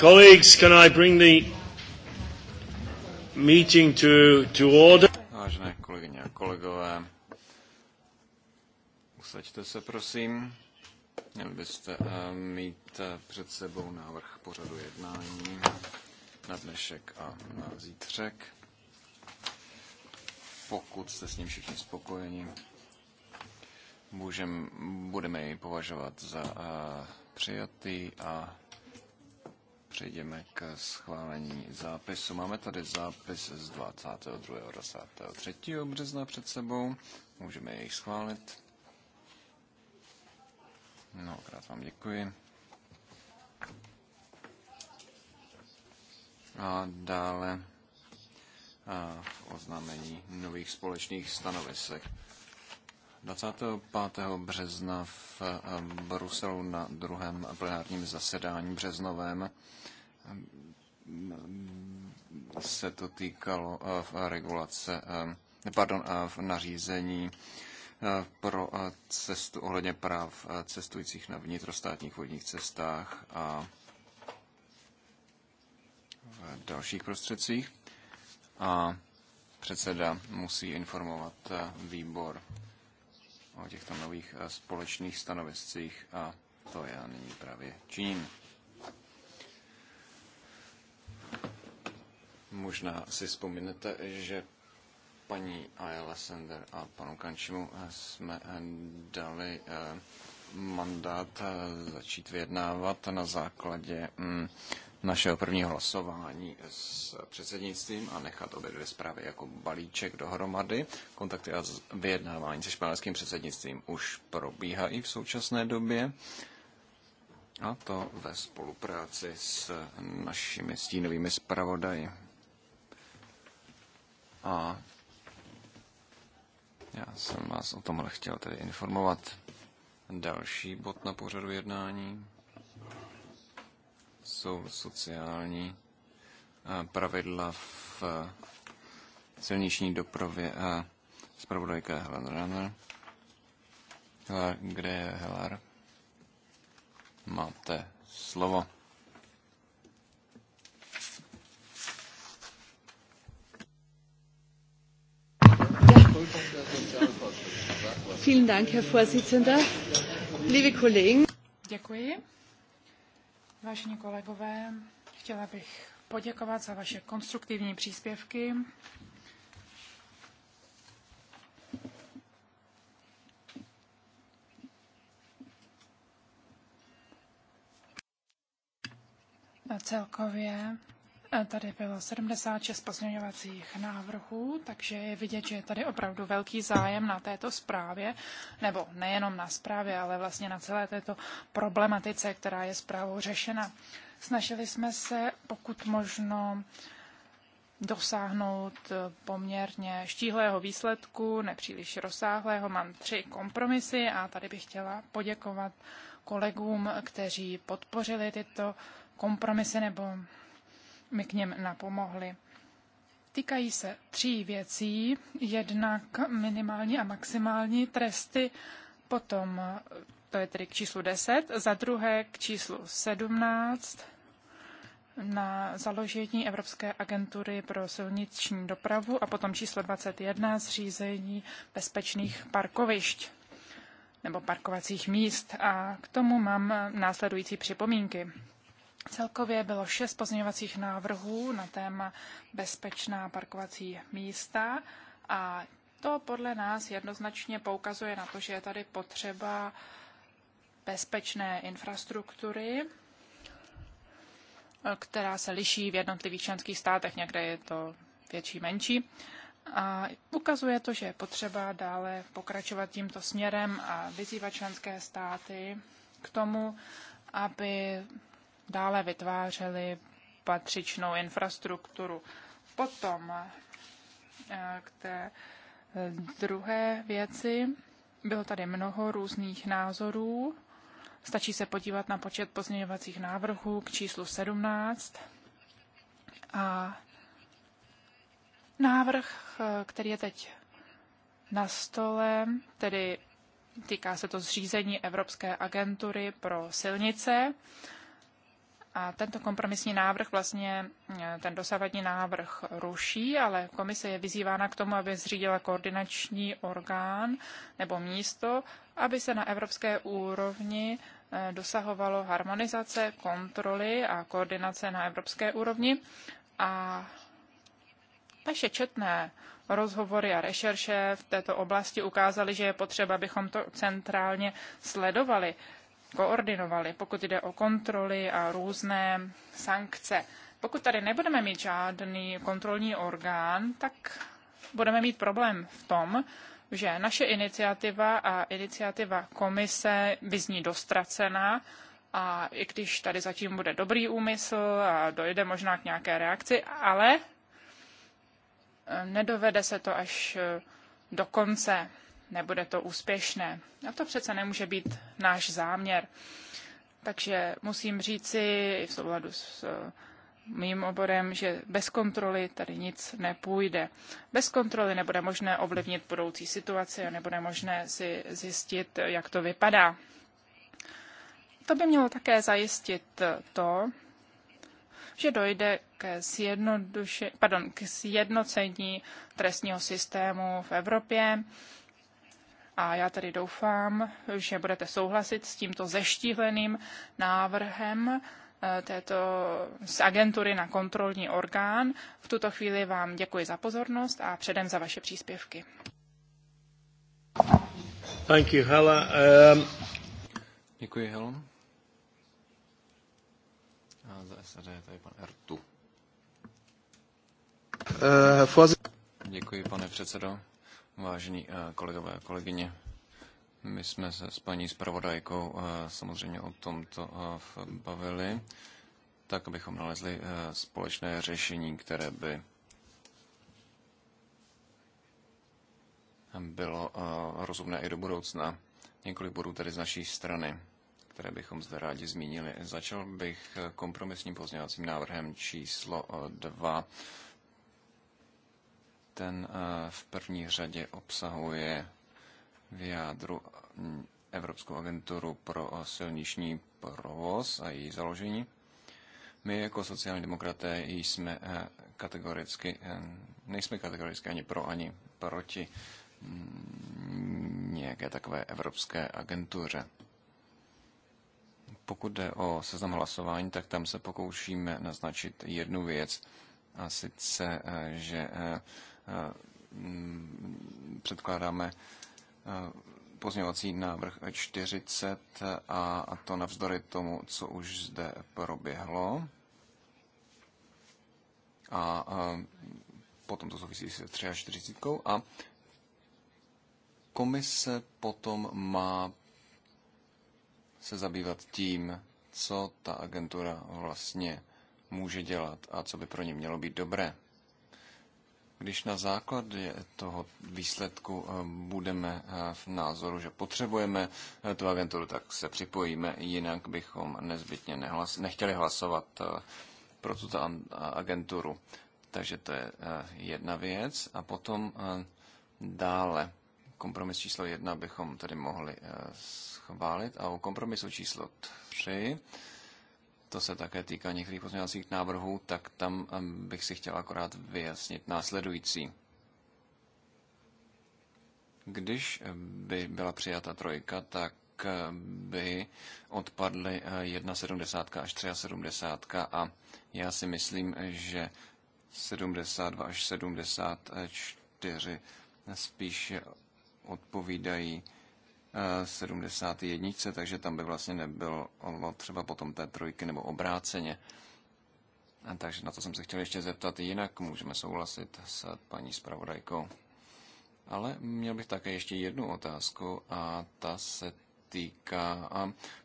Colleagues, can I bring the meeting to, to order? Vážené kolegyně a kolegové, usaďte se prosím. Měli byste eh, mít eh, před sebou návrh pořadu jednání na dnešek a na zítřek. Pokud jste s ním všichni spokojeni, můžem, budeme jej považovat za eh, přijatý a přejdeme k schválení zápisu. Máme tady zápis z 22. 23. března před sebou. Můžeme jej schválit. Mnohokrát vám děkuji. A dále a oznámení nových společných stanovisek. 25. března v eh, Bruselu na druhém plenárním zasedání březnovém eh, se to týkalo eh, v regulace, pardon, v nařízení pro cestu ohledně práv cestujících na vnitrostátních vodních cestách a v dalších prostředcích. A předseda musí informovat výbor o těchto nových eh, společných stanoviscích a to já nyní právě činím. Možná si vzpomínete, že paní Ayala Sender a panu Kančimu eh, jsme eh, dali mandát začít vyjednávat na základě mm, našeho prvního hlasování s předsednictvím a nechat obě dvě zprávy jako balíček dohromady. Kontakty a vyjednávání se španělským předsednictvím už probíhají v současné době a to ve spolupráci s našimi stínovými zpravodaji. A já jsem vás o tomhle chtěl tedy informovat. Další bod na pořadu jednání jsou sociální eh, pravidla v eh, silniční dopravě a eh, zpravodajka Helen Runner. Helar, kde je Helar? Máte slovo. Vielen Dank, Herr Vorsitzender. Liebe Kollegen. Děkuji. Vážení kolegové, chtěla bych poděkovat za vaše konstruktivní příspěvky. A celkově E, tady bylo 76 pozměňovacích návrhů, takže je vidět, že je tady opravdu velký zájem na této zprávě, nebo nejenom na zprávě, ale vlastně na celé této problematice, která je zprávou řešena. Snažili jsme se pokud možno dosáhnout poměrně štíhlého výsledku, nepříliš rozsáhlého. Mám tři kompromisy a tady bych chtěla poděkovat kolegům, kteří podpořili tyto kompromisy nebo mi k něm napomohli. Týkají se tří věcí, jednak minimální a maximální tresty, potom to je tedy k číslu 10, za druhé k číslu 17 na založení Evropské agentury pro silniční dopravu a potom číslo 21 zřízení bezpečných parkovišť nebo parkovacích míst. A k tomu mám následující připomínky. Celkově bylo šest pozměňovacích návrhů na téma bezpečná parkovací místa a to podle nás jednoznačně poukazuje na to, že je tady potřeba bezpečné infrastruktury, která se liší v jednotlivých členských státech, někde je to větší, menší. A ukazuje to, že je potřeba dále pokračovat tímto směrem a vyzývat členské státy k tomu, aby dále vytvářeli patřičnou infrastrukturu. Potom eh, k té eh, druhé věci bylo tady mnoho různých názorů. Stačí se podívat na počet pozměňovacích návrhů k číslu 17 a návrh, eh, který je teď na stole, tedy týká se to zřízení Evropské agentury pro silnice. A tento kompromisní návrh vlastně e, ten dosavadní návrh ruší, ale komise je vyzývána k tomu, aby zřídila koordinační orgán nebo místo, aby se na evropské úrovni e, dosahovalo harmonizace, kontroly a koordinace na evropské úrovni. A naše četné rozhovory a rešerše v této oblasti ukázaly, že je potřeba, abychom to centrálně sledovali koordinovali, pokud jde o kontroly a různé sankce. Pokud tady nebudeme mít žádný kontrolní orgán, tak budeme mít problém v tom, že naše iniciativa a iniciativa komise by zní dostracená a i když tady zatím bude dobrý úmysl a dojde možná k nějaké reakci, ale nedovede se to až do konce nebude to úspěšné. A to přece nemůže být náš záměr. Takže musím říci, i v souladu s eh, mým oborem, že bez kontroly tady nic nepůjde. Bez kontroly nebude možné ovlivnit budoucí situaci a nebude možné si zjistit, jak to vypadá. To by mělo také zajistit to, že dojde k, pardon, k sjednocení trestního systému v Evropě a já tedy doufám, že budete souhlasit s tímto zeštíhleným návrhem eh, této z agentury na kontrolní orgán. V tuto chvíli vám děkuji za pozornost a předem za vaše příspěvky. Thank you, Hela. Um... Děkuji, Helen. A za SAD je tady pan Ertu. Uh, Děkuji, pane předsedo vážení eh, kolegové a kolegyně. My jsme se s paní zpravodajkou eh, samozřejmě o tomto eh, bavili, tak abychom nalezli společné řešení, které by bylo rozumné i do budoucna. Několik bodů tedy z naší strany, které bychom zde rádi zmínili. Začal bych kompromisním pozměňovacím návrhem číslo 2 ten eh, v první řadě obsahuje v jádru mm, Evropskou agenturu pro eh, silniční provoz a její založení. My jako sociální demokraté jsme eh, kategoricky, nejsme kategoricky ani pro, ani proti mm, nějaké takové evropské agentuře. Pokud jde o seznam hlasování, tak tam se pokoušíme naznačit jednu věc, a sice, že Eh, předkládáme eh, pozměňovací návrh 40 a to navzdory tomu, co už zde proběhlo. A potom to souvisí se 43 a komise potom má se zabývat tím, co ta agentura vlastně může dělat a co by pro ně mělo být dobré. Když na základě toho výsledku eh, budeme eh, v názoru, že potřebujeme eh, tu agenturu, tak se připojíme, jinak bychom nezbytně nehlas, nechtěli hlasovat pro tuto agenturu. Takže to je jedna věc. A potom dále kompromis číslo jedna bychom tedy mohli schválit a u kompromisu číslo tři to se také týká některých pozměňovacích návrhů, tak tam bych si chtěl akorát vyjasnit následující. Když by byla přijata trojka, tak by odpadly 1,70 eh, až 3,70 a já si myslím, že 72 až 74 spíše odpovídají 71, takže tam by vlastně nebylo třeba potom té trojky nebo obráceně. A takže na to jsem se chtěl ještě zeptat, jinak můžeme souhlasit s paní zpravodajkou. Ale měl bych také ještě jednu otázku a ta se týká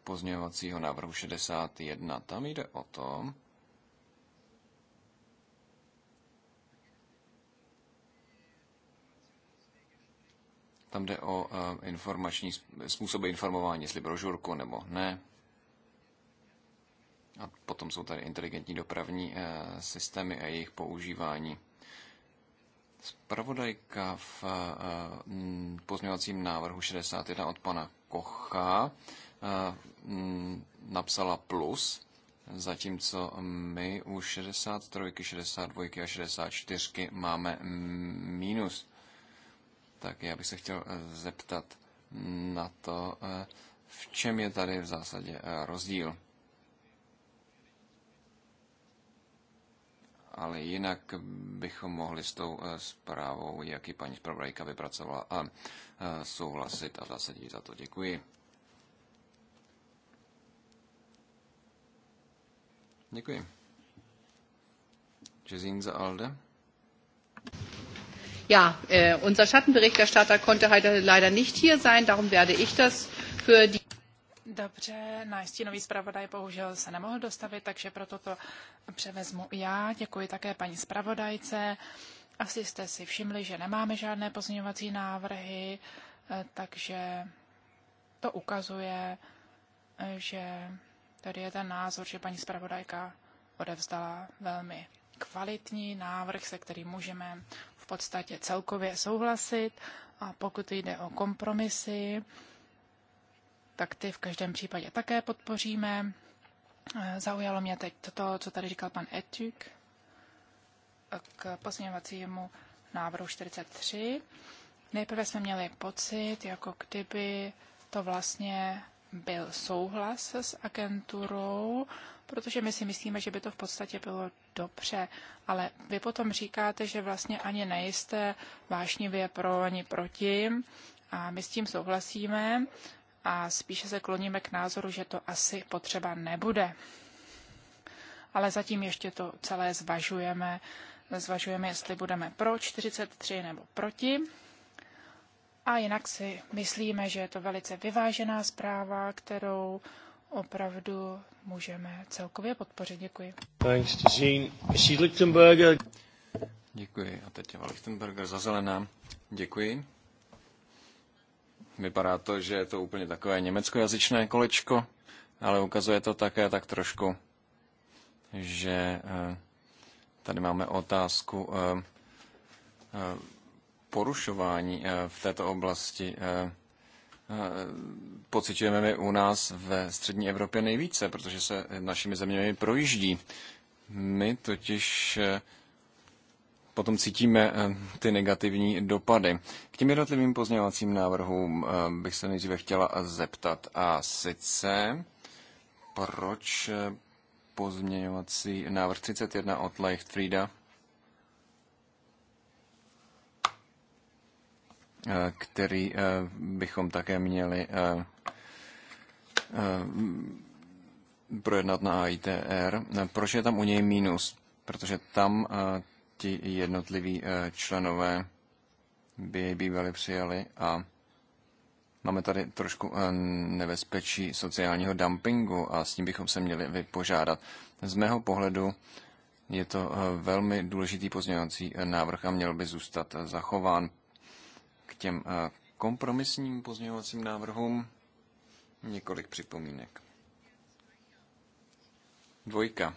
pozměňovacího návrhu 61. Tam jde o to, Tam jde o eh, informační způsoby informování, jestli brožurku nebo ne. A potom jsou tady inteligentní dopravní eh, systémy a jejich používání. Spravodajka v eh, pozměňovacím návrhu 61 od pana Kocha napsala plus, zatímco my u 63, 62 a 64 máme minus tak já bych se chtěl eh, zeptat na to, eh, v čem je tady v zásadě eh, rozdíl. Ale jinak bychom mohli s tou zprávou, jaký paní zpravodajka vypracovala, a souhlasit a v zásadě za to děkuji. Děkuji. Jezín za Alde. Ja, äh, unser Schattenberichterstatter konnte heute leider nicht hier sein, darum werde ich das für die. Dobře, náš stínový zpravodaj bohužel se nemohl dostavit, takže proto to převezmu já. Děkuji také paní zpravodajce. Asi jste si všimli, že nemáme žádné pozměňovací návrhy, eh, takže to ukazuje, eh, že tady je ten názor, že paní zpravodajka odevzdala velmi kvalitní návrh, se kterým můžeme v podstatě celkově souhlasit a pokud jde o kompromisy, tak ty v každém případě také podpoříme. Eh, zaujalo mě teď to, co tady říkal pan Etuk eh, k pozměňovacímu návrhu 43. Nejprve jsme měli pocit, jako kdyby to vlastně byl souhlas s agenturou protože my si myslíme, že by to v podstatě bylo dobře, ale vy potom říkáte, že vlastně ani nejste vášnivě pro ani proti a my s tím souhlasíme a spíše se kloníme k názoru, že to asi potřeba nebude. Ale zatím ještě to celé zvažujeme, zvažujeme, jestli budeme pro 43 nebo proti. A jinak si myslíme, že je to velice vyvážená zpráva, kterou opravdu můžeme celkově podpořit. Děkuji. Thanks to Jean. Mrs. Lichtenberger. Děkuji. A teď je Lichtenberger za zelená. Děkuji. Vypadá to, že je to úplně takové německojazyčné kolečko, ale ukazuje to také tak trošku, že eh, tady máme otázku eh, eh, porušování v této oblasti Eh, pociťujeme my u nás ve střední Evropě nejvíce, protože se našimi zeměmi projíždí. My totiž eh, potom cítíme eh, ty negativní dopady. K těm jednotlivým pozměňovacím návrhům bych se nejdříve chtěla zeptat. A sice, proč pozměňovací návrh 31 od Life Frida? Eh, který eh, bychom také měli eh, projednat na AITR. Proč je tam u něj mínus? Protože tam ti jednotliví členové by jej bývali přijali a máme tady trošku nebezpečí sociálního dumpingu a s tím bychom se měli vypořádat. Z mého pohledu je to velmi důležitý pozměňovací návrh a měl by zůstat zachován, k těm eh, kompromisním pozměňovacím návrhům několik připomínek. Dvojka.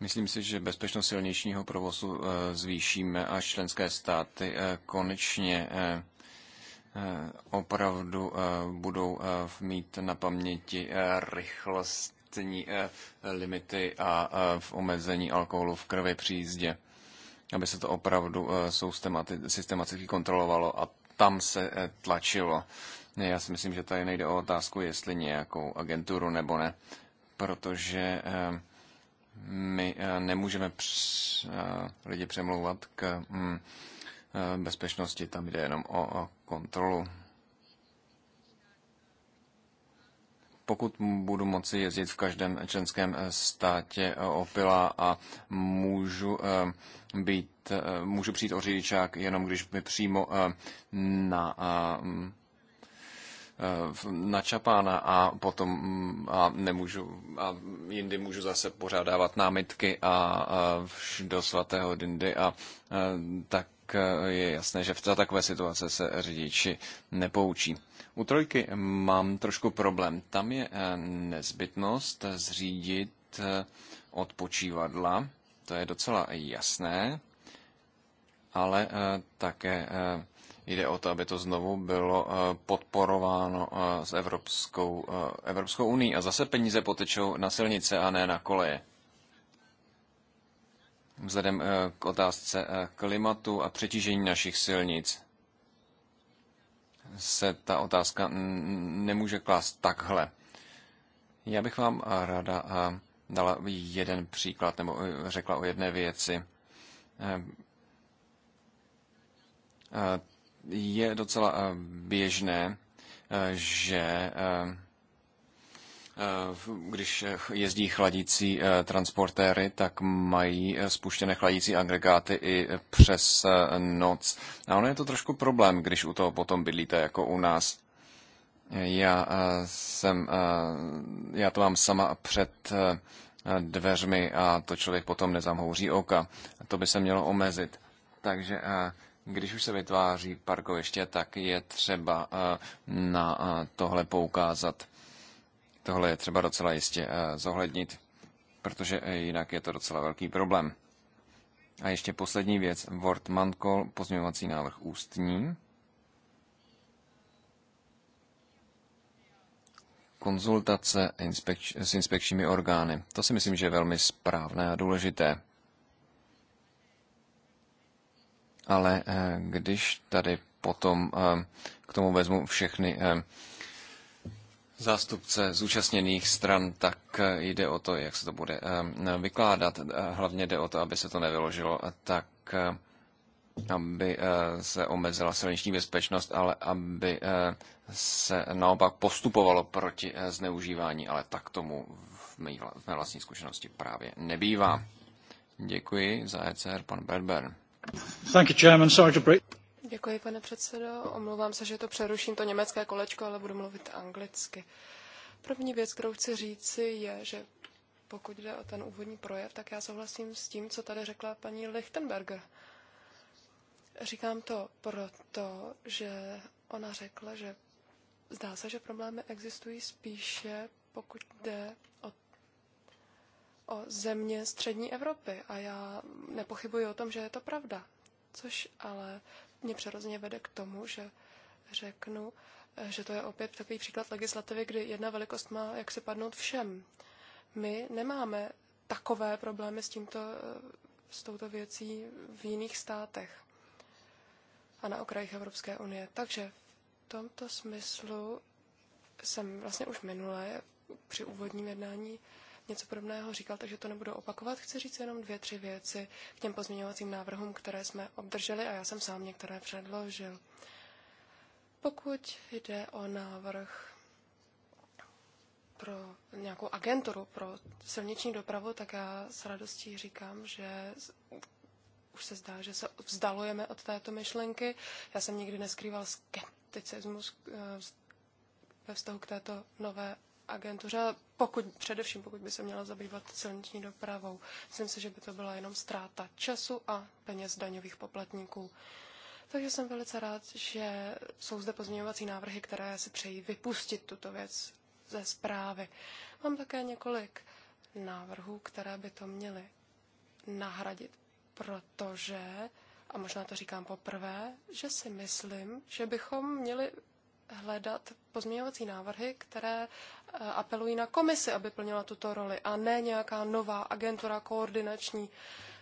Myslím si, že bezpečnost silničního provozu eh, zvýšíme, až členské státy eh, konečně opravdu budou mít na paměti rychlostní limity a v omezení alkoholu v krvi při jízdě aby se to opravdu eh, systematicky kontrolovalo a tam se eh, tlačilo. Já si myslím, že tady nejde o otázku, jestli nějakou agenturu nebo ne, protože eh, my nemůžeme lidi přemlouvat k mm, bezpečnosti, tam jde jenom o kontrolu. pokud budu moci jezdit v každém členském státě eh, opila a můžu eh, být, eh, můžu přijít o řidičák, jenom když by přímo na načapána a potom mm, a nemůžu a jindy můžu zase pořádávat námitky a, a do svatého dindy a, a tak je jasné, že v takové situace se řidiči nepoučí. U trojky mám trošku problém. Tam je eh, nezbytnost zřídit eh, odpočívadla, to je docela jasné, ale eh, také jde o to, aby to znovu bylo podporováno s Evropskou, Evropskou unii. A zase peníze potečou na silnice a ne na koleje. Vzhledem k otázce klimatu a přetížení našich silnic se ta otázka nemůže klást takhle. Já bych vám ráda eh, dala jeden příklad, nebo eh, řekla o jedné věci. Eh, je docela běžné, že Eh, když eh, jezdí chladící eh, transportéry, tak mají spuštěné chladící agregáty i přes noc. A ono je to trošku problém, když u toho potom bydlíte jako u nás. Já jsem, já to mám sama před dveřmi a to člověk potom nezamhouří oka. To by se mělo omezit. Takže když už se vytváří parkoviště, tak je třeba na tohle poukázat. Tohle je třeba docela jistě eh, zohlednit, protože eh, jinak je to docela velký problém. A ještě poslední věc. Word Mankol, pozměňovací návrh ústní. Konzultace inspekč- s inspekčními orgány. To si myslím, že je velmi správné a důležité. Ale eh, když tady potom k tomu vezmu všechny zástupce zúčastněných stran, tak eh, jde o to, jak se to bude eh, vykládat. Eh, hlavně jde o to, aby se to nevyložilo tak, aby se omezila silniční bezpečnost, ale aby se naopak postupovalo proti zneužívání, ale tak tomu v mé vlastní zkušenosti právě nebývá. Děkuji za ECR, pan Berber. Thank you, Chairman. Sorry to break. Děkuji, pane předsedo. Omlouvám se, že to přeruším, to německé kolečko, ale budu mluvit anglicky. První věc, kterou chci říci, je, že pokud jde o ten úvodní projev, tak já souhlasím s tím, co tady řekla paní Lichtenberger. Říkám to proto, že ona řekla, že zdá se, že problémy existují spíše, pokud jde o, o země střední Evropy. A já nepochybuji o tom, že je to pravda. Což ale mě přirozeně vede k tomu, že řeknu, že to je opět takový příklad legislativy, kdy jedna velikost má jak se padnout všem. My nemáme takové problémy s, tímto, eh, s touto věcí v jiných státech a na okrajích Evropské unie. Takže v tomto smyslu jsem vlastně už minule při úvodním jednání něco podobného říkal, takže to nebudu opakovat. Chci říct jenom dvě, tři věci k těm pozměňovacím návrhům, které jsme obdrželi a já jsem sám některé předložil. Pokud jde o návrh pro nějakou agenturu pro silniční dopravu, tak já s radostí říkám, že už se zdá, že se vzdalujeme od této myšlenky. Já jsem nikdy neskrýval skepticismus eh, ve vztahu k této nové agentuře, pokud, především pokud by se měla zabývat silniční dopravou. Myslím si, že by to byla jenom ztráta času a peněz daňových poplatníků. Takže jsem velice rád, že jsou zde pozměňovací návrhy, které si přejí vypustit tuto věc ze zprávy. Mám také několik návrhů, které by to měly nahradit, protože, a možná to říkám poprvé, že si myslím, že bychom měli hledat pozměňovací návrhy, které eh, apelují na komisi, aby plnila tuto roli, a ne nějaká nová agentura, koordinační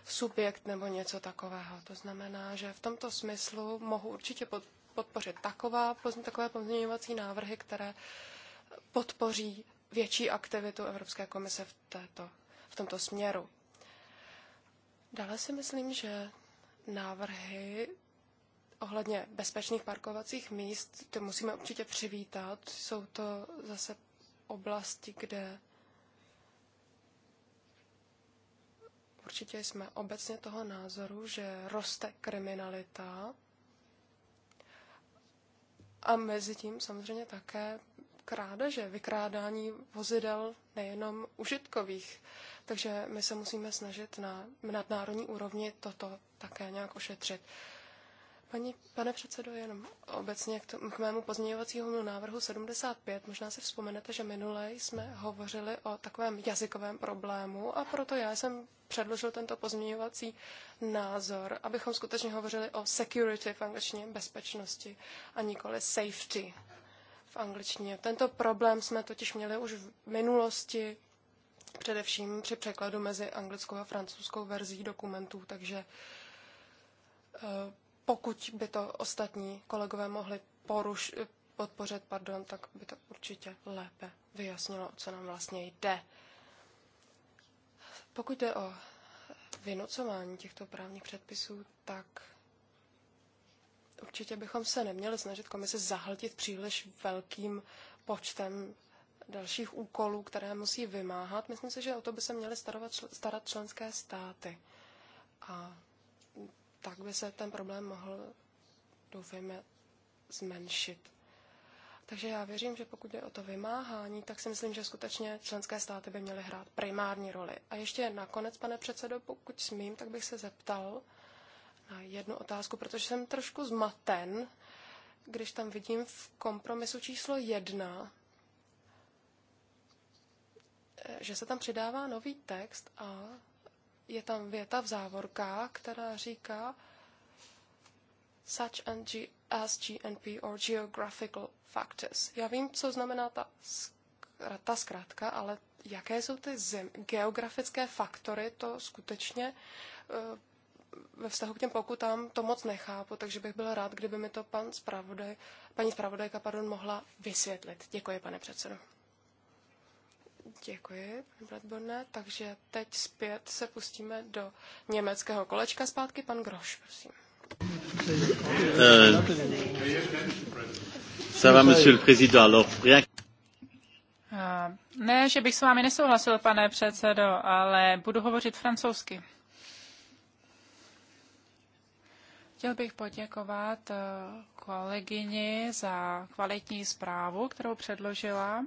subjekt nebo něco takového. To znamená, že v tomto smyslu mohu určitě podpořit taková, takové pozměňovací návrhy, které podpoří větší aktivitu Evropské komise v, této, v tomto směru. Dále si myslím, že návrhy ohledně bezpečných parkovacích míst, to musíme určitě přivítat. Jsou to zase oblasti, kde určitě jsme obecně toho názoru, že roste kriminalita a mezi tím samozřejmě také krádeže, vykrádání vozidel nejenom užitkových. Takže my se musíme snažit na nadnárodní úrovni toto také nějak ošetřit. Paní, pane předsedo, jenom obecně k, tomu, k mému pozměňovacímu návrhu 75. Možná si vzpomenete, že minule jsme hovořili o takovém jazykovém problému a proto já jsem předložil tento pozměňovací názor, abychom skutečně hovořili o security v angličtině, bezpečnosti a nikoli safety v angličtině. Tento problém jsme totiž měli už v minulosti, především při překladu mezi anglickou a francouzskou verzí dokumentů, takže uh, pokud by to ostatní kolegové mohli poruš, podpořit, pardon, tak by to určitě lépe vyjasnilo, o co nám vlastně jde. Pokud jde o vynucování těchto právních předpisů, tak určitě bychom se neměli snažit komise zahltit příliš velkým počtem dalších úkolů, které musí vymáhat. Myslím si, že o to by se měly starat členské státy. A tak by se ten problém mohl, doufejme, zmenšit. Takže já věřím, že pokud je o to vymáhání, tak si myslím, že skutečně členské státy by měly hrát primární roli. A ještě nakonec, pane předsedo, pokud smím, tak bych se zeptal na jednu otázku, protože jsem trošku zmaten, když tam vidím v kompromisu číslo jedna, eh, že se tam přidává nový text a je tam věta v závorkách, která říká such and G- as GNP or geographical factors. Já vím, co znamená ta, ta zkrátka, ale jaké jsou ty zem, geografické faktory, to skutečně eh, ve vztahu k těm pokutám to moc nechápu, takže bych byla rád, kdyby mi to pan spravodaj, paní zpravodajka pardon, mohla vysvětlit. Děkuji, pane předsedo. Děkuji, pan Bradborne. Takže teď zpět se pustíme do německého kolečka zpátky. Pan Groš, prosím. Eh, eh, ne, že bych s vámi nesouhlasil, pane předsedo, ale budu hovořit francouzsky. Chtěl bych poděkovat eh, kolegyni za kvalitní zprávu, kterou předložila.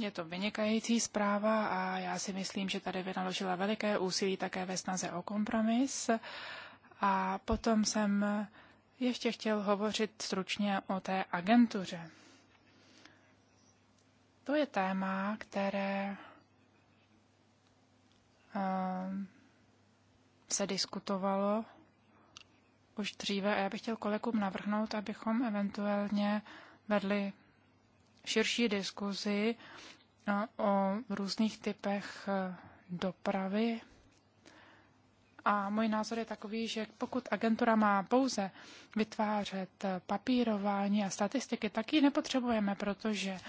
Je to vynikající zpráva a já si myslím, že tady vynaložila veliké úsilí také ve snaze o kompromis. A potom jsem ještě chtěl hovořit stručně o té agentuře. To je téma, které ehm, se diskutovalo už dříve a já bych chtěl kolegům navrhnout, abychom eventuálně vedli širší diskuzi o různých typech e, dopravy. A můj názor je takový, že pokud agentura má pouze vytvářet e, papírování a statistiky, tak ji nepotřebujeme, protože e,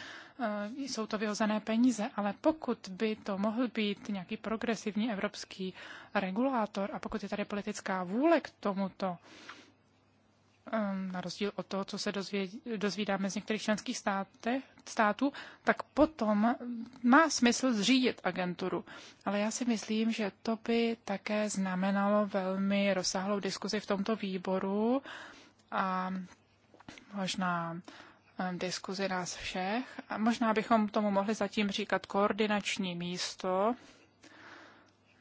jsou to vyhozené peníze, ale pokud by to mohl být nějaký progresivní evropský regulátor a pokud je tady politická vůle k tomuto, na rozdíl od toho, co se dozví, dozvídáme z některých členských státe, států, tak potom má smysl zřídit agenturu. Ale já si myslím, že to by také znamenalo velmi rozsáhlou diskuzi v tomto výboru a možná diskuzi nás všech. A možná bychom tomu mohli zatím říkat koordinační místo.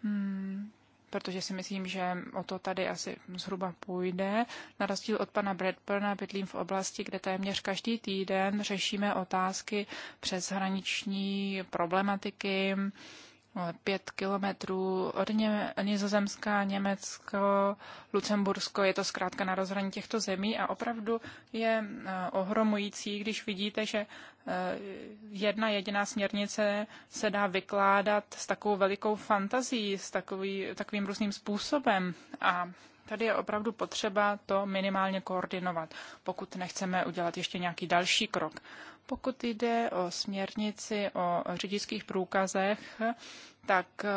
Hmm, protože si myslím, že o to tady asi zhruba půjde. Na rozdíl od pana Bradburna bydlím v oblasti, kde téměř každý týden řešíme otázky přeshraniční problematiky, pět kilometrů od Ně- Nizozemska, Německo, Lucembursko, je to zkrátka na rozhraní těchto zemí a opravdu je e, ohromující, když vidíte, že e, jedna jediná směrnice se dá vykládat s takovou velikou fantazí, s takový, takovým různým způsobem a Tady je opravdu potřeba to minimálně koordinovat, pokud nechceme udělat ještě nějaký další krok. Pokud jde o směrnici o řidičských průkazech, tak eh,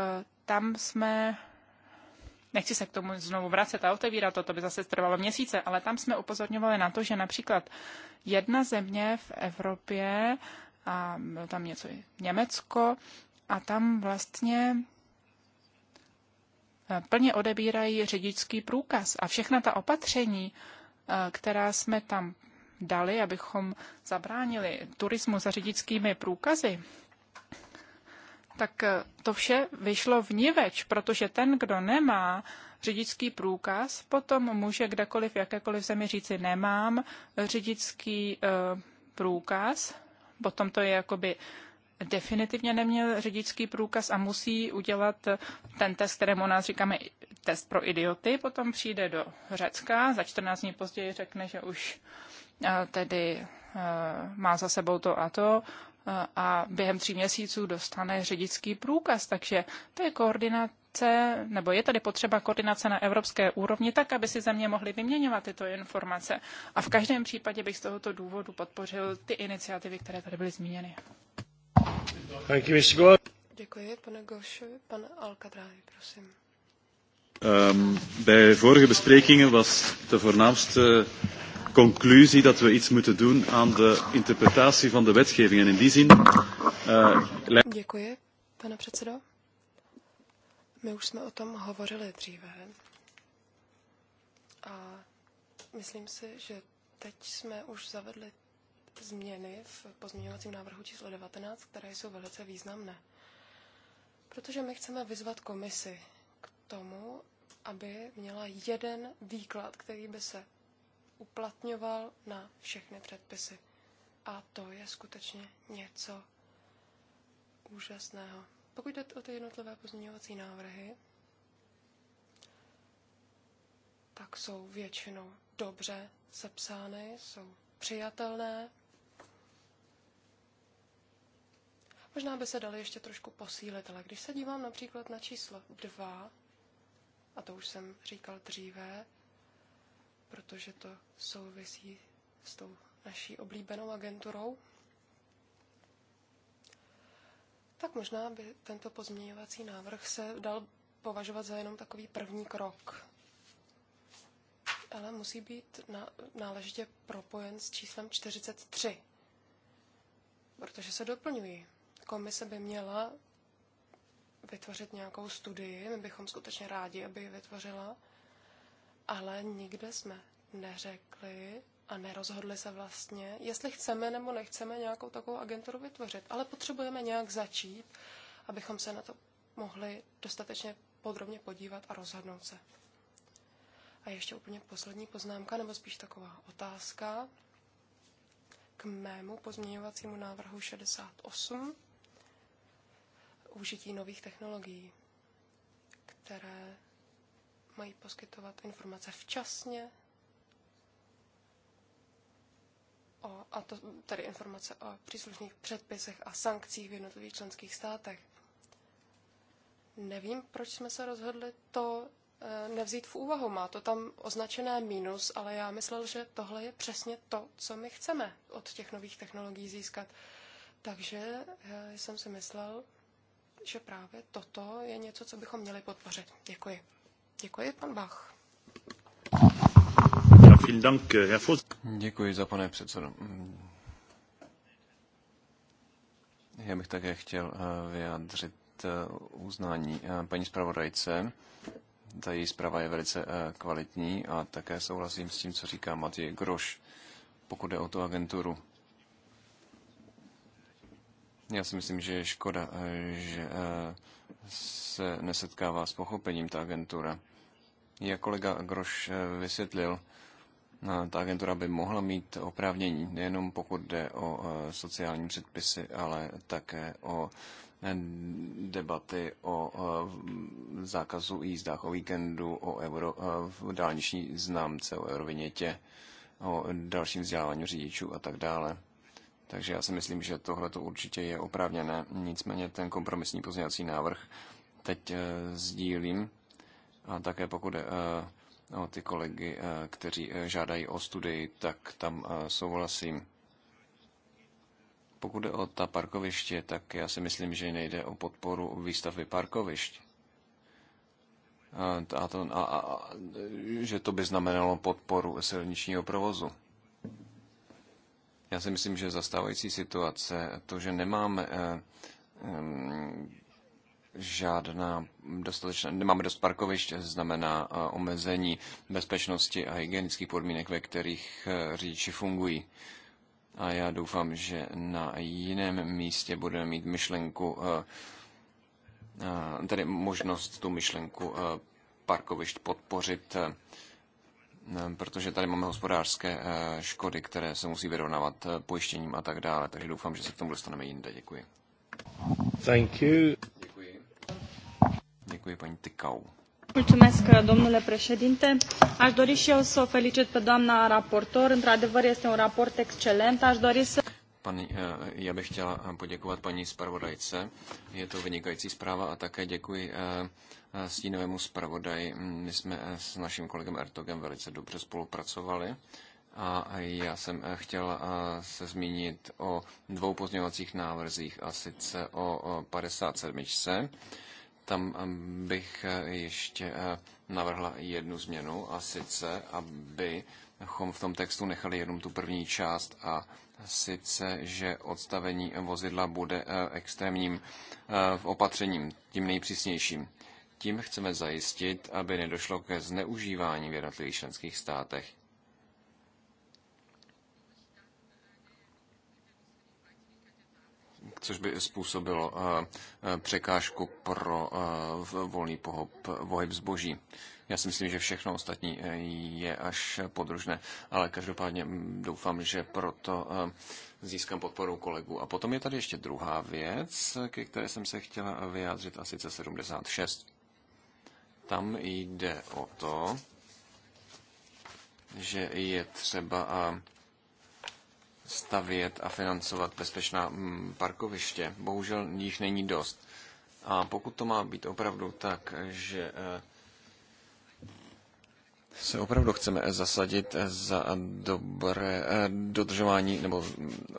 tam jsme nechci se k tomu znovu vracet a otevírat, to, by zase trvalo měsíce, ale tam jsme upozorňovali na to, že například jedna země v Evropě, a bylo tam něco i Německo, a tam vlastně eh, plně odebírají řidičský průkaz. A všechna ta opatření, eh, která jsme tam dali, abychom zabránili turismu za řidičskými průkazy, tak eh, to vše vyšlo v niveč, protože ten, kdo nemá řidičský průkaz, potom může kdekoliv, jakékoliv zemi říci nemám řidičský e, průkaz, potom to je jakoby definitivně neměl řidičský průkaz a musí udělat ten test, kterému nás říkáme test pro idioty, potom přijde do Řecka, za 14 dní později řekne, že už tedy e, má za sebou to a to e, a během tří měsíců dostane řidičský průkaz. Takže to je koordinace, nebo je tady potřeba koordinace na evropské úrovni, tak, aby si země mohly vyměňovat tyto informace. A v každém případě bych z tohoto důvodu podpořil ty iniciativy, které tady byly zmíněny. Děkuji, pane Goši. Pan Alcadrávi, prosím. Um, bij vorige besprekingen was de voornaamste conclusie dat we iets moeten doen aan de interpretatie van de wetgeving. En in die zin... Uh, Děkuji, pane předsedo. My už jsme o tom hovořili dříve. A myslím si, že teď jsme už zavedli změny v pozměňovacím návrhu číslo 19, které jsou velice významné. Protože my chceme vyzvat komisi k tomu, aby měla jeden výklad, který by se uplatňoval na všechny předpisy. A to je skutečně něco úžasného. Pokud jde o ty jednotlivé pozměňovací návrhy, tak jsou většinou dobře sepsány, jsou přijatelné. Možná by se daly ještě trošku posílit, ale když se dívám například na číslo 2, a to už jsem říkal dříve, protože to souvisí s tou naší oblíbenou agenturou. Tak možná by tento pozměňovací návrh se dal považovat za jenom takový první krok. Ale musí být na, náležitě propojen s číslem 43, protože se doplňují. Komise by měla vytvořit nějakou studii, my bychom skutečně rádi, aby ji vytvořila, ale nikde jsme neřekli a nerozhodli se vlastně, jestli chceme nebo nechceme nějakou takovou agenturu vytvořit. Ale potřebujeme nějak začít, abychom se na to mohli dostatečně podrobně podívat a rozhodnout se. A ještě úplně poslední poznámka, nebo spíš taková otázka k mému pozměňovacímu návrhu 68 užití nových technologií, které mají poskytovat informace včasně, o, a to tady informace o příslušných předpisech a sankcích v jednotlivých členských státech. Nevím, proč jsme se rozhodli to eh, nevzít v úvahu. Má to tam označené mínus, ale já myslel, že tohle je přesně to, co my chceme od těch nových technologií získat. Takže eh, jsem si myslel, že právě toto je něco, co bychom měli podpořit. Děkuji. Děkuji, pan Bach. Děkuji za pane předsedo. Já bych také chtěl eh, vyjádřit eh, uznání eh, paní zpravodajce. Ta její zpráva je velice kvalitní a také souhlasím s tím, co říká Matěj Groš, pokud jde o tu agenturu. Já si myslím, že je škoda, že se nesetkává s pochopením ta agentura. Jak kolega Groš eh, vysvětlil, eh, ta agentura by mohla mít oprávnění nejenom pokud jde o eh, sociální předpisy, ale také o debaty o zákazu jízdách o víkendu, o euro, v dálniční známce, o eurovinětě, o dalším vzdělávání řidičů a tak dále. Takže já si myslím, že tohle to určitě je oprávněné. Nicméně ten kompromisní pozměňovací návrh teď e, sdílím. A také pokud e, o ty kolegy, e, kteří e, žádají o studii, tak tam e, souhlasím. Pokud jde o ta parkoviště, tak já si myslím, že nejde o podporu výstavby parkovišť. A to, a, a, že to by znamenalo podporu silničního provozu. Já si myslím, že zastávající situace, to, že nemáme eh, žádná dostatečná, nemáme dost parkovišť, znamená eh, omezení bezpečnosti a hygienických podmínek, ve kterých eh, řidiči fungují. A já doufám, že na jiném místě budeme mít myšlenku, tedy možnost tu myšlenku parkovišť podpořit Eh, protože tady máme hospodářské eh, škody, které se musí vyrovnávat eh, pojištěním a tak dále. Takže doufám, že se k tomu dostaneme jinde. Děkuji. Thank you. Děkuji. Děkuji paní Tykau. Mulțumesc, domnule președinte. Aș dori și eu să o felicit pe doamna raportor. Într-adevăr, este un raport excelent. Aș dori să... Pani, já bych chtěla poděkovat paní zpravodajce. Je to vynikající zpráva a také děkuji stínovému zpravodaji. My jsme eh, s naším kolegem Ertogem velice dobře spolupracovali a já jsem eh, chtěl eh, se zmínit o dvou pozměňovacích návrzích a sice o 57. Tam bych ještě navrhla jednu změnu a sice, abychom v tom textu nechali jenom tu první část a sice, že odstavení vozidla bude extrémním opatřením, tím nejpřísnějším. Tím chceme zajistit, aby nedošlo ke zneužívání v jednotlivých členských státech. což by způsobilo eh, eh, překážku pro eh, volný pohob, pohyb zboží. Já si myslím, že všechno ostatní je až podružné, ale každopádně mm, doufám, že proto získám podporu kolegů. A potom je tady ještě druhá věc, ke které jsem se chtěla vyjádřit, a sice 76. Tam jde o to, že je třeba stavět a financovat bezpečná parkoviště. Bohužel jich není dost. A pokud to má být opravdu tak, že e, se opravdu chceme zasadit za dobré e, dodržování nebo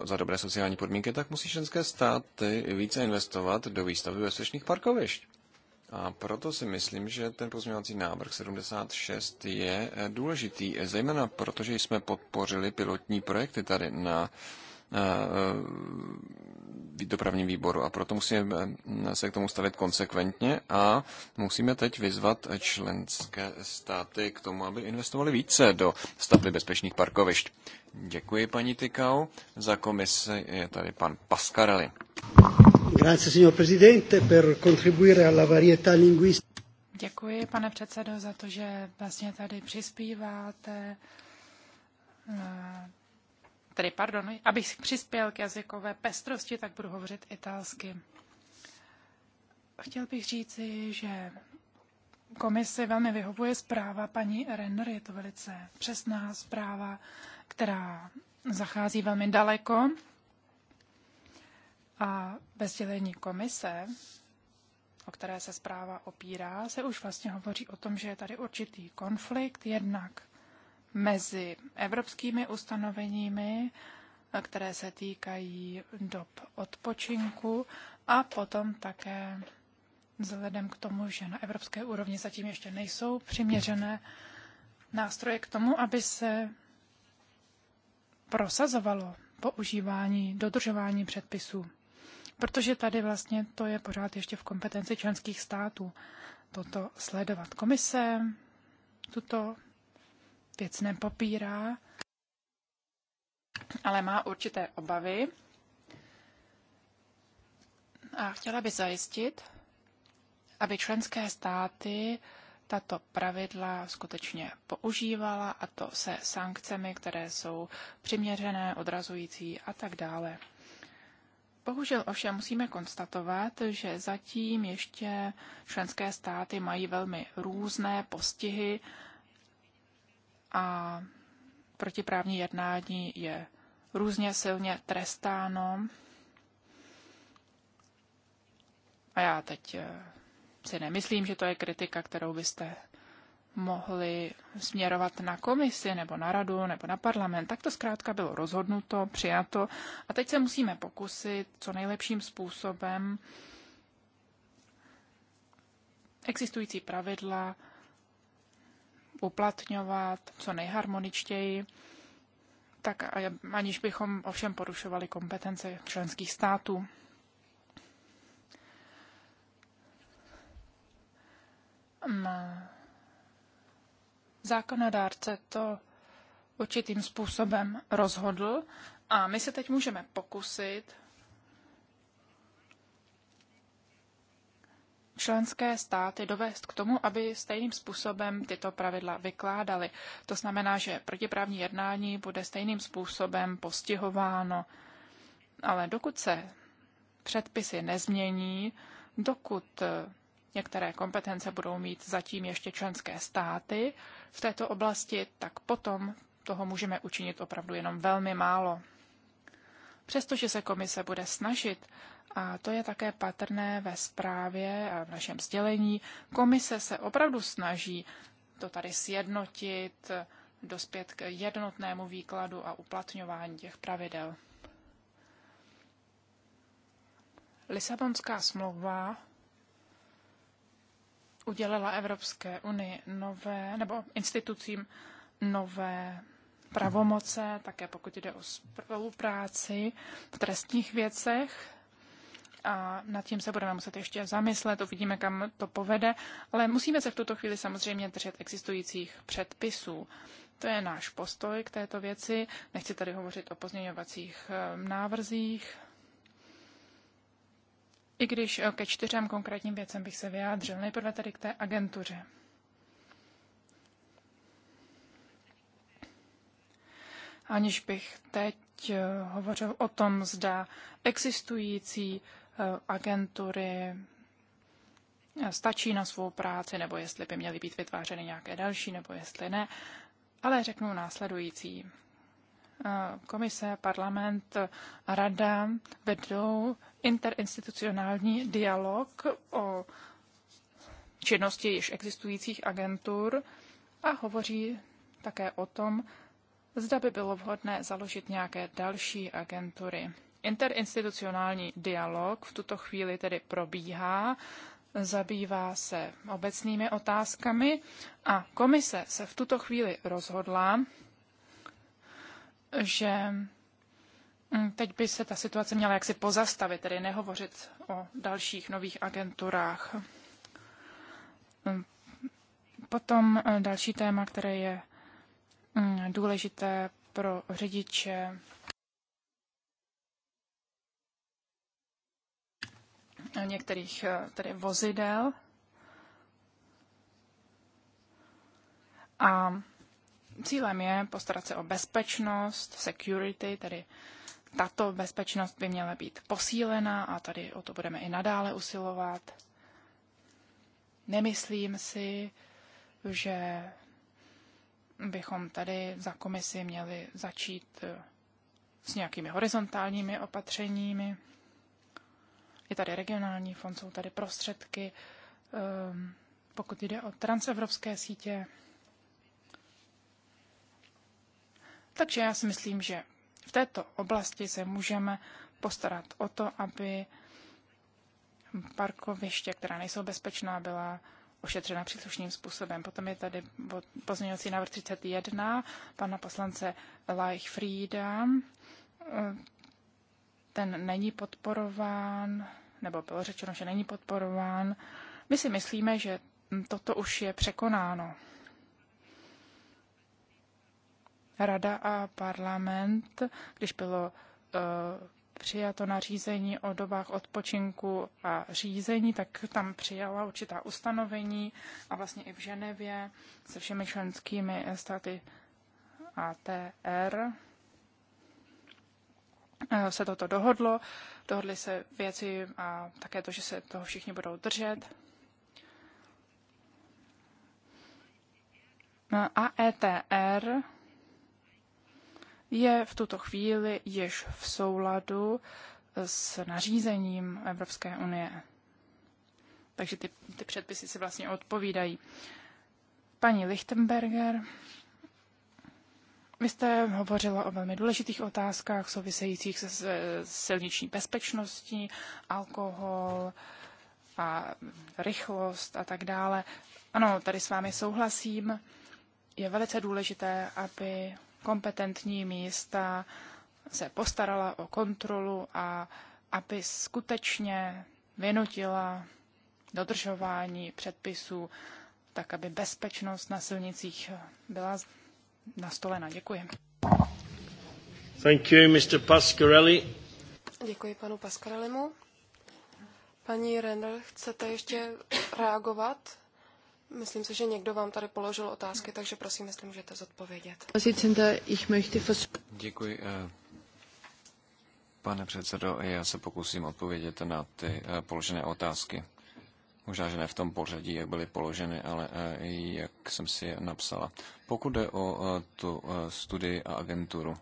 za dobré sociální podmínky, tak musí členské státy více investovat do výstavby bezpečných parkovišť. A proto si myslím, že ten pozměňovací návrh 76 je eh, důležitý, eh, zejména protože jsme podpořili pilotní projekty tady na Eh, eh, dopravním výboru a proto musíme eh, se k tomu stavit konsekventně a musíme teď vyzvat členské státy k tomu, aby investovali více do stavby bezpečných parkovišť. Děkuji paní Tykau. Za komisi je tady pan Pascarelli. Grazie, signor Presidente, per contribuire alla varietà linguistica. Děkuji, pane předsedo, za to, že vlastně tady přispíváte tedy pardon, abych přispěl k jazykové pestrosti, tak budu hovořit italsky. Chtěl bych říci, že komisi velmi vyhovuje zpráva paní Renner, je to velice přesná zpráva, která zachází velmi daleko. A ve sdělení komise, o které se zpráva opírá, se už vlastně hovoří o tom, že je tady určitý konflikt jednak mezi evropskými ustanoveními, eh, které se týkají dob odpočinku a potom také vzhledem k tomu, že na evropské úrovni zatím ještě nejsou přiměřené nástroje k tomu, aby se prosazovalo používání, dodržování předpisů. Protože tady vlastně to je pořád ještě v kompetenci členských států toto sledovat. Komise tuto věc nepopírá, ale má určité obavy a chtěla by zajistit, aby členské státy tato pravidla skutečně používala a to se sankcemi, které jsou přiměřené, odrazující a tak dále. Bohužel ovšem musíme konstatovat, že zatím ještě členské státy mají velmi různé postihy a protiprávní jednání je různě silně trestáno. A já teď eh, si nemyslím, že to je kritika, kterou byste mohli směrovat na komisi, nebo na radu, nebo na parlament. Tak to zkrátka bylo rozhodnuto, přijato. A teď se musíme pokusit co nejlepším způsobem existující pravidla uplatňovat co nejharmoničtěji, tak aniž bychom ovšem porušovali kompetence členských států. Zákonodárce to určitým způsobem rozhodl a my se teď můžeme pokusit členské státy dovést k tomu, aby stejným způsobem tyto pravidla vykládaly. To znamená, že protiprávní jednání bude stejným způsobem postihováno. Ale dokud se předpisy nezmění, dokud eh, některé kompetence budou mít zatím ještě členské státy v této oblasti, tak potom toho můžeme učinit opravdu jenom velmi málo. Přestože se komise bude snažit, a to je také patrné ve zprávě a v našem sdělení. Komise se opravdu snaží to tady sjednotit, dospět k jednotnému výkladu a uplatňování těch pravidel. Lisabonská smlouva udělala Evropské unii nové, nebo institucím nové pravomoce, také pokud jde o spolupráci v trestních věcech a nad tím se budeme muset ještě zamyslet, uvidíme, kam to povede, ale musíme se v tuto chvíli samozřejmě držet existujících předpisů. To je náš postoj k této věci. Nechci tady hovořit o pozměňovacích eh, návrzích. I když eh, ke čtyřem konkrétním věcem bych se vyjádřil. Nejprve tady k té agentuře. Aniž bych teď eh, hovořil o tom, zda existující Eh, agentury eh, stačí na svou práci, nebo jestli by měly být vytvářeny nějaké další, nebo jestli ne, ale řeknu následující. Eh, komise, parlament rada vedou interinstitucionální dialog o činnosti již existujících agentur a hovoří také o tom, zda by bylo vhodné založit nějaké další agentury. Interinstitucionální dialog v tuto chvíli tedy probíhá, zabývá se obecnými otázkami a komise se v tuto chvíli rozhodla, že mm, teď by se ta situace měla jaksi pozastavit, tedy nehovořit o dalších nových agenturách. Mm, potom eh, další téma, které je mm, důležité pro řidiče některých eh, tedy vozidel. A cílem je postarat se o bezpečnost, security, tedy tato bezpečnost by měla být posílena a tady o to budeme i nadále usilovat. Nemyslím si, že bychom tady za komisi měli začít eh, s nějakými horizontálními opatřeními je tady regionální fond, jsou tady prostředky, ehm, pokud jde o transevropské sítě. Takže já si myslím, že v této oblasti se můžeme postarat o to, aby parkoviště, která nejsou bezpečná, byla ošetřena příslušným způsobem. Potom je tady pozměňovací návrh 31 pana poslance Leichfrieda ten není podporován, nebo bylo řečeno, že není podporován. My si myslíme, že toto už je překonáno. Rada a parlament, když bylo uh, přijato nařízení o dobách odpočinku a řízení, tak tam přijala určitá ustanovení a vlastně i v Ženevě se všemi členskými státy ATR Eh, se toto dohodlo. Dohodly se věci a také to, že se toho všichni budou držet. Eh, a ETR je v tuto chvíli již v souladu s nařízením Evropské unie. Takže ty, ty předpisy si vlastně odpovídají. Paní Lichtenberger vy jste hovořila o velmi důležitých otázkách souvisejících se, se silniční bezpečností, alkohol a rychlost a tak dále. Ano, tady s vámi souhlasím. Je velice důležité, aby kompetentní místa se postarala o kontrolu a aby skutečně vynutila dodržování předpisů, tak aby bezpečnost na silnicích byla nastolena. Děkuji. Thank you, Mr. Pascarelli. Děkuji panu Pascarellimu. Paní Rendel, chcete ještě reagovat? Myslím si, že někdo vám tady položil otázky, takže prosím, jestli můžete zodpovědět. Děkuji. Eh, pane předsedo, já se pokusím odpovědět na ty eh, položené otázky. Možná, že ne v tom pořadí, jak byly položeny, ale eh, jak jsem si je napsala. Pokud jde o eh, tu eh, studii a agenturu,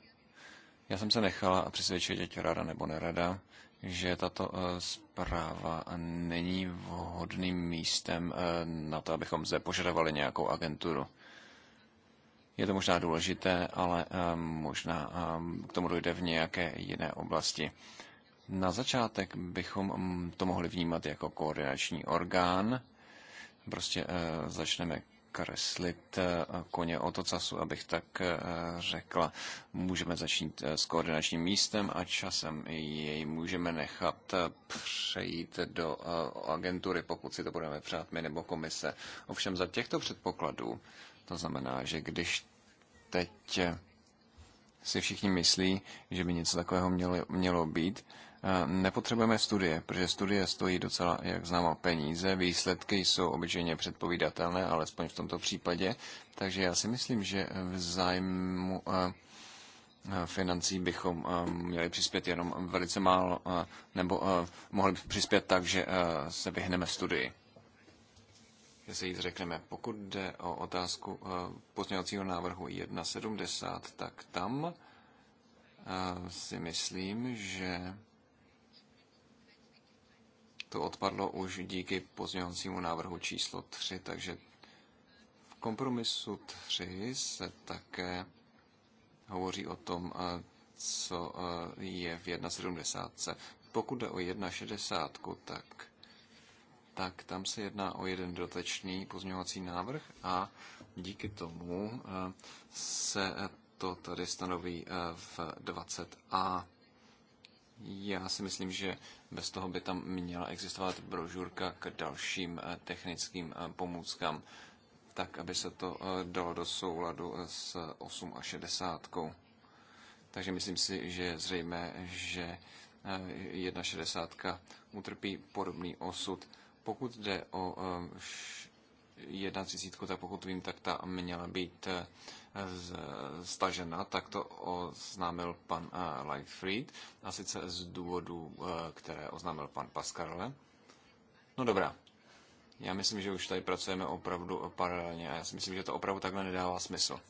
já jsem se nechala přesvědčit, ať rada nebo nerada, že tato zpráva není vhodným místem na to, abychom zde požadovali nějakou agenturu. Je to možná důležité, ale možná k tomu dojde v nějaké jiné oblasti. Na začátek bychom mm, to mohli vnímat jako koordinační orgán. Prostě eh, začneme kreslit eh, koně od ocasu, abych tak eh, řekla. Můžeme začít s koordinačním místem a časem jej můžeme nechat přejít do agentury, pokud si to budeme přát my nebo komise. Ovšem za těchto předpokladů, to znamená, že když teď si všichni myslí, že by něco takového mělo, mělo být, Nepotřebujeme studie, protože studie stojí docela, jak známo, peníze. Výsledky jsou obyčejně předpovídatelné, alespoň v tomto případě. Takže já si myslím, že v zájmu eh, financí bychom eh, měli přispět jenom velice málo, eh, nebo mohli přispět tak, že se vyhneme studii. Že se jí zřekneme. Pokud jde o otázku pozměňovacího návrhu 1.70, tak tam si myslím, že to odpadlo už díky pozměňovacímu návrhu číslo 3, takže v kompromisu 3 se také hovoří o tom, eh, co eh, je v 1,70. Pokud jde o 1,60, tak, tak tam se jedná o jeden dotečný pozměňovací návrh a díky tomu eh, se to tady stanoví v 20a. Já si myslím, že bez toho by tam měla existovat brožurka k dalším eh, technickým eh, pomůckám, tak aby se to eh, dalo do souladu s 8 a 60. Takže myslím si, že je zřejmé, že 1,60 utrpí podobný osud. Pokud jde o 31, tak pokud vím, tak ta měla být eh, stažena, tak to oznámil pan eh, Lightfried, a sice z důvodu, eh, které oznámil pan Pascarle. No dobrá, já myslím, že už tady pracujeme opravdu paralelně a já si myslím, že to opravdu takhle nedává smysl.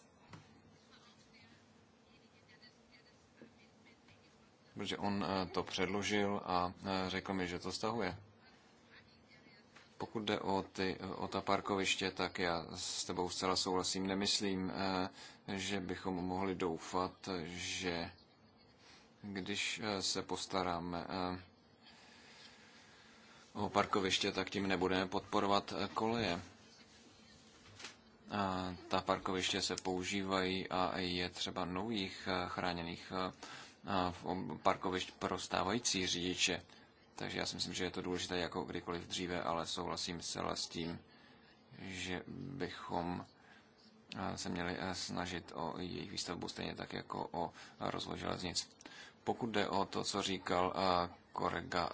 Protože on to předložil a řekl mi, že to stahuje. Pokud jde o, ty, o ta parkoviště, tak já s tebou zcela souhlasím. Nemyslím, eh, že bychom mohli doufat, že když eh, se postaráme eh, o parkoviště, tak tím nebudeme podporovat koleje. Ta parkoviště se používají a je třeba nových chráněných parkovišť pro stávající řidiče. Takže já si myslím, že je to důležité jako kdykoliv dříve, ale souhlasím zcela s tím, že bychom eh, se měli eh, snažit o jejich výstavbu stejně tak jako o rozvoj železnic. Pokud jde o to, co říkal eh, kolega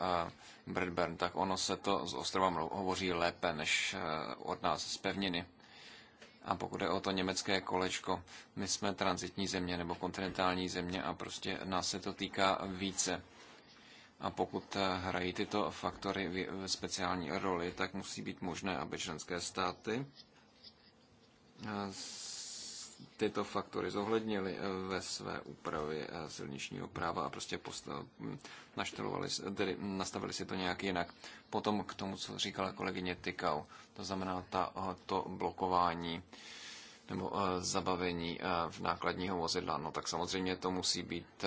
Bradburn, tak ono se to z ostrova hovoří lépe než od nás z pevniny. A pokud je o to německé kolečko, my jsme transitní země nebo kontinentální země a prostě nás se to týká více. A pokud eh, hrají tyto faktory speciální roli, tak musí být možné, aby členské státy eh, tyto faktory zohlednili eh, ve své úpravě silničního práva a prostě naštelovali, tedy nastavili si to nějak jinak. Potom k tomu, co říkala kolegyně Tykal, to znamená ta, to blokování nebo zabavení v nákladního vozidla, no tak samozřejmě to musí být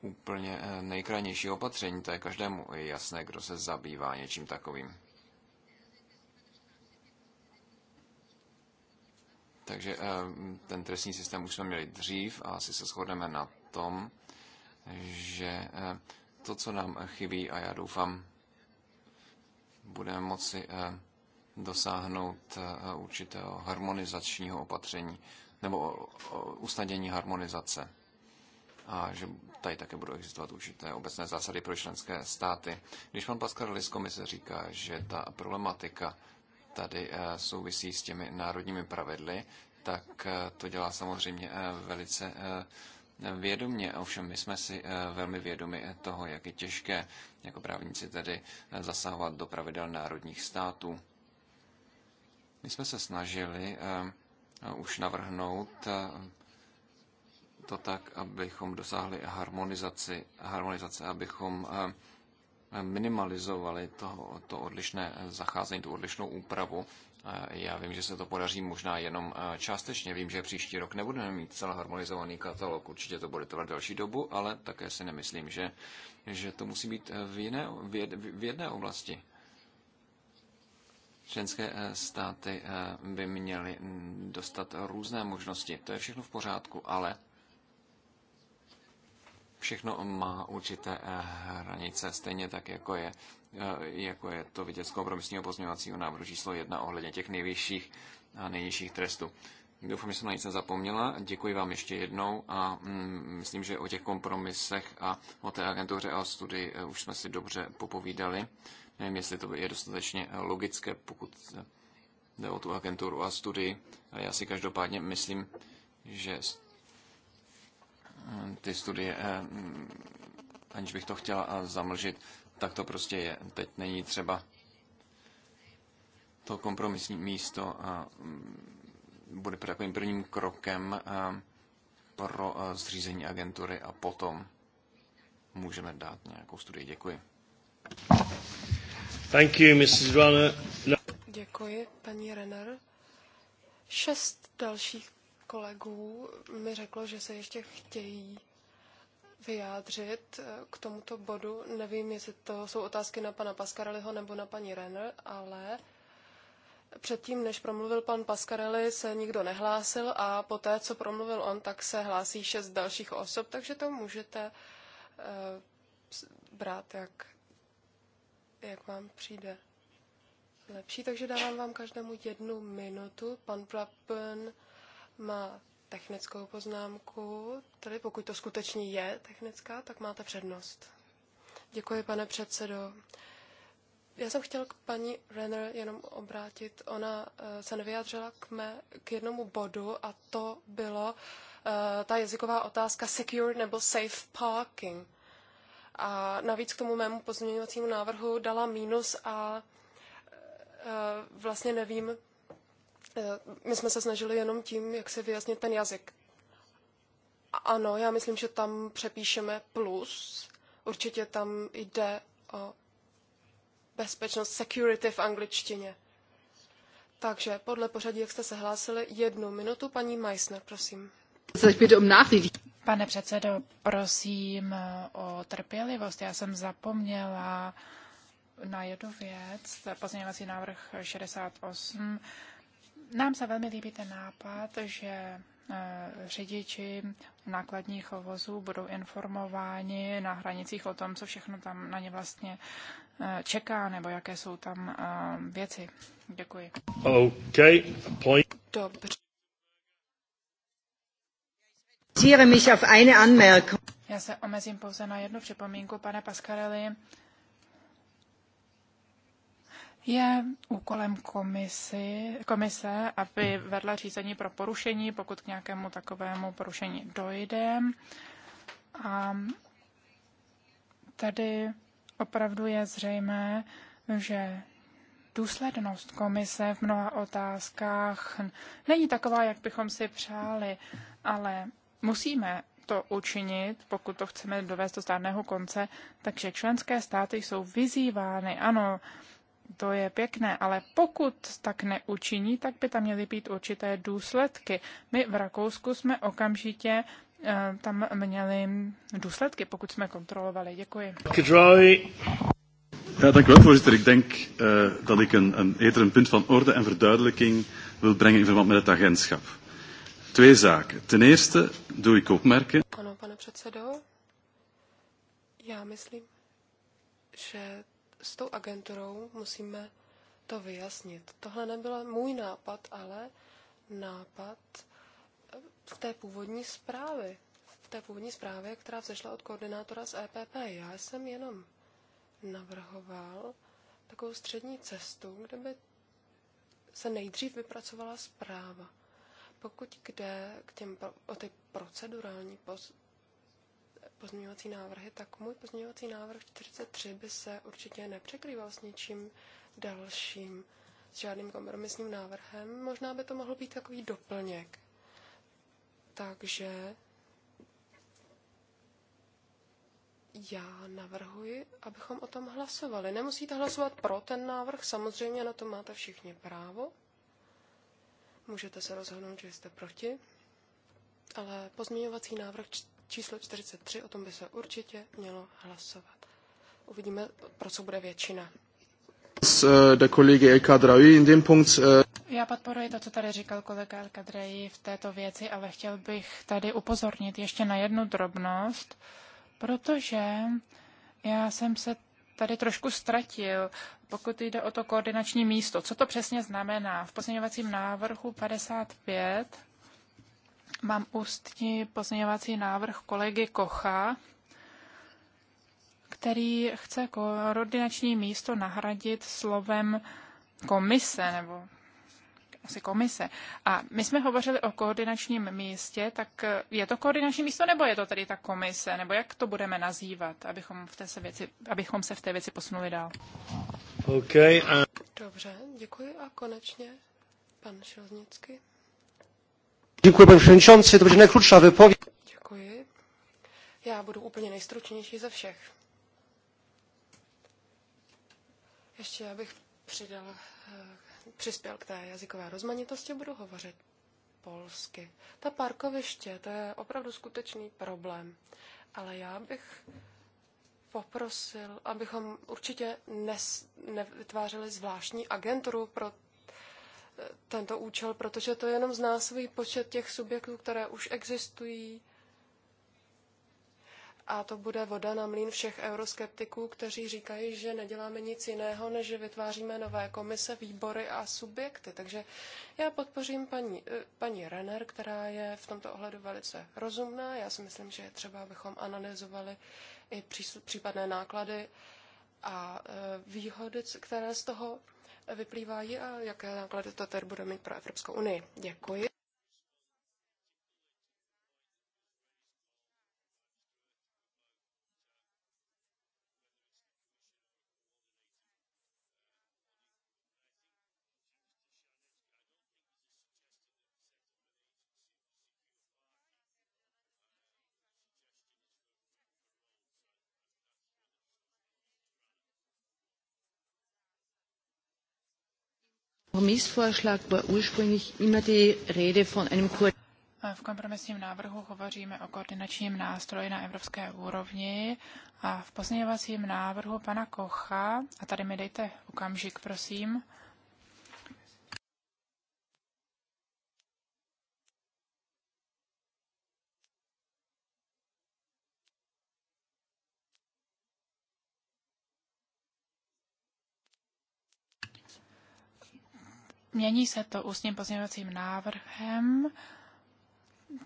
úplně eh, nejkrajnější opatření, to je každému jasné, kdo se zabývá něčím takovým. Takže eh, ten trestní systém už jsme měli dřív a asi se shodneme na tom, že eh, to, co nám chybí, a já doufám, budeme moci dosáhnout určitého harmonizačního opatření nebo usnadění harmonizace a že tady také budou existovat určité obecné zásady pro členské státy. Když pan Pascal z komise říká, že ta problematika tady eh, souvisí s těmi národními pravidly, tak eh, to dělá samozřejmě eh, velice vědomě. Ovšem my jsme si velmi vědomi toho, jak je těžké jako právníci tedy zasahovat do pravidel národních států. My jsme se snažili už navrhnout to tak, abychom dosáhli harmonizaci, harmonizace, abychom eh, minimalizovali to, to odlišné eh, zacházení, tu odlišnou úpravu. Eh, já vím, že se to podaří možná jenom částečně. Vím, že příští rok nebudeme mít celý harmonizovaný katalog. Určitě to bude trvat další dobu, ale také si nemyslím, že, že to musí být v, jiné, v, jed, v jedné oblasti. Členské státy by měly mm, dostat různé možnosti. To je všechno v pořádku, ale všechno má určité eh, hranice, stejně tak, jako je, eh, jako je to vidět z kompromisního pozměňovacího návrhu číslo 1 ohledně těch nejvyšších a nejnižších trestů. Doufám, že jsem na nic nezapomněla. Děkuji vám ještě jednou a mm, myslím, že o těch kompromisech a o té agentuře a o studii eh, už jsme si dobře popovídali. Nevím, jestli to je dostatečně logické, pokud jde o tu agenturu a studii. Já si každopádně myslím, že ty studie, eh, aniž bych to chtěla eh, zamlžit, tak to prostě je. Teď není třeba to kompromisní místo mm, bude takovým prvním krokem eh, pro zřízení agentury a potom můžeme dát nějakou studii. Děkuji. Thank you, Mrs. Runner. No. Děkuji, paní Renner. Šest dalších kolegů mi řeklo, že se ještě chtějí vyjádřit eh, k tomuto bodu. Nevím, jestli to jsou otázky na pana Paskareliho nebo na paní Renner, ale předtím, než promluvil pan Paskareli, se nikdo nehlásil a poté, co promluvil on, tak se hlásí šest dalších osob, takže to můžete eh, brát, jak, jak vám přijde lepší. Takže dávám vám každému jednu minutu. Pan Plapen má technickou poznámku, tedy pokud to skutečně je technická, tak máte přednost. Děkuji, pane předsedo. Já jsem chtěl k paní Renner jenom obrátit. Ona eh, se nevyjádřila k, mé, k jednomu bodu a to bylo uh, ta jazyková otázka secure nebo safe parking. A navíc k tomu mému pozměňovacímu návrhu dala mínus a uh, vlastně nevím, Eh, my jsme se snažili jenom tím, jak se vyjasnit ten jazyk. Ano, já myslím, že tam přepíšeme plus. Určitě tam jde o bezpečnost, security v angličtině. Takže podle pořadí, jak jste se hlásili, jednu minutu, paní Meissner, prosím. Um Pane předsedo, prosím o trpělivost. Já jsem zapomněla na jednu věc, pozměňovací návrh 68 nám se velmi líbí ten nápad, že eh, řidiči nákladních vozů budou informováni na hranicích o tom, co všechno tam na ně vlastně eh, čeká, nebo jaké jsou tam eh, věci. Děkuji. Okay, point. Dobře. Já se omezím pouze na jednu připomínku, pane Pascarelli. Je úkolem komisi, komise, aby vedla řízení pro porušení, pokud k nějakému takovému porušení dojde. A tady opravdu je zřejmé, že důslednost komise v mnoha otázkách není taková, jak bychom si přáli, ale musíme to učinit, pokud to chceme dovést do stárného konce, takže členské státy jsou vyzývány, ano, to je pěkné, ale pokud tak neučiní, tak by tam měly být určité důsledky. My v Rakousku jsme okamžitě eh, tam měli důsledky, pokud jsme kontrolovali. Děkuji. Ja, dank u wel, voorzitter. Ik denk uh, dat ik een, een, eerder een punt van orde en verduidelijking wil brengen in verband met het agentschap. Twee zaken. Ten eerste doe ik opmerken. Ano, pane předsedo, já myslím, že s tou agenturou musíme to vyjasnit. Tohle nebyl můj nápad, ale nápad eh, v té původní zprávy. V té původní zprávě, která vzešla od koordinátora z EPP. Já jsem jenom navrhoval takovou střední cestu, kde by se nejdřív vypracovala zpráva. Pokud jde k těm, o ty procedurální pozměňovací návrhy, tak můj pozměňovací návrh 43 by se určitě nepřekrýval s ničím dalším, s žádným kompromisním návrhem. Možná by to mohl být takový doplněk. Takže já navrhuji, abychom o tom hlasovali. Nemusíte hlasovat pro ten návrh, samozřejmě na to máte všichni právo. Můžete se rozhodnout, že jste proti. Ale pozměňovací návrh číslo 43, o tom by se určitě mělo hlasovat. Uvidíme, pro co bude většina. Eh, eh, já podporuji to, co tady říkal kolega El Kadraji v této věci, ale chtěl bych tady upozornit ještě na jednu drobnost, protože já jsem se tady trošku ztratil, pokud jde o to koordinační místo. Co to přesně znamená? V pozměňovacím návrhu 55 Mám ústní pozměňovací návrh kolegy Kocha, který chce koordinační místo nahradit slovem komise nebo asi komise. A my jsme hovořili o koordinačním místě, tak je to koordinační místo, nebo je to tedy ta komise, nebo jak to budeme nazývat, abychom, v té se, věci, abychom se v té věci posunuli dál? Okay, uh... Dobře, děkuji a konečně pan Šelznický. Děkuji, pane předsedající. To bude nejkrutší vypověď. Děkuji. Já budu úplně nejstručnější ze všech. Ještě abych bych přidal, eh, přispěl k té jazykové rozmanitosti, budu hovořit polsky. Ta parkoviště, to je opravdu skutečný problém. Ale já bych poprosil, abychom určitě nes, nevytvářeli zvláštní agenturu pro tento účel, protože to je jenom znásobí počet těch subjektů, které už existují. A to bude voda na mlín všech euroskeptiků, kteří říkají, že neděláme nic jiného, než že vytváříme nové komise, výbory a subjekty. Takže já podpořím paní, eh, paní Renner, která je v tomto ohledu velice rozumná. Já si myslím, že třeba bychom analyzovali i případné náklady a eh, výhody, které z toho vyplývají a jaké náklady to tedy bude mít pro Evropskou unii. Děkuji. Kompromissvorschlag war ursprünglich immer die Rede von einem Kur v kompromisním návrhu hovoříme o koordinačním nástroji na evropské úrovni a v pozměňovacím návrhu pana Kocha, a tady mi dejte okamžik, prosím, Mění se to ústním pozměňovacím návrhem,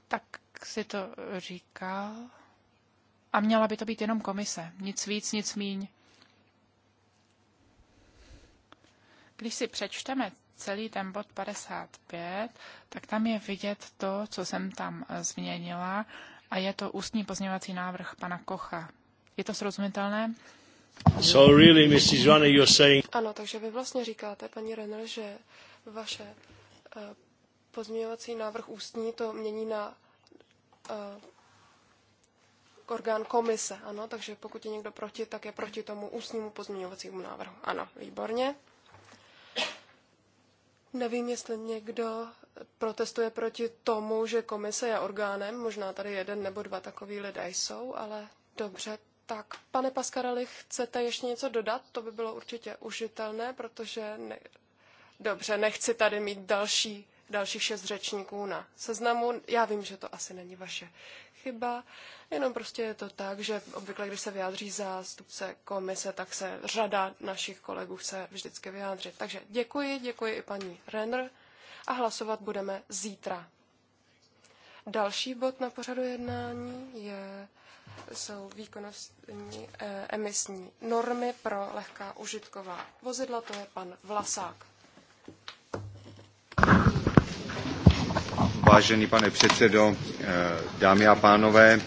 tak si to říkal. A měla by to být jenom komise. Nic víc, nic míň. Když si přečteme celý ten bod 55, tak tam je vidět to, co jsem tam eh, změnila a je to ústní pozměňovací návrh pana Kocha. Je to srozumitelné? So really, Mrs. Runner, you're saying... Ano, takže vy vlastně říkáte, paní Renner, že vaše eh, pozměňovací návrh ústní to mění na eh, orgán komise, ano, takže pokud je někdo proti, tak je proti tomu ústnímu pozměňovacímu návrhu. Ano, výborně. Nevím, jestli někdo protestuje proti tomu, že komise je orgánem, možná tady jeden nebo dva takový lidé jsou, ale dobře, tak pane Paskarali, chcete ještě něco dodat? To by bylo určitě užitelné, protože ne, Dobře, nechci tady mít další, dalších šest řečníků na seznamu. Já vím, že to asi není vaše chyba, jenom prostě je to tak, že obvykle, když se vyjádří zástupce komise, tak se řada našich kolegů se vždycky vyjádří. Takže děkuji, děkuji i paní Renner a hlasovat budeme zítra. Další bod na pořadu jednání je, jsou výkonnostní eh, emisní normy pro lehká užitková vozidla, to je pan Vlasák. Vážený pane předsedo, eh, dámy a pánové,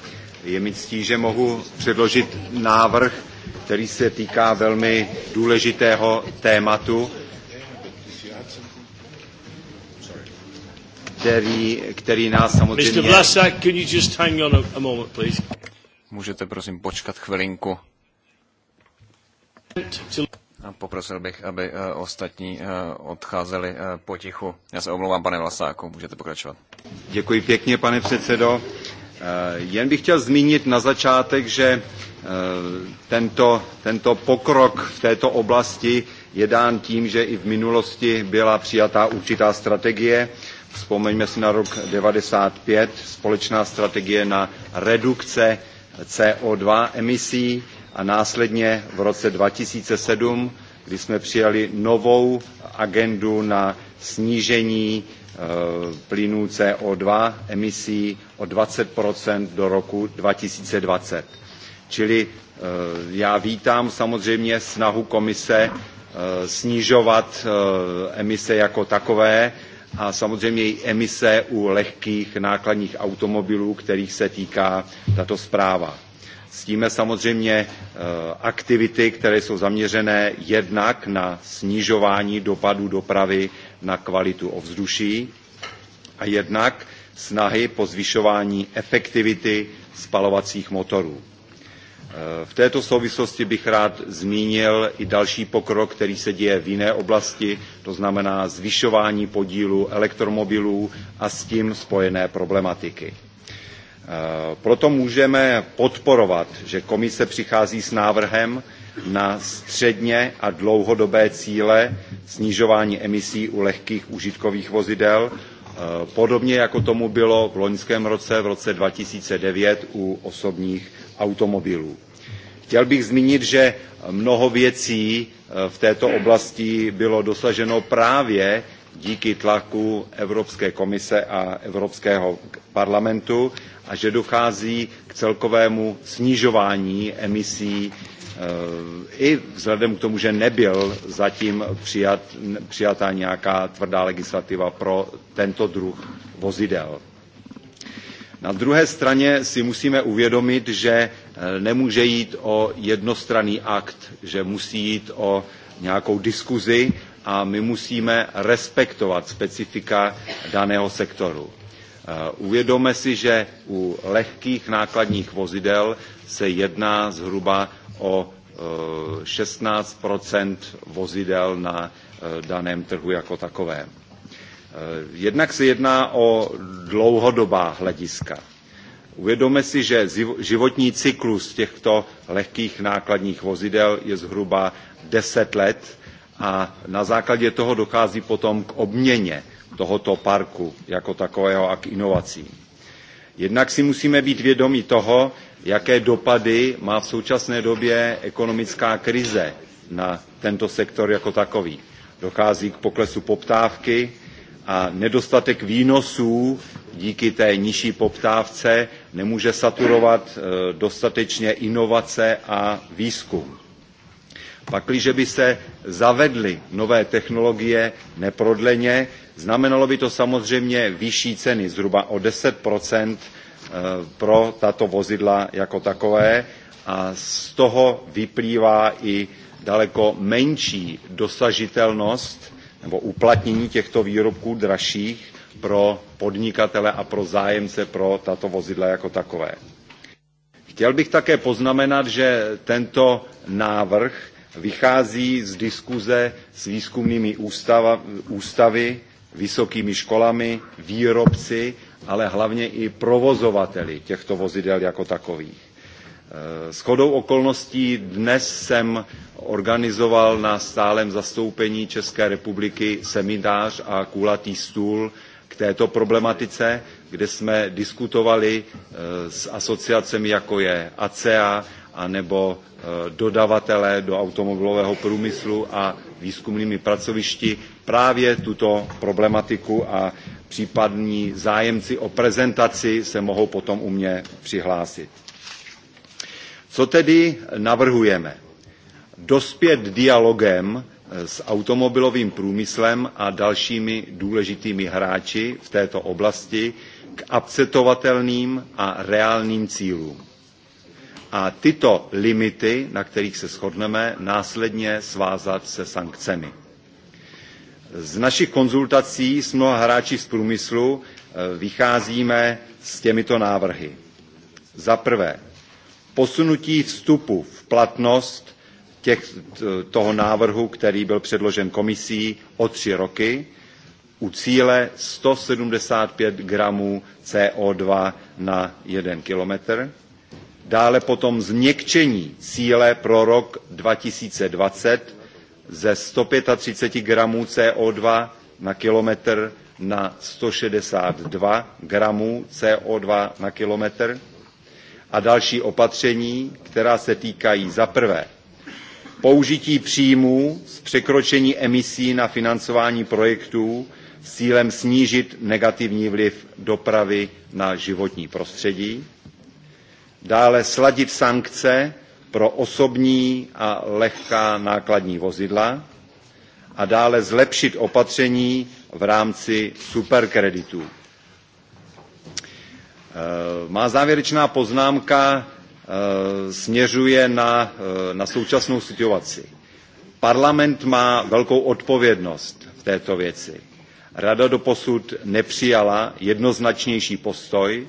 je mi ctí, že mohu předložit návrh, který se týká velmi důležitého tématu, který, který nás samozřejmě... Vlasak, moment, Můžete prosím počkat chvilinku. Poprosil bych, aby eh, ostatní eh, odcházeli eh, potichu. Já se omlouvám, pane Vlasáku, můžete pokračovat. Děkuji pěkně, pane předsedo. Jen bych chtěl zmínit na začátek, že tento, tento pokrok v této oblasti je dán tím, že i v minulosti byla přijatá určitá strategie. Vzpomeňme si na rok 1995, společná strategie na redukce CO2 emisí a následně v roce 2007, kdy jsme přijali novou agendu na snížení eh, plynů CO2 emisí o 20 do roku 2020. Čili eh, já vítám samozřejmě snahu komise eh, snižovat emise jako takové a samozřejmě i emise u lehkých nákladních automobilů, kterých se týká tato zpráva. Ctíme samozřejmě eh, aktivity, které jsou zaměřené jednak na snižování dopadů dopravy na kvalitu ovzduší a jednak snahy po zvyšování efektivity spalovacích motorů. Eh, v této souvislosti bych rád zmínil i další pokrok, který se děje v jiné oblasti, to znamená zvyšování podílu elektromobilů a s tím spojené problematiky. Eh, proto můžeme podporovat, že komise přichází s návrhem na středně a dlouhodobé cíle snižování emisí u lehkých užitkových vozidel, eh, podobně jako tomu bylo v loňském roce, v roce 2009 u osobních automobilů. Chtěl bych zmínit, že mnoho věcí eh, v této oblasti bylo dosaženo právě díky tlaku Evropské komise a Evropského parlamentu a že dochází k celkovému snižování emisí e, i vzhledem k tomu, že nebyl zatím přijat, přijata nějaká tvrdá legislativa pro tento druh vozidel. Na druhé straně si musíme uvědomit, že e, nemůže jít o jednostranný akt, že musí jít o nějakou diskuzi a my musíme respektovat specifika daného sektoru. Eh, uvědomme si, že u lehkých nákladních vozidel se jedná zhruba o 16 eh, vozidel na eh, daném trhu jako takovém. Jednak se jedná o dlouhodobá hlediska. Uvědomme si, že životní cyklus těchto lehkých nákladních vozidel je zhruba 10 let a na základě toho dochází potom k obměně tohoto parku jako takového a k inovacím. Jednak si musíme být vědomi toho, jaké dopady má v současné době ekonomická krize na tento sektor jako takový. Dochází k poklesu poptávky a nedostatek výnosů díky té nižší poptávce nemůže saturovat eh, dostatečně inovace a výzkum. Pakliže by se zavedly nové technologie neprodleně, znamenalo by to samozřejmě vyšší ceny, zhruba o 10 eh, pro tato vozidla jako takové a z toho vyplývá i daleko menší dosažitelnost nebo uplatnění těchto výrobků dražších pro podnikatele a pro zájemce pro tato vozidla jako takové. Chtěl bych také poznamenat, že tento návrh vychází z diskuze s výzkumnými ústava, ústavy, vysokými školami, výrobci, ale hlavně i provozovateli těchto vozidel jako takových. Eh, shodou okolností dnes jsem organizoval na stálem zastoupení České republiky seminář a kulatý stůl k této problematice, kde jsme diskutovali eh, s asociacemi jako je ACEA, anebo eh, dodavatele do automobilového průmyslu a výzkumnými pracovišti právě tuto problematiku a případní zájemci o prezentaci se mohou potom u mě přihlásit. Co tedy navrhujeme? Dospět dialogem eh, s automobilovým průmyslem a dalšími důležitými hráči v této oblasti k akceptovatelným a reálným cílům a tyto limity, na kterých se shodneme, následně svázat se sankcemi. Z našich konzultací s mnoha hráči z průmyslu eh, vycházíme s těmito návrhy. Za prvé, posunutí vstupu v platnost těch, toho návrhu, který byl předložen komisí o tři roky, u cíle 175 gramů CO2 na jeden kilometr dále potom změkčení cíle pro rok 2020 ze 135 gramů CO2 na kilometr na 162 gramů CO2 na kilometr a další opatření, která se týkají za prvé použití příjmů z překročení emisí na financování projektů s cílem snížit negativní vliv dopravy na životní prostředí, dále sladit sankce pro osobní a lehká nákladní vozidla a dále zlepšit opatření v rámci superkreditů. Eh, má závěrečná poznámka eh, směřuje na, eh, na současnou situaci. Parlament má velkou odpovědnost v této věci. Rada doposud nepřijala jednoznačnější postoj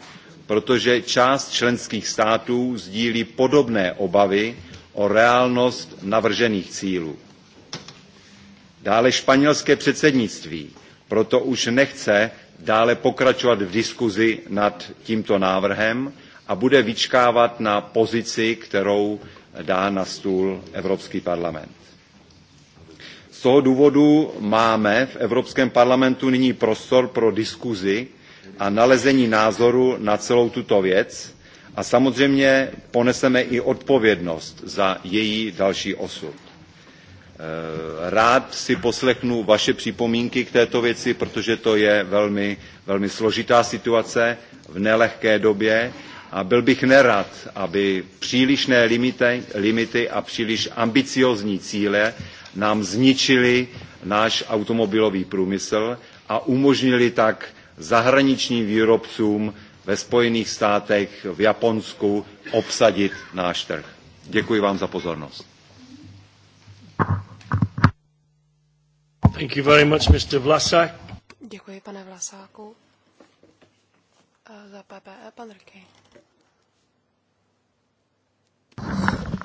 protože část členských států sdílí podobné obavy o reálnost navržených cílů. Dále španělské předsednictví proto už nechce dále pokračovat v diskuzi nad tímto návrhem a bude vyčkávat na pozici, kterou dá na stůl Evropský parlament. Z toho důvodu máme v Evropském parlamentu nyní prostor pro diskuzi a nalezení názoru na celou tuto věc a samozřejmě poneseme i odpovědnost za její další osud. E, rád si poslechnu vaše připomínky k této věci, protože to je velmi, velmi složitá situace v nelehké době a byl bych nerad, aby přílišné limity, limity a příliš ambiciozní cíle nám zničili náš automobilový průmysl a umožnili tak zahraničním výrobcům ve Spojených státech, v Japonsku obsadit náš trh. Děkuji vám za pozornost. Thank you very much, Mr. Děkuji, pane Vlasáku. Eh, za PPE, pan Rky.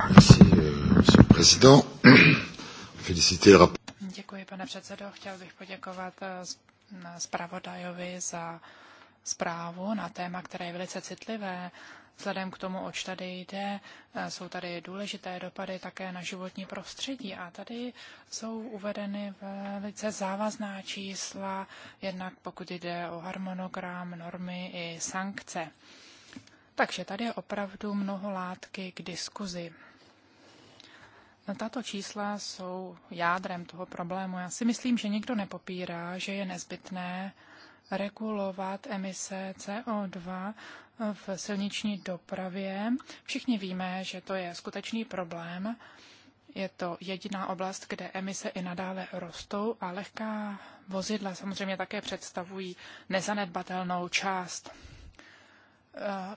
Merci, euh, monsieur le président. Féliciter le rapport. Děkuji, pane předsedo. Chtěl bych poděkovat eh, zpravodajovi za zprávu na téma, které je velice citlivé. Vzhledem k tomu, oč tady jde, eh, jsou tady důležité dopady také na životní prostředí a tady jsou uvedeny velice závazná čísla, jednak pokud jde o harmonogram, normy i sankce. Takže tady je opravdu mnoho látky k diskuzi. No, tato čísla jsou jádrem toho problému. Já si myslím, že nikdo nepopírá, že je nezbytné regulovat emise CO2 v silniční dopravě. Všichni víme, že to je skutečný problém. Je to jediná oblast, kde emise i nadále rostou a lehká vozidla samozřejmě také představují nezanedbatelnou část. Eh,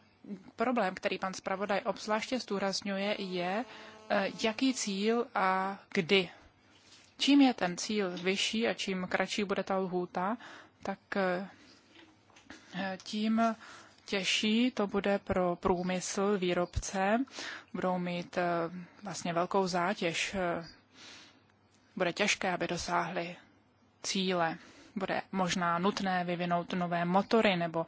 problém, který pan zpravodaj obzvláště zdůrazňuje, je, Eh, jaký cíl a kdy. Čím je ten cíl vyšší a čím kratší bude ta lhůta, tak eh, eh, tím těžší to bude pro průmysl, výrobce. Budou mít vlastně velkou zátěž. Bude těžké, aby dosáhli cíle. Bude možná nutné vyvinout nové motory nebo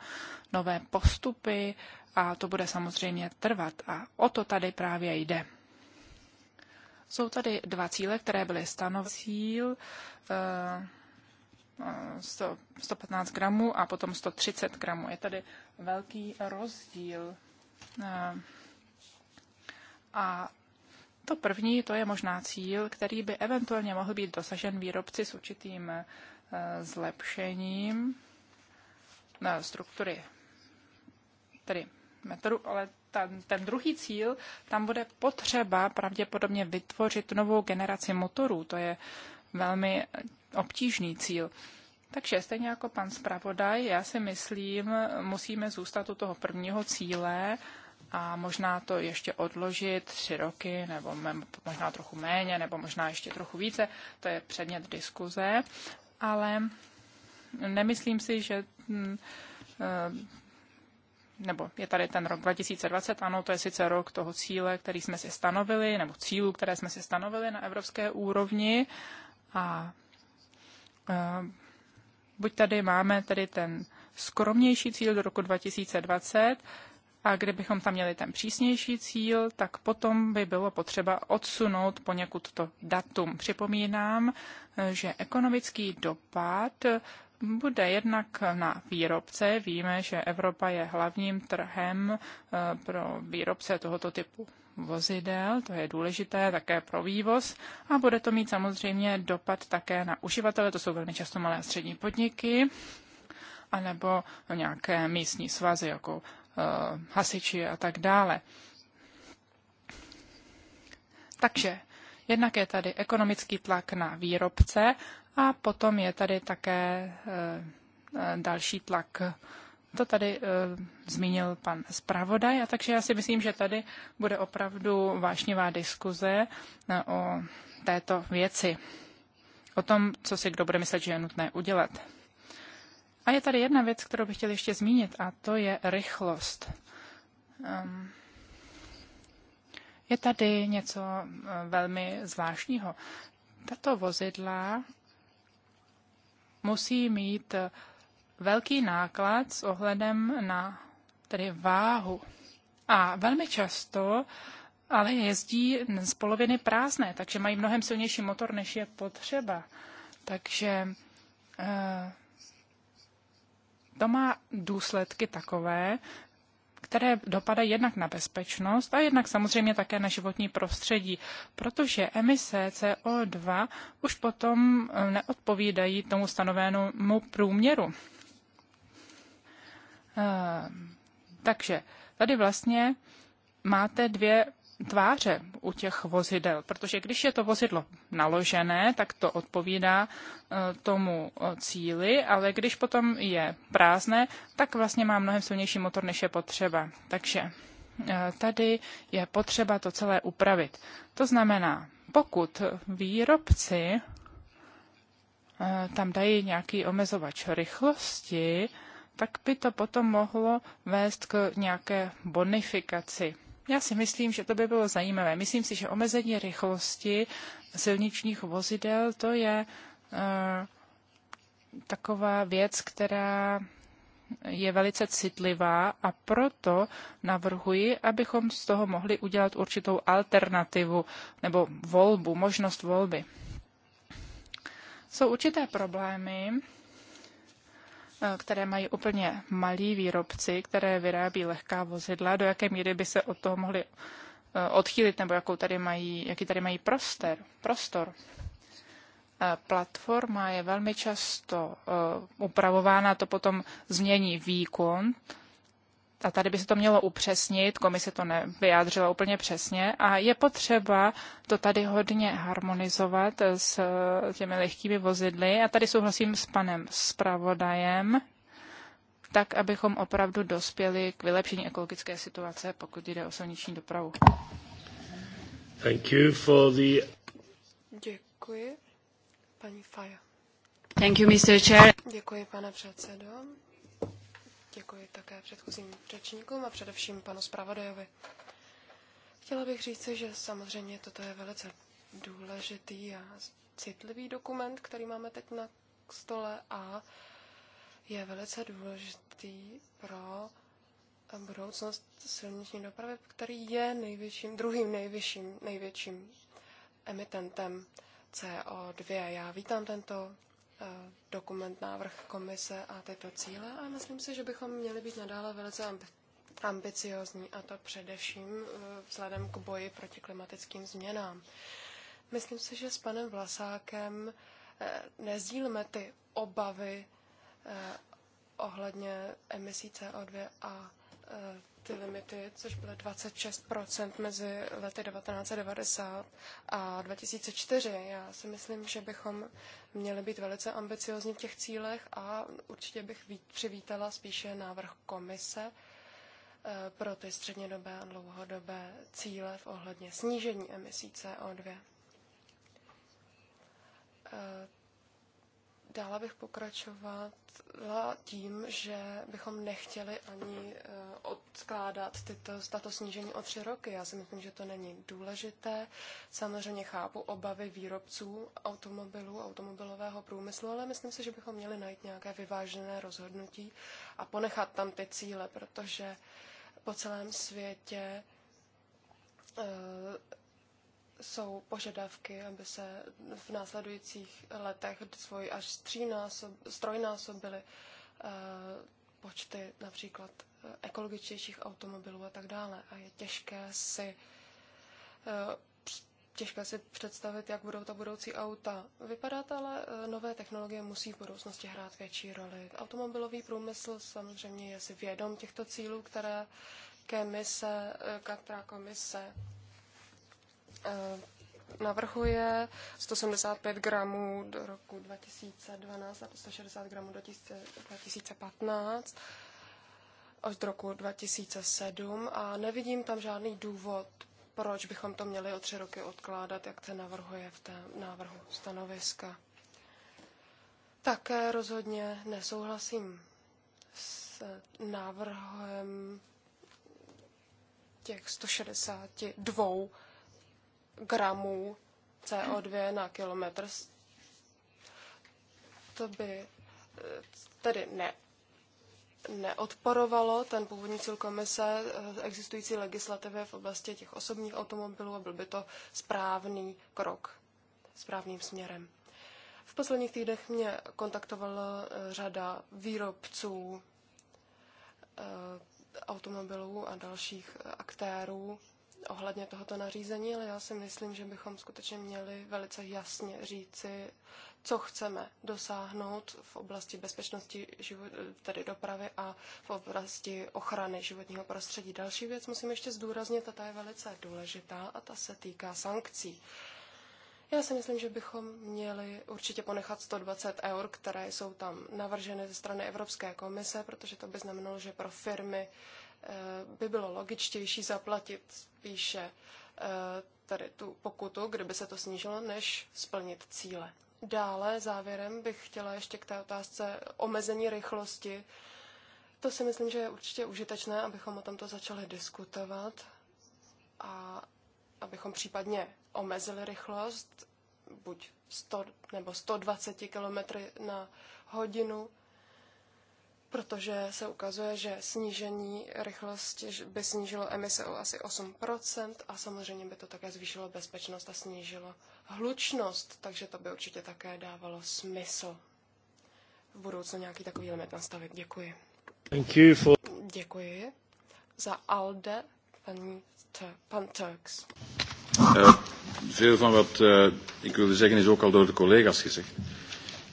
nové postupy a to bude samozřejmě trvat. A o to tady právě jde. Jsou tady dva cíle, které byly stanoveny. Cíl 115 eh, eh, gramů a potom 130 gramů. Je tady velký rozdíl. Eh, a to první, to je možná cíl, který by eventuálně mohl být dosažen výrobci s určitým zlepšením struktury, tedy metodu, ale ten, ten druhý cíl, tam bude potřeba pravděpodobně vytvořit novou generaci motorů. To je velmi obtížný cíl. Takže stejně jako pan zpravodaj, já si myslím, musíme zůstat u toho prvního cíle a možná to ještě odložit tři roky, nebo možná trochu méně, nebo možná ještě trochu více. To je předmět diskuze, ale nemyslím si, že mm, nebo je tady ten rok 2020, ano, to je sice rok toho cíle, který jsme si stanovili, nebo cílu, které jsme si stanovili na evropské úrovni a uh, buď tady máme tedy ten skromnější cíl do roku 2020, a kdybychom tam měli ten přísnější cíl, tak potom by bylo potřeba odsunout poněkud to datum. Připomínám, eh, že ekonomický dopad bude jednak na výrobce. Víme, že Evropa je hlavním trhem eh, pro výrobce tohoto typu vozidel, to je důležité také pro vývoz a bude to mít samozřejmě dopad také na uživatele, to jsou velmi často malé a střední podniky, anebo nějaké místní svazy, jako uh, hasiči a tak dále. Takže Jednak je tady ekonomický tlak na výrobce a potom je tady také eh, eh, další tlak. To tady eh, zmínil pan zpravodaj, a takže já si myslím, že tady bude opravdu vášnivá diskuze o této věci. O tom, co si kdo bude myslet, že je nutné udělat. A je tady jedna věc, kterou bych chtěl ještě zmínit, a to je rychlost. Um, je tady něco eh, velmi zvláštního. Tato vozidla musí mít eh, velký náklad s ohledem na tedy váhu. A velmi často ale jezdí z poloviny prázdné, takže mají mnohem silnější motor, než je potřeba. Takže eh, to má důsledky takové, které dopadají jednak na bezpečnost a jednak samozřejmě také na životní prostředí, protože emise CO2 už potom eh, neodpovídají tomu stanovenému průměru. Eh, takže tady vlastně máte dvě tváře u těch vozidel, protože když je to vozidlo naložené, tak to odpovídá e, tomu e, cíli, ale když potom je prázdné, tak vlastně má mnohem silnější motor, než je potřeba. Takže e, tady je potřeba to celé upravit. To znamená, pokud výrobci tam dají nějaký omezovač rychlosti, tak by to potom mohlo vést k nějaké bonifikaci já si myslím, že to by bylo zajímavé. Myslím si, že omezení rychlosti silničních vozidel to je eh, taková věc, která je velice citlivá a proto navrhuji, abychom z toho mohli udělat určitou alternativu nebo volbu, možnost volby. Jsou určité problémy, Eh, které mají úplně malí výrobci, které vyrábí lehká vozidla, do jaké míry by se od toho mohli eh, odchýlit, nebo jakou tady mají, jaký tady mají prostor. prostor. Eh, platforma je velmi často upravována, to potom změní výkon a tady by se to mělo upřesnit, komise to nevyjádřila úplně přesně, a je potřeba to tady hodně harmonizovat s těmi lehkými vozidly. A tady souhlasím s panem zpravodajem, tak, abychom opravdu dospěli k vylepšení ekologické situace, pokud jde o silniční dopravu. Thank you for the... Děkuji. Paní Faja. Thank you, Mr. Chair. Děkuji, pane předsedo. Děkuji také předchozím řečníkům a především panu zpravodajovi. Chtěla bych říci, že samozřejmě toto je velice důležitý a citlivý dokument, který máme teď na stole a je velice důležitý pro budoucnost silniční dopravy, který je největším, druhým největším, největším emitentem CO2. Já vítám tento Eh, dokument, návrh komise a tyto cíle a myslím si, že bychom měli být nadále velice ambiciozní a to především eh, vzhledem k boji proti klimatickým změnám. Myslím si, že s panem Vlasákem eh, nezdílíme ty obavy ohledně emisí CO2 a ty limity, což bylo 26% mezi lety 1990 a 2004. Já si myslím, že bychom měli být velice ambiciozní v těch cílech a určitě bych přivítala spíše návrh komise eh, pro ty střednědobé a dlouhodobé cíle v ohledně snížení emisí CO2 Dále bych pokračovala tím, že bychom nechtěli ani eh, odkládat tyto, tato snížení o tři roky. Já si myslím, že to není důležité. Samozřejmě chápu obavy výrobců automobilů, automobilového průmyslu, ale myslím si, že bychom měli najít nějaké vyvážené rozhodnutí a ponechat tam ty cíle, protože po celém světě eh, jsou požadavky, aby se v následujících letech svoj až strojnásobily eh, počty například eh, ekologičtějších automobilů a tak dále. A je těžké si eh, těžké si představit, jak budou ta budoucí auta vypadat, ale nové technologie musí v budoucnosti hrát větší roli. Automobilový průmysl samozřejmě je si vědom těchto cílů, které komise, která komise Eh, navrhuje 175 gramů do roku 2012 a 160 gramů do 2015 až do roku 2007 a nevidím tam žádný důvod, proč bychom to měli o tři roky odkládat, jak se navrhuje v té návrhu stanoviska. Také rozhodně nesouhlasím s návrhem těch 162 gramů CO2 na kilometr. To by eh, tedy ne, neodporovalo ten původní cíl komise eh, existující legislativy v oblasti těch osobních automobilů a byl by to správný krok správným směrem. V posledních týdnech mě kontaktovala eh, řada výrobců automobilů a dalších aktérů ohledně tohoto nařízení, ale já si myslím, že bychom skutečně měli velice jasně říci, co chceme dosáhnout v oblasti bezpečnosti život, tedy dopravy a v oblasti ochrany životního prostředí. Další věc musím ještě zdůraznit, a ta je velice důležitá, a ta se týká sankcí. Já si myslím, že bychom měli určitě ponechat 120 eur, které jsou tam navrženy ze strany Evropské komise, protože to by znamenalo, že pro firmy uh, by bylo logičtější zaplatit spíše eh, tady tu pokutu, kdyby se to snížilo, než splnit cíle. Dále závěrem bych chtěla ještě k té otázce omezení rychlosti. To si myslím, že je určitě užitečné, abychom o tomto začali diskutovat a abychom případně omezili rychlost buď 100 nebo 120 km na hodinu protože se ukazuje, že snížení rychlosti by snížilo emise o asi 8% a samozřejmě by to také zvýšilo bezpečnost a snížilo hlučnost, takže to by určitě také dávalo smysl v budoucnu nějaký takový limit nastavit. Děkuji. Thank you for... Děkuji. Za ALDE paní pan Turks. Uh, veel van wat uh, ik wilde zeggen is ook al door de collega's gezegd. Uh,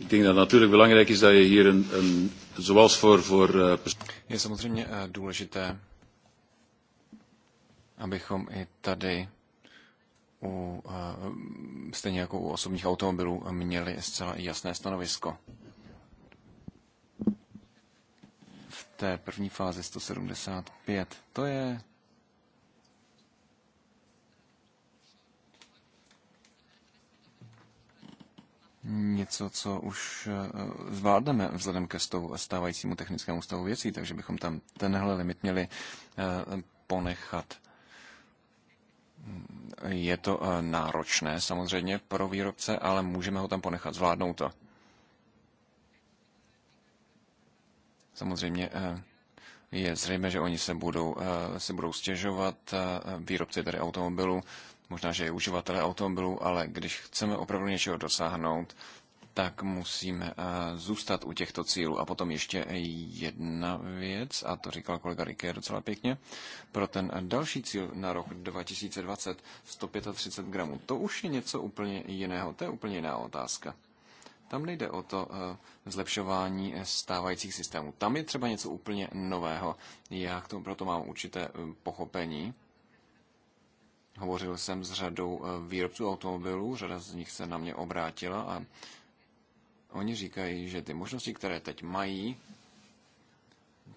Ik denk dat natuurlijk belangrijk is dat je hier een, een zoals voor, voor uh... Je samozřejmě eh, důležité, abychom i tady u, eh, stejně jako u osobních automobilů měli zcela jasné stanovisko. V té první fázi 175. To je něco, co už eh, zvládneme vzhledem ke stavu, stávajícímu technickému stavu věcí, takže bychom tam tenhle limit měli eh, ponechat. Je to eh, náročné samozřejmě pro výrobce, ale můžeme ho tam ponechat, zvládnou to. Samozřejmě je zřejmé, že oni se budou, se budou stěžovat, výrobci tady automobilu, možná, že i uživatelé automobilů, ale když chceme opravdu něčeho dosáhnout, tak musíme eh, zůstat u těchto cílů. A potom ještě jedna věc, a to říkal kolega Riké docela pěkně, pro ten další cíl na rok 2020 135 gramů. To už je něco úplně jiného, to je úplně jiná otázka. Tam nejde o to eh, zlepšování stávajících systémů. Tam je třeba něco úplně nového. Já k tomu proto mám určité eh, pochopení Hovořil jsem s řadou eh, výrobců automobilů, řada z nich se na mě obrátila a oni říkají, že ty možnosti, které teď mají,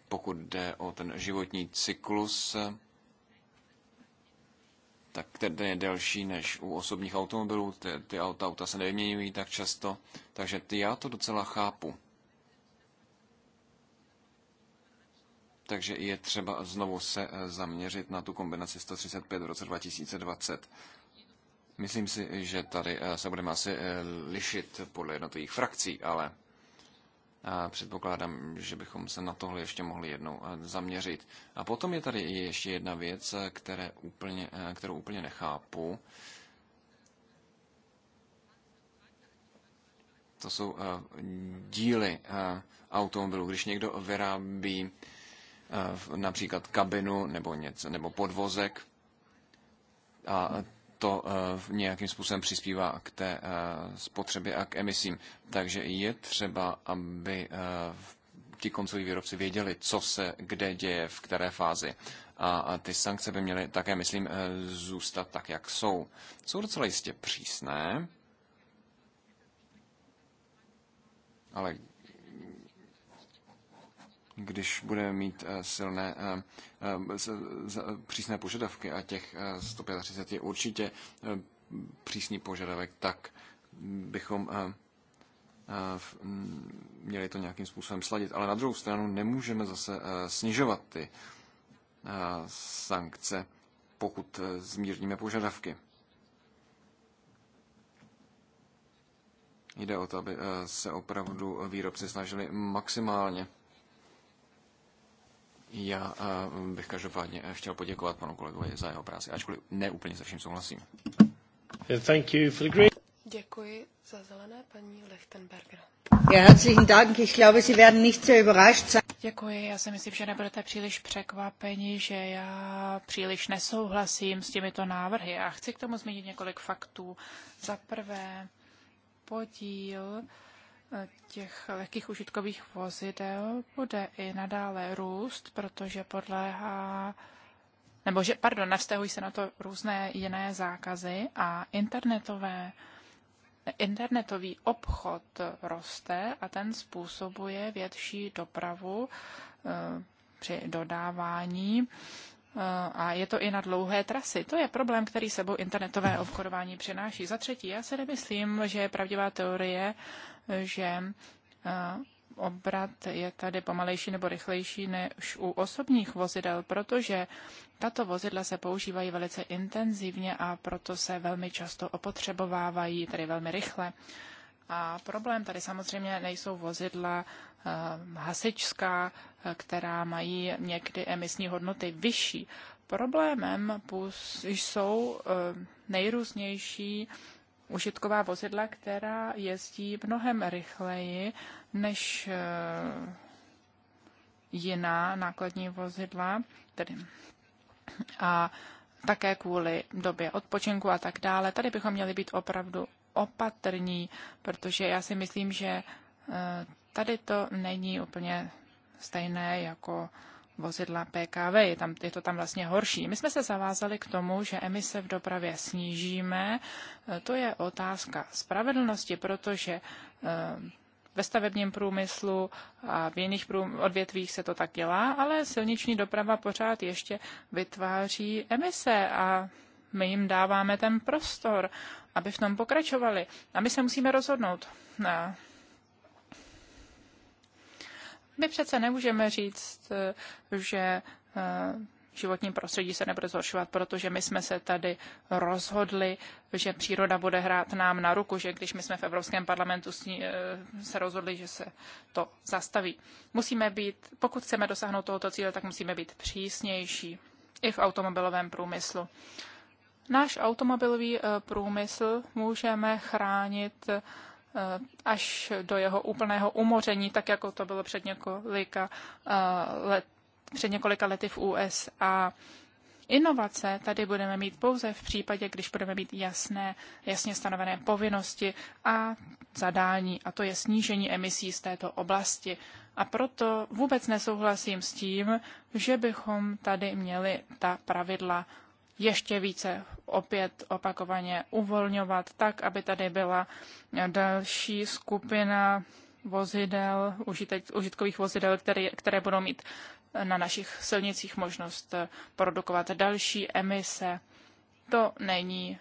pokud jde o ten životní cyklus, tak ten je delší než u osobních automobilů. Ty, ty auta, auta se nevyměňují tak často, takže ty já to docela chápu. Takže je třeba znovu se eh, zaměřit na tu kombinaci 135 v roce 2020. Myslím si, že tady eh, se budeme asi eh, lišit podle jednotlivých frakcí, ale předpokládám, že bychom se na tohle ještě mohli jednou zaměřit. A potom je tady ještě jedna věc, které úplně, kterou úplně nechápu. To jsou díly automobilů. Když někdo vyrábí Eh, například kabinu nebo, něco, nebo podvozek. A to eh, nějakým způsobem přispívá k té eh, spotřebě a k emisím. Takže je třeba, aby ti koncoví výrobci věděli, co se kde děje, v které fázi. A ty sankce by měly také, myslím, zůstat tak, jak jsou. Jsou docela jistě přísné, ale když bude mít eh, silné eh, eh, přísné požadavky a těch 135 je určitě přísný požadavek, tak bychom měli to nějakým způsobem sladit. Ale na druhou stranu nemůžeme zase snižovat ty sankce, pokud zmírníme požadavky. Jde o to, aby se opravdu výrobci snažili maximálně já eh, bych každopádně eh, chtěl poděkovat panu kolegovi za jeho práci, ačkoliv ne úplně se vším souhlasím. Thank you for the green. Děkuji za zelené paní Lechtenberger. Ja, herzlichen Dank. Ich glaube, Sie werden nicht sehr überrascht sein. Děkuji. Já si myslím, že nebudete příliš překvapeni, že já příliš nesouhlasím s těmito návrhy. A chci k tomu zmínit několik faktů. Za prvé, podíl těch lehkých užitkových vozidel bude i nadále růst, protože podléhá nebo že, pardon, navztahují se na to různé jiné zákazy a internetové, internetový obchod roste a ten způsobuje větší dopravu eh, při dodávání a je to i na dlouhé trasy. To je problém, který sebou internetové obchodování přináší. Za třetí, já si nemyslím, že je pravdivá teorie, že obrat je tady pomalejší nebo rychlejší než u osobních vozidel, protože tato vozidla se používají velice intenzivně a proto se velmi často opotřebovávají, tedy velmi rychle. A problém tady samozřejmě nejsou vozidla, Eh, hasičská, eh, která mají někdy emisní hodnoty vyšší. Problémem jsou eh, nejrůznější užitková vozidla, která jezdí mnohem rychleji než jiná nákladní vozidla, tedy a také kvůli době odpočinku a tak dále. Tady bychom měli být opravdu opatrní, protože já si myslím, že Tady to není úplně stejné jako vozidla PKV, je, tam, je to tam vlastně horší. My jsme se zavázali k tomu, že emise v dopravě snížíme. E, to je otázka spravedlnosti, protože e, ve stavebním průmyslu a v jiných odvětvích se to tak dělá, ale silniční doprava pořád ještě vytváří emise a my jim dáváme ten prostor, aby v tom pokračovali. A my se musíme rozhodnout. My přece nemůžeme říct, eh, že eh, životní prostředí se nebude zhoršovat, protože my jsme se tady rozhodli, že příroda bude hrát nám na ruku, že když my jsme v Evropském parlamentu eh, se rozhodli, že se to zastaví. Musíme být, pokud chceme dosáhnout tohoto cíle, tak musíme být přísnější i v automobilovém průmyslu. Náš automobilový průmysl můžeme chránit Eh, až do jeho úplného umoření, tak jako to bylo před několika, eh, let, před několika lety v USA. Inovace tady budeme mít pouze v případě, když budeme mít jasné, jasně stanovené povinnosti a zadání, a to je snížení emisí z této oblasti. A proto vůbec nesouhlasím s tím, že bychom tady měli ta pravidla ještě více opět opakovaně uvolňovat tak, aby tady byla další skupina vozidel, užitek, užitkových vozidel, které, které budou mít na našich silnicích možnost produkovat další emise. To není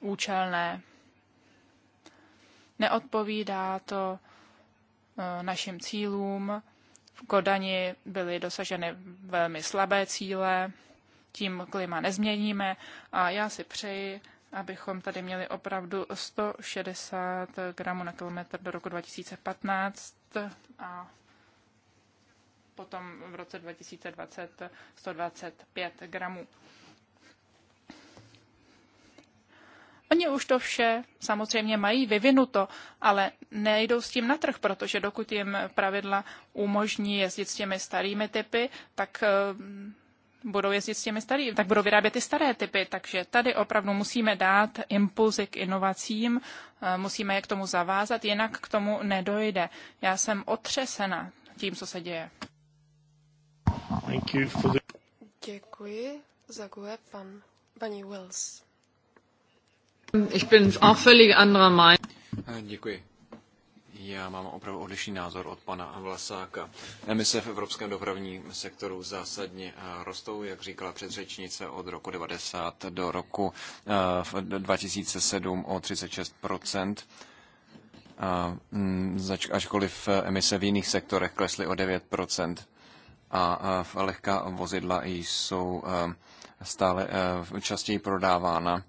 účelné. Neodpovídá to eh, našim cílům. V Kodani byly dosaženy velmi slabé cíle tím klima nezměníme a já si přeji, abychom tady měli opravdu 160 gramů na kilometr do roku 2015 a potom v roce 2020 125 gramů. Oni už to vše samozřejmě mají vyvinuto, ale nejdou s tím na trh, protože dokud jim pravidla umožní jezdit s těmi starými typy, tak budou jezdit s těmi starými, tak budou vyrábět ty staré typy. Takže tady opravdu musíme dát impulzy k inovacím, eh, musíme je k tomu zavázat, jinak k tomu nedojde. Já jsem otřesena tím, co se děje. The... Děkuji. kůže, pan, paní Wills. Ich bin auch völlig anderer Meinung. Děkuji. Já mám opravdu odlišný názor od pana Vlasáka. Emise v evropském dopravním sektoru zásadně eh, rostou, jak říkala předřečnice, od roku 90 do roku 2007 eh, o 36 a, mm, ačkoliv eh, emise v jiných sektorech klesly o 9 a lehká vozidla jsou stále častěji prodávána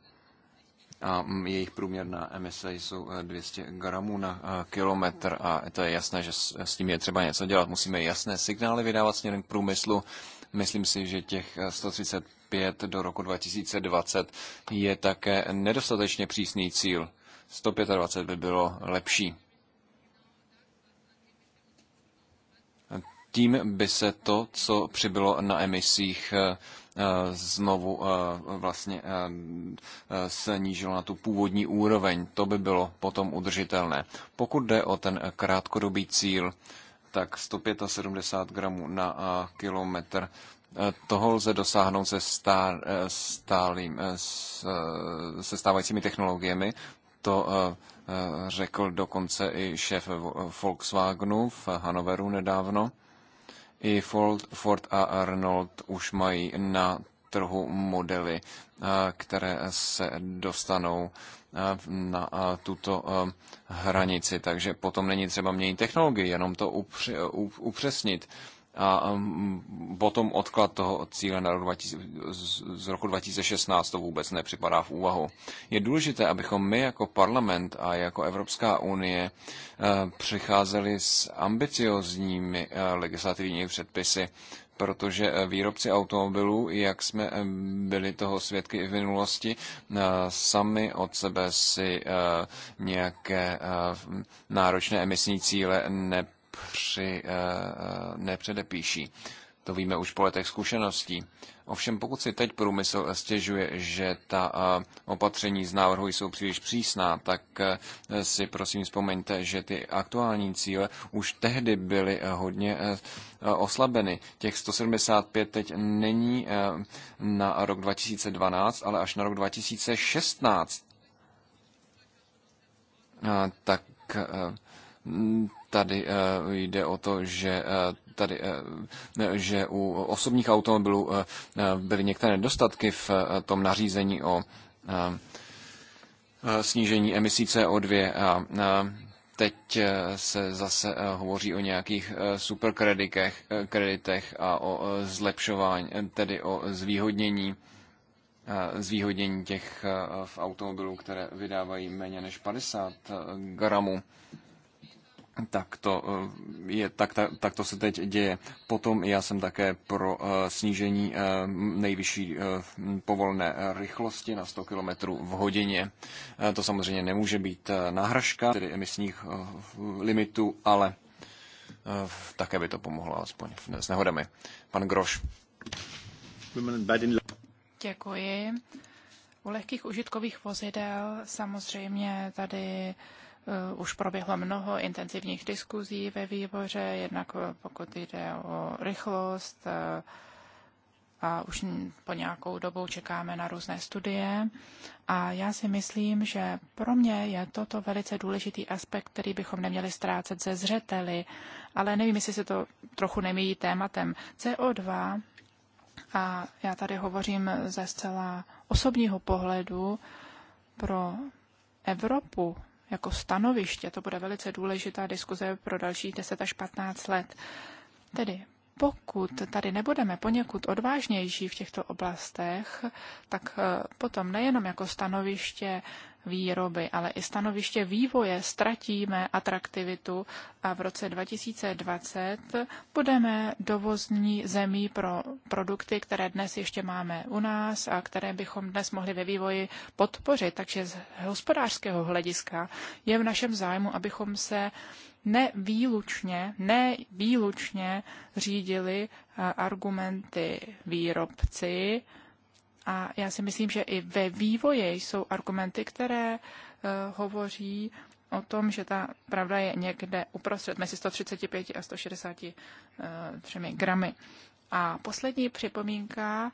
a jejich průměrná emise jsou 200 eh, gramů na eh, kilometr a to je jasné, že s tím je třeba něco dělat. Musíme jasné signály vydávat směrem k průmyslu. Myslím si, že těch 135 eh, do roku 2020 je také nedostatečně přísný cíl. 125 by bylo lepší. Tím by se to, co přibylo na emisích, Eh, znovu eh, vlastně eh, snížilo na tu původní úroveň. To by bylo potom udržitelné. Pokud jde o ten krátkodobý cíl, tak 175 gramů na kilometr toho lze dosáhnout se, stá, stálým, se stávajícími technologiemi. To řekl dokonce i šéf Volkswagenu v Hanoveru nedávno. I Ford, Ford a Renault už mají na trhu modely, eh, které se dostanou eh, na eh, tuto hranici. Takže potom není třeba měnit technologii, jenom to upřesnit a um, potom odklad toho cíle na rok 2000, z roku 2016 to vůbec nepřipadá v úvahu. Je důležité, abychom my jako parlament a jako Evropská unie eh, přicházeli s ambiciozními eh, legislativními předpisy, protože eh, výrobci automobilů, jak jsme byli toho svědky i v minulosti, sami od sebe si nějaké náročné emisní cíle ne při, eh, eh, nepředepíší. To víme už po letech zkušeností. Ovšem pokud si teď průmysl stěžuje, že ta eh, opatření z návrhu jsou příliš přísná, tak si prosím vzpomeňte, že ty aktuální cíle už tehdy byly hodně oslabeny. Těch 175 teď není na rok 2012, ale až na rok 2016. Tak tady eh, jde o to, že eh, tady, eh, že u osobních automobilů byly některé nedostatky v tom nařízení o snížení emisí CO2 a teď se zase hovoří o nějakých superkreditech a o zlepšování, tedy o zvýhodnění zvýhodnění těch v automobilů, které vydávají méně než 50 gramů tak to, eh, je, tak, tak, tak to se teď děje. Potom já jsem také pro eh, snížení eh, nejvyšší povolné rychlosti na 100 km v hodině. To samozřejmě nemůže být náhražka, tedy emisních limitů, ale také by to pomohlo alespoň s nehodami. Pan Groš. Děkuji. U lehkých užitkových vozidel samozřejmě tady Eh, už proběhlo mnoho intenzivních diskuzí ve výboře, jednak eh, pokud jde o rychlost, eh, a už po nějakou dobu čekáme na různé studie. A já si myslím, že pro mě je toto velice důležitý aspekt, který bychom neměli ztrácet ze zřeteli, ale nevím, jestli se to trochu nemíjí tématem CO2. A já tady hovořím ze zcela osobního pohledu pro Evropu jako stanoviště. To bude velice důležitá diskuze pro další 10 až 15 let. Tedy pokud tady nebudeme poněkud odvážnější v těchto oblastech, tak eh, potom nejenom jako stanoviště výroby, ale i stanoviště vývoje ztratíme atraktivitu a v roce 2020 budeme dovozní zemí pro produkty, které dnes ještě máme u nás a které bychom dnes mohli ve vývoji podpořit. Takže z hospodářského hlediska je v našem zájmu, abychom se nevýlučně, nevýlučně řídili eh, argumenty výrobci, a já si myslím, že i ve vývoji jsou argumenty, které eh, hovoří o tom, že ta pravda je někde uprostřed mezi 135 a 163 eh, gramy. A poslední připomínka,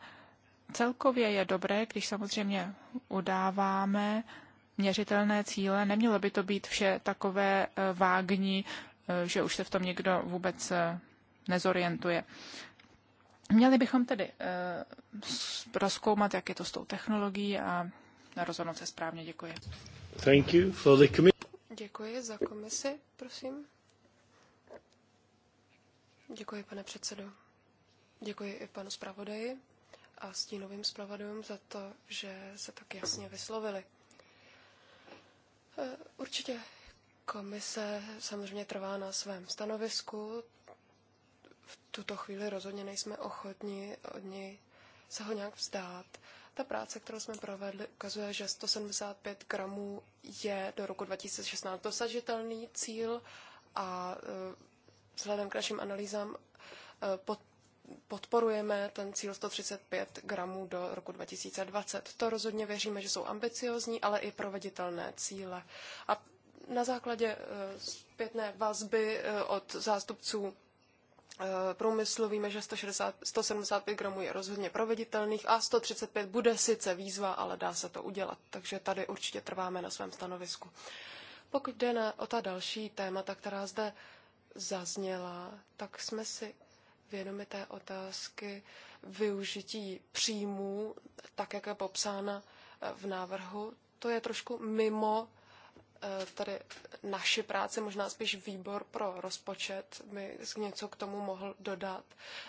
celkově je dobré, když samozřejmě udáváme měřitelné cíle, nemělo by to být vše takové eh, vágní, že už se v tom někdo vůbec nezorientuje. Měli bychom tedy eh, rozkoumat jak je to s tou technologií a rozhodnout se správně. Děkuji. Thank you for the Děkuji za komisi, prosím. Děkuji, pane předsedo. Děkuji i panu zpravodaji a stínovým zpravodajům za to, že se tak jasně vyslovili. Eh, určitě komise samozřejmě trvá na svém stanovisku, v tuto chvíli rozhodně nejsme ochotni od něj se ho nějak vzdát. Ta práce, kterou jsme provedli, ukazuje, že 175 gramů je do roku 2016 dosažitelný cíl a e, vzhledem k našim analýzám e, pod podporujeme ten cíl 135 gramů do roku 2020. To rozhodně věříme, že jsou ambiciozní, ale i proveditelné cíle. A na základě e, zpětné vazby od zástupců Eh, průmyslu víme, že 160, 175 gramů je rozhodně proveditelných a 135 bude sice výzva, ale dá se to udělat. Takže tady určitě trváme na svém stanovisku. Pokud jde na, o ta další témata, která zde zazněla, tak jsme si vědomi té otázky využití příjmů, tak jak je popsána eh, v návrhu. To je trošku mimo Eh, tady naši práci, možná spíš výbor pro rozpočet by něco k tomu mohl dodat.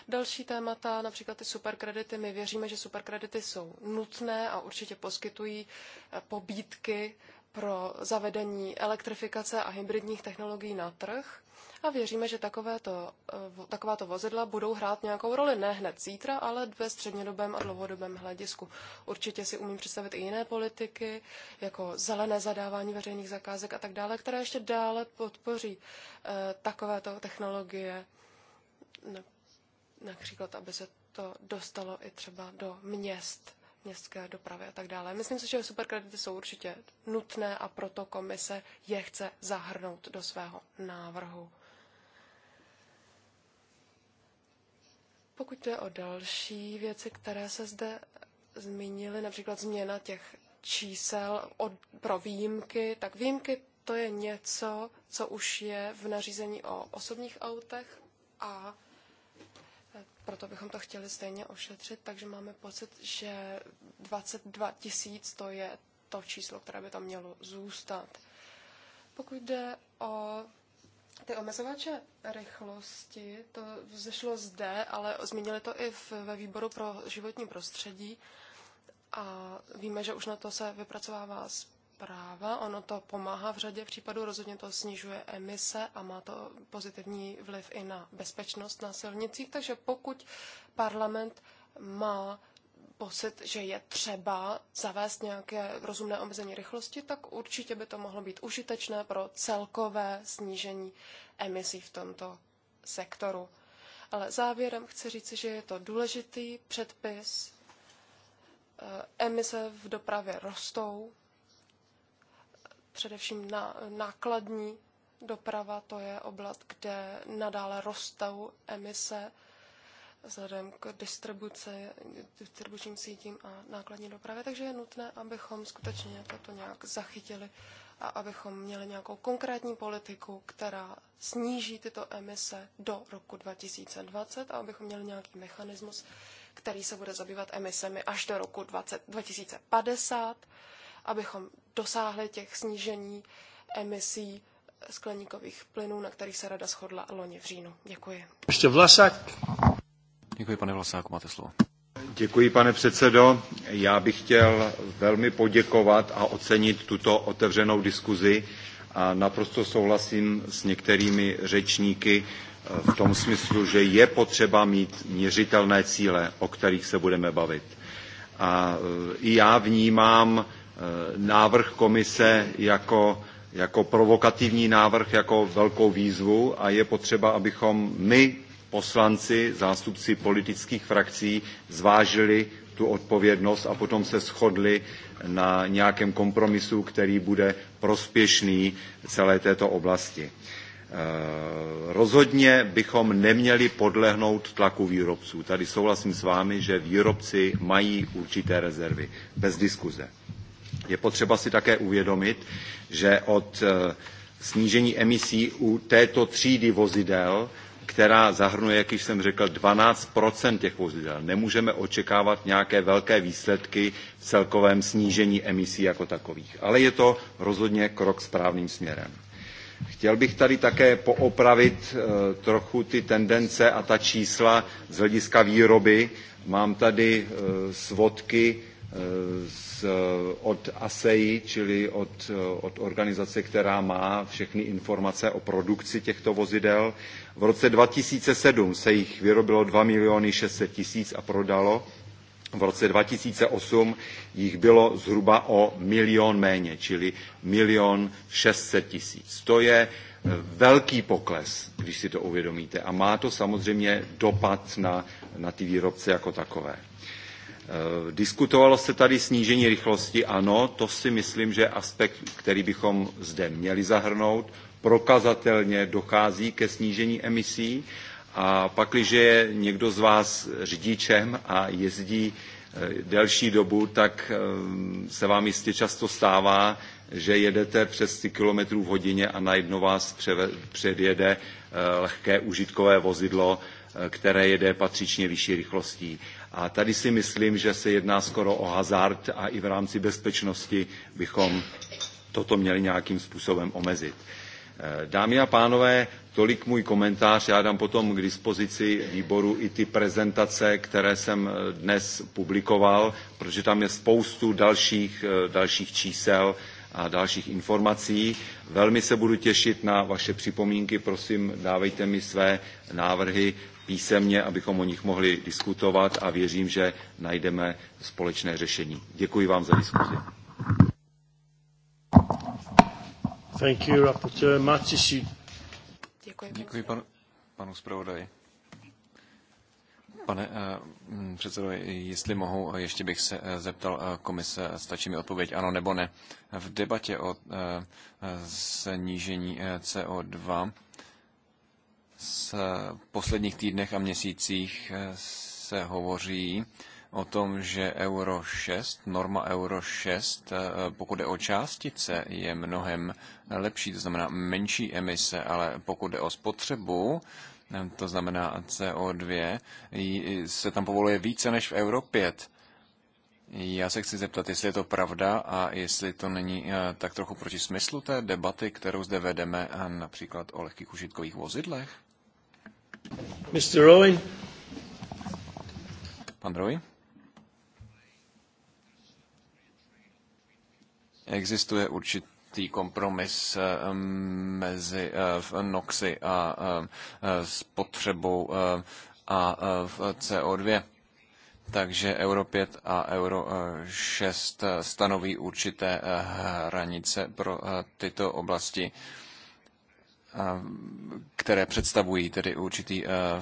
Další témata, například ty superkredity. My věříme, že superkredity jsou nutné a určitě poskytují eh, pobídky pro zavedení elektrifikace a hybridních technologií na trh a věříme, že takovéto, eh, takováto vozidla budou hrát nějakou roli ne hned zítra, ale ve střednědobém a dlouhodobém hledisku. Určitě si umím představit i jiné politiky, jako zelené zadávání veřejných zakázek a tak dále, které ještě dále podpoří eh, takovéto technologie, například, aby se to dostalo i třeba do měst městské dopravy a tak dále. Myslím si, že superkredity jsou určitě nutné a proto komise je chce zahrnout do svého návrhu. Pokud jde o další věci, které se zde zmínily, například změna těch čísel od, pro výjimky, tak výjimky to je něco, co už je v nařízení o osobních autech a proto bychom to chtěli stejně ošetřit, takže máme pocit, že 22 tisíc to je to číslo, které by tam mělo zůstat. Pokud jde o ty omezovače rychlosti, to vzešlo zde, ale zmínili to i v, ve výboru pro životní prostředí a víme, že už na to se vypracovává zpráva. Ono to pomáhá v řadě případů, rozhodně to snižuje emise a má to pozitivní vliv i na bezpečnost na silnicích, takže pokud parlament má pocit, že je třeba zavést nějaké rozumné omezení rychlosti, tak určitě by to mohlo být užitečné pro celkové snížení emisí v tomto sektoru. Ale závěrem chci říci, že je to důležitý předpis. Eh, emise v dopravě rostou, především na nákladní doprava, to je oblast, kde nadále rostou emise vzhledem k distribuce, distribučním sítím a nákladní dopravě, takže je nutné, abychom skutečně toto nějak zachytili a abychom měli nějakou konkrétní politiku, která sníží tyto emise do roku 2020 a abychom měli nějaký mechanismus, který se bude zabývat emisemi až do roku 20, 2050, abychom dosáhli těch snížení emisí skleníkových plynů, na kterých se rada shodla loni v říjnu. Děkuji. Ještě Vlasak. Děkuji, pane Vlasáku, máte slovo. Děkuji, pane předsedo. Já bych chtěl velmi poděkovat a ocenit tuto otevřenou diskuzi a naprosto souhlasím s některými řečníky eh, v tom smyslu, že je potřeba mít měřitelné cíle, o kterých se budeme bavit. A eh, i já vnímám eh, návrh komise jako, jako provokativní návrh, jako velkou výzvu a je potřeba, abychom my poslanci, zástupci politických frakcí zvážili tu odpovědnost a potom se shodli na nějakém kompromisu, který bude prospěšný celé této oblasti. E, rozhodně bychom neměli podlehnout tlaku výrobců. Tady souhlasím s vámi, že výrobci mají určité rezervy, bez diskuze. Je potřeba si také uvědomit, že od e, snížení emisí u této třídy vozidel která zahrnuje, jak již jsem řekl, 12 těch vozidel. Nemůžeme očekávat nějaké velké výsledky v celkovém snížení emisí jako takových. Ale je to rozhodně krok správným směrem. Chtěl bych tady také poopravit eh, trochu ty tendence a ta čísla z hlediska výroby. Mám tady eh, svodky z, od ASEI, čili od, od organizace, která má všechny informace o produkci těchto vozidel. V roce 2007 se jich vyrobilo 2 miliony 600 tisíc a prodalo. V roce 2008 jich bylo zhruba o milion méně, čili milion 600 tisíc. To je velký pokles, když si to uvědomíte. A má to samozřejmě dopad na, na ty výrobce jako takové. Eh, diskutovalo se tady snížení rychlosti. Ano, to si myslím, že je aspekt, který bychom zde měli zahrnout. Prokazatelně dochází ke snížení emisí. A pakliže je někdo z vás řidičem a jezdí eh, delší dobu, tak eh, se vám jistě často stává, že jedete přes 100 km v hodině a najednou vás předjede lehké užitkové vozidlo, které jede patřičně vyšší rychlostí. A tady si myslím, že se jedná skoro o hazard a i v rámci bezpečnosti bychom toto měli nějakým způsobem omezit. Eh, dámy a pánové, tolik můj komentář. Já dám potom k dispozici výboru i ty prezentace, které jsem eh, dnes publikoval, protože tam je spoustu dalších, eh, dalších čísel a dalších informací. Velmi se budu těšit na vaše připomínky. Prosím, dávejte mi své návrhy písemně, abychom o nich mohli diskutovat a věřím, že najdeme společné řešení. Děkuji vám za diskuzi. Thank you, rapporteur. Děkuji, Děkuji panu zpravodaji. Pane uh, předsedo, jestli mohu, eh, ještě bych se eh, zeptal komise, stačí mi odpověď ano nebo ne. V debatě o uh, snížení CO2 z posledních týdnech a měsících eh, se hovoří o tom, že Euro 6, norma Euro 6, eh, pokud je o částice, je mnohem lepší, to znamená menší emise, ale pokud je o spotřebu, eh, to znamená CO2, se tam povoluje více než v Euro 5. Já se chci zeptat, jestli je to pravda a jestli to není tak trochu proti smyslu té debaty, kterou zde vedeme například o lehkých užitkových vozidlech. Pan Existuje určitý kompromis ehm, mezi eh, NOXy a ehm, eh, spotřebou ehm, a eh, v CO2. Takže Euro 5 a Euro 6 stanoví určité hranice pro tyto oblasti které představují tedy určitý e, e,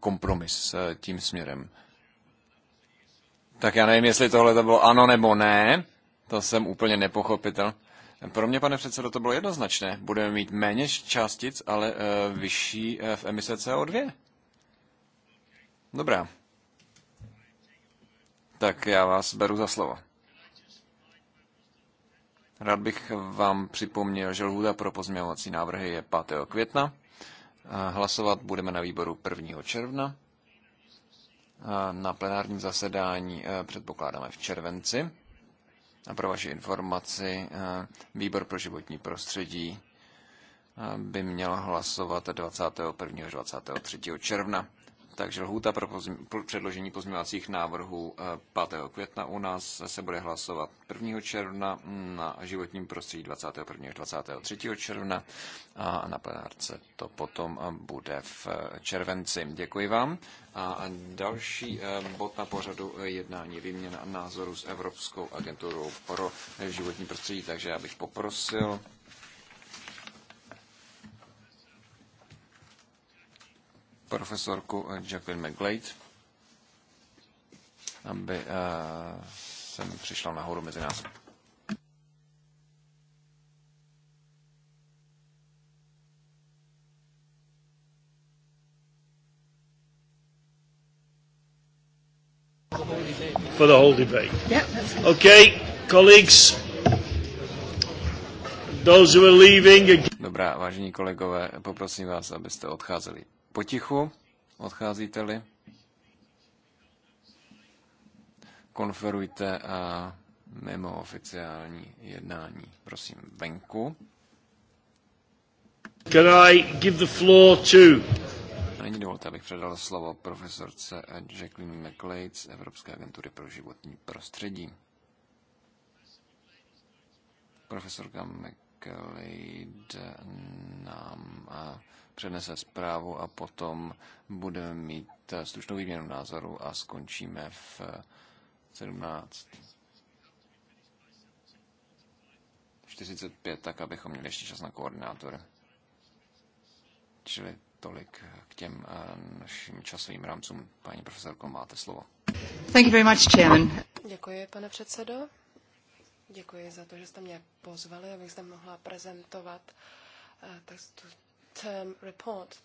kompromis s e, tím směrem. Tak já nevím, jestli tohle to bylo ano nebo ne, to jsem úplně nepochopitel. Pro mě, pane předsedo, to bylo jednoznačné. Budeme mít méně částic, ale vyšší v emise CO2. Dobrá. Tak já vás beru za slovo. Rád bych vám připomněl, že lhůta pro pozměňovací návrhy je 5. května. Hlasovat budeme na výboru 1. června. Na plenárním zasedání e, předpokládáme v červenci. A pro vaši informaci, e, výbor pro životní prostředí e, by měl hlasovat 21. až 23. června. Takže lhůta pro, pozm- pro předložení pozměňovacích návrhů 5. Eh, května u nás se bude hlasovat 1. června na životním prostředí 21. až 23. června a na plenárce to potom eh, bude v eh, červenci. Děkuji vám. A další bod na pořadu jednání výměna názoru s Evropskou agenturou pro životní prostředí, takže já bych poprosil profesorku Jacqueline McGlade, aby jsem eh, přišla nahoru mezi nás. for the whole debate. Yeah, that's Okay, colleagues, those who are leaving. Dobrá, vážení kolegové, poprosím vás, abyste odcházeli potichu, odcházíte-li. Konferujte a mimo oficiální jednání, prosím, venku. Can I give the floor to... Není dovolte, abych předal slovo profesorce Jacqueline McLeod z Evropské agentury pro životní prostředí. Profesorka McLeod nám přenese zprávu a potom budeme mít stručnou výměnu názoru a skončíme v 17. 45, tak abychom měli ještě čas na koordinátor. Čili tolik k těm eh, našim časovým rámcům. Paní profesorko, máte slovo. Thank you very much, Chairman. Děkuji, pane předsedo. Děkuji za to, že jste mě pozvali, abych zde mohla prezentovat tak eh, tu term report.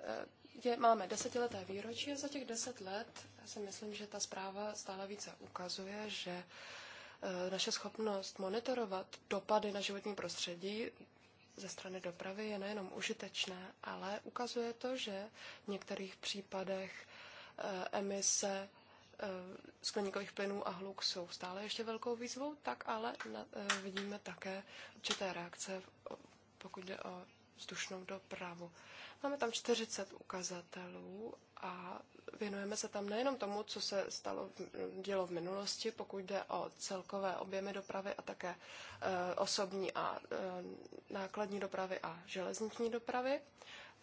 Eh, je, máme desetileté výročí a za těch deset let si myslím, že ta zpráva stále více ukazuje, že eh, naše schopnost monitorovat dopady na životní prostředí ze strany dopravy je nejenom užitečné, ale ukazuje to, že v některých případech eh, emise skleníkových plynů a hluk jsou stále ještě velkou výzvou, tak ale vidíme také určité reakce, pokud jde o vzdušnou dopravu. Máme tam 40 ukazatelů a věnujeme se tam nejenom tomu, co se stalo, dělo v minulosti, pokud jde o celkové objemy dopravy a také e, osobní a e, nákladní dopravy a železniční dopravy.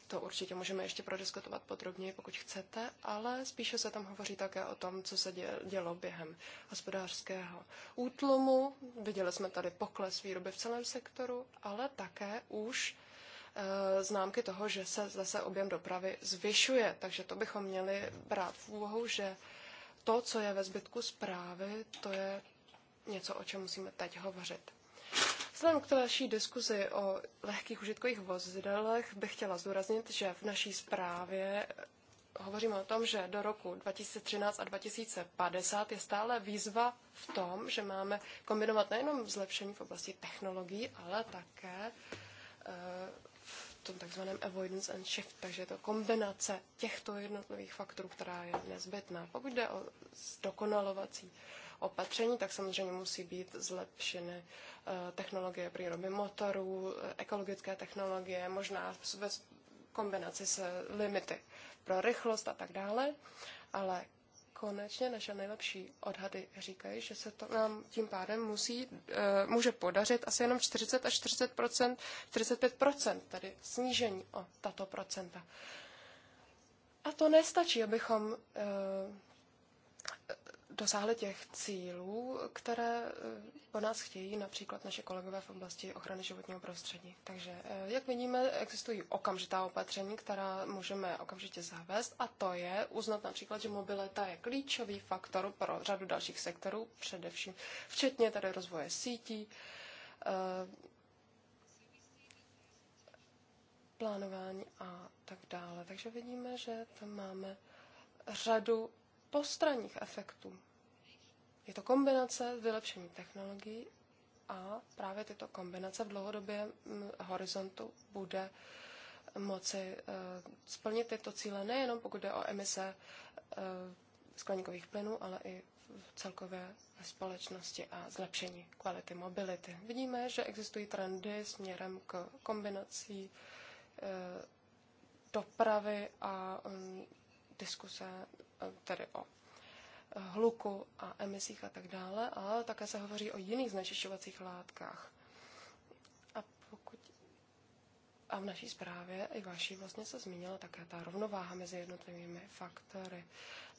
To určitě můžeme ještě prodiskutovat podrobněji, pokud chcete, ale spíše se tam hovoří také o tom, co se dělo během hospodářského útlumu. Viděli jsme tady pokles výroby v celém sektoru, ale také už Eh, známky toho, že se zase objem dopravy zvyšuje. Takže to bychom měli brát v úvahu, že to, co je ve zbytku zprávy, to je něco, o čem musíme teď hovořit. Vzhledem k další diskuzi o lehkých užitkových vozidlech bych chtěla zdůraznit, že v naší zprávě hovoříme o tom, že do roku 2013 a 2050 je stále výzva v tom, že máme kombinovat nejenom zlepšení v oblasti technologií, ale také eh, tom takzvaném avoidance and shift, takže je to kombinace těchto jednotlivých faktorů, která je nezbytná. Pokud jde o dokonalovací opatření, tak samozřejmě musí být zlepšeny eh, technologie výroby motorů, eh, ekologické technologie, možná ve kombinaci s limity pro rychlost a tak dále. Ale konečně naše nejlepší odhady říkají, že se to nám tím pádem musí, eh, může podařit asi jenom 40 až 40 45 tedy snížení o tato procenta. A to nestačí, abychom eh, dosáhli těch cílů, které eh, po nás chtějí například naše kolegové v oblasti ochrany životního prostředí. Takže, eh, jak vidíme, existují okamžitá opatření, která můžeme okamžitě zavést, a to je uznat například, že mobilita je klíčový faktor pro řadu dalších sektorů, především včetně tady rozvoje sítí, eh, plánování a tak dále. Takže vidíme, že tam máme řadu postranních efektů. Je to kombinace vylepšení technologií a právě tyto kombinace v dlouhodobém mm, horizontu bude eh, moci eh, splnit tyto cíle nejenom pokud jde o emise eh, skleníkových plynů, ale i celkové společnosti a zlepšení kvality mobility. Vidíme, že existují trendy směrem k kombinací dopravy a mm, diskuse tedy o hluku a emisích a tak dále, ale také se hovoří o jiných znečišťovacích látkách. A pokud a v naší zprávě i vaší vlastně se zmínila také ta rovnováha mezi jednotlivými faktory.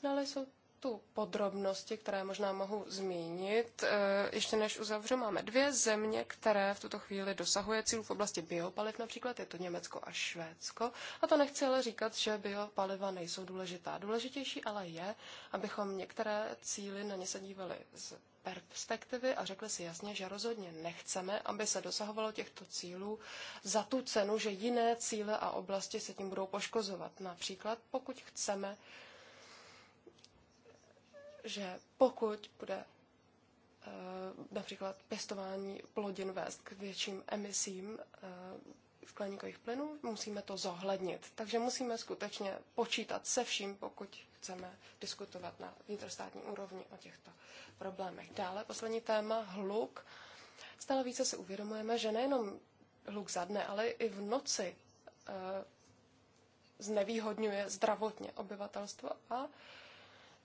No ale jsou tu podrobnosti, které možná mohu zmínit. E, ještě než uzavřu, máme dvě země, které v tuto chvíli dosahuje cílů v oblasti biopaliv, například je to Německo a Švédsko. A to nechci ale říkat, že biopaliva nejsou důležitá. Důležitější ale je, abychom některé cíly na ně se dívali z perspektivy a řekli si jasně, že rozhodně nechceme, aby se dosahovalo těchto cílů za tu cenu, že jiné cíle a oblasti se tím budou poškozovat. Například pokud chceme že pokud bude eh, například pěstování plodin vést k větším emisím eh, skleníkových plynů, musíme to zohlednit. Takže musíme skutečně počítat se vším, pokud chceme diskutovat na vnitrostátní úrovni o těchto problémech. Dále poslední téma, hluk. Stále více si uvědomujeme, že nejenom hluk za dne, ale i v noci eh, znevýhodňuje zdravotně obyvatelstvo a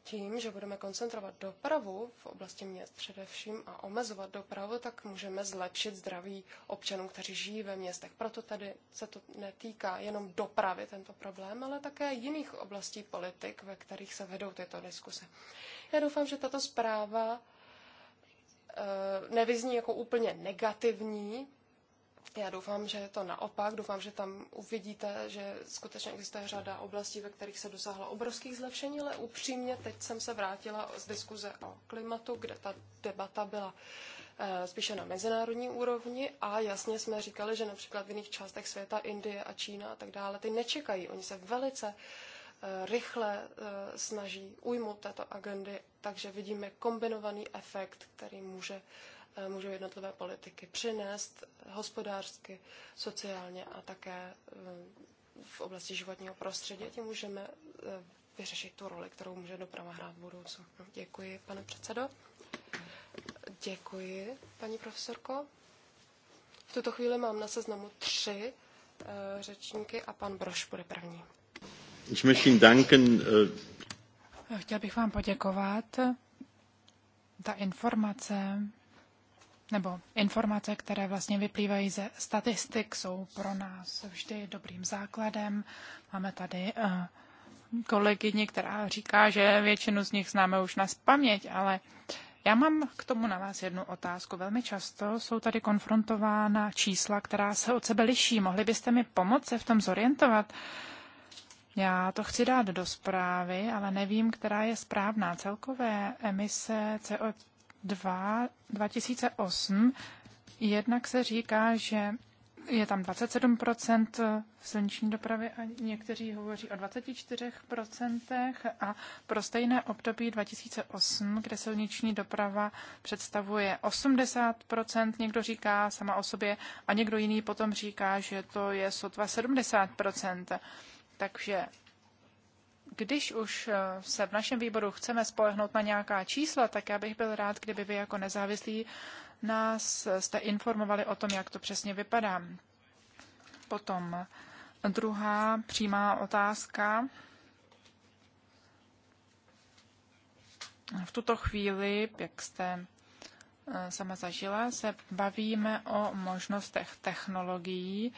tím, že budeme koncentrovat dopravu v oblasti měst především a omezovat dopravu, tak můžeme zlepšit zdraví občanů, kteří žijí ve městech. Proto tady se to netýká jenom dopravy tento problém, ale také jiných oblastí politik, ve kterých se vedou tyto diskuse. Já doufám, že tato zpráva eh, nevyzní jako úplně negativní, já doufám, že je to naopak. Doufám, že tam uvidíte, že skutečně existuje řada oblastí, ve kterých se dosáhlo obrovských zlepšení, ale upřímně teď jsem se vrátila z diskuze o klimatu, kde ta debata byla eh, spíše na mezinárodní úrovni a jasně jsme říkali, že například v jiných částech světa, Indie a Čína a tak dále, ty nečekají. Oni se velice eh, rychle eh, snaží ujmout této agendy, takže vidíme kombinovaný efekt, který může Eh, můžou jednotlivé politiky přinést eh, hospodářsky, sociálně a také eh, v oblasti životního prostředí. Tím můžeme vyřešit tu roli, kterou může doprava hrát v budoucnu. No, děkuji, pane předsedo. Děkuji, paní profesorko. V tuto chvíli mám na seznamu tři řečníky a pan Broš bude první. Ich möchte Chtěl bych vám poděkovat. Ta informace nebo informace, které vlastně vyplývají ze statistik, jsou pro nás vždy dobrým základem. Máme tady eh, kolegyni, která říká, že většinu z nich známe už na paměť, ale já mám k tomu na vás jednu otázku. Velmi často jsou tady konfrontována čísla, která se od sebe liší. Mohli byste mi pomoci v tom zorientovat? Já to chci dát do zprávy, ale nevím, která je správná. Celkové emise CO2 2 2008, jednak se říká, že je tam 27% v silniční dopravy a někteří hovoří o 24% a pro stejné období 2008, kde silniční doprava představuje 80%, někdo říká sama o sobě a někdo jiný potom říká, že to je sotva 70%. Takže když už eh, se v našem výboru chceme spolehnout na nějaká čísla, tak já bych byl rád, kdyby vy jako nezávislí nás eh, jste informovali o tom, jak to přesně vypadá. Potom druhá přímá otázka. V tuto chvíli, jak jste eh, sama zažila, se bavíme o možnostech technologií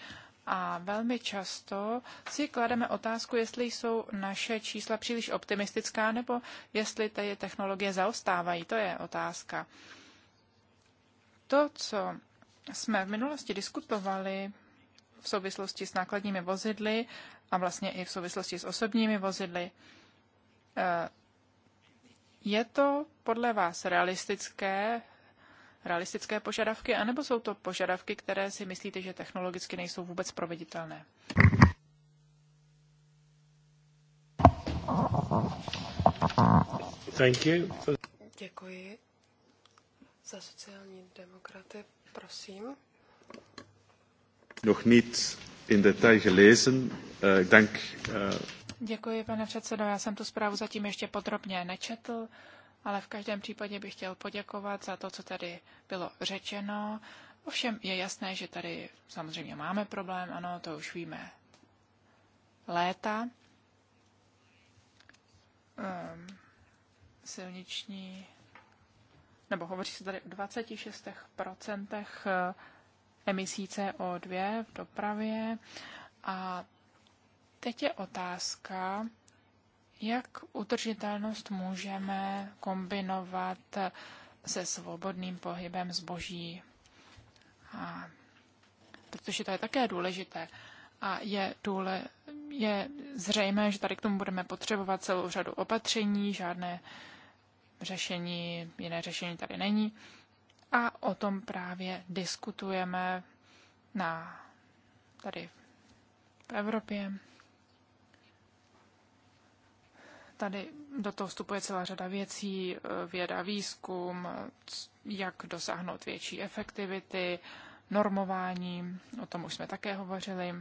a velmi často si klademe otázku, jestli jsou naše čísla příliš optimistická nebo jestli ty technologie zaostávají. To je otázka. To, co jsme v minulosti diskutovali v souvislosti s nákladními vozidly a vlastně i v souvislosti s osobními vozidly, eh, je to podle vás realistické realistické požadavky, anebo jsou to požadavky, které si myslíte, že technologicky nejsou vůbec proveditelné? Thank you. Děkuji. Za sociální demokraty, prosím. Noch nic in detail gelesen. Uh, eh, dank. Uh... Děkuji, pane předsedo. Já jsem tu zprávu zatím ještě podrobně nečetl. Uh, ale v každém případě bych chtěl poděkovat za to, co tady bylo řečeno. Ovšem je jasné, že tady samozřejmě máme problém, ano, to už víme léta. Um, silniční, nebo hovoří se tady o 26% eh, emisí CO2 v dopravě. A teď je otázka, jak udržitelnost můžeme kombinovat se svobodným pohybem zboží? A, protože to je také důležité. A je, důle, je zřejmé, že tady k tomu budeme potřebovat celou řadu opatření, žádné řešení, jiné řešení tady není. A o tom právě diskutujeme na, tady v Evropě. Tady do toho vstupuje celá řada věcí, věda, výzkum, jak dosáhnout větší efektivity, normování, o tom už jsme také hovořili.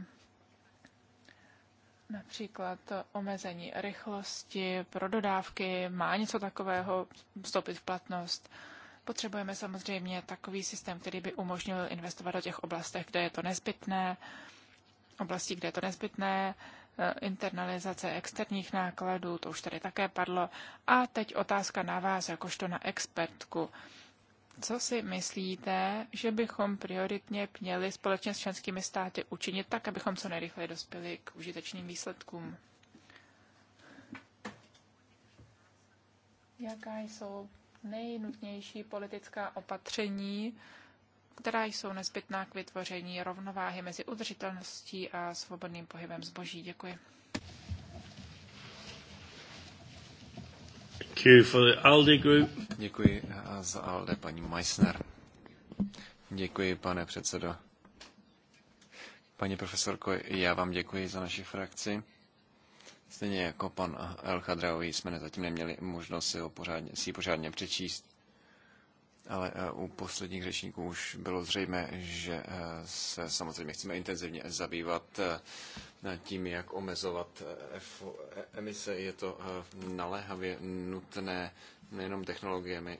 Například omezení rychlosti pro dodávky, má něco takového vstoupit v platnost. Potřebujeme samozřejmě takový systém, který by umožnil investovat do těch oblastech, kde je to nezbytné, oblasti, kde je to nezbytné, Eh, internalizace externích nákladů, to už tady také padlo. A teď otázka na vás, jakožto na expertku. Co si myslíte, že bychom prioritně měli společně s členskými státy učinit tak, abychom co nejrychleji dospěli k užitečným výsledkům? Jaká jsou nejnutnější politická opatření, která jsou nezbytná k vytvoření rovnováhy mezi udržitelností a svobodným pohybem zboží. Děkuji. Děkuji eh, za ALDE paní Meissner. Děkuji, pane předsedo. Paní profesorko, já vám děkuji za naši frakci. Stejně jako pan El jsme zatím neměli možnost si, ho pořádně, si pořádně přečíst ale eh, u posledních řečníků už bylo zřejmé, že eh, se samozřejmě chceme intenzivně zabývat eh, tím, jak omezovat emise. Je to naléhavě nutné nejenom technologiemi,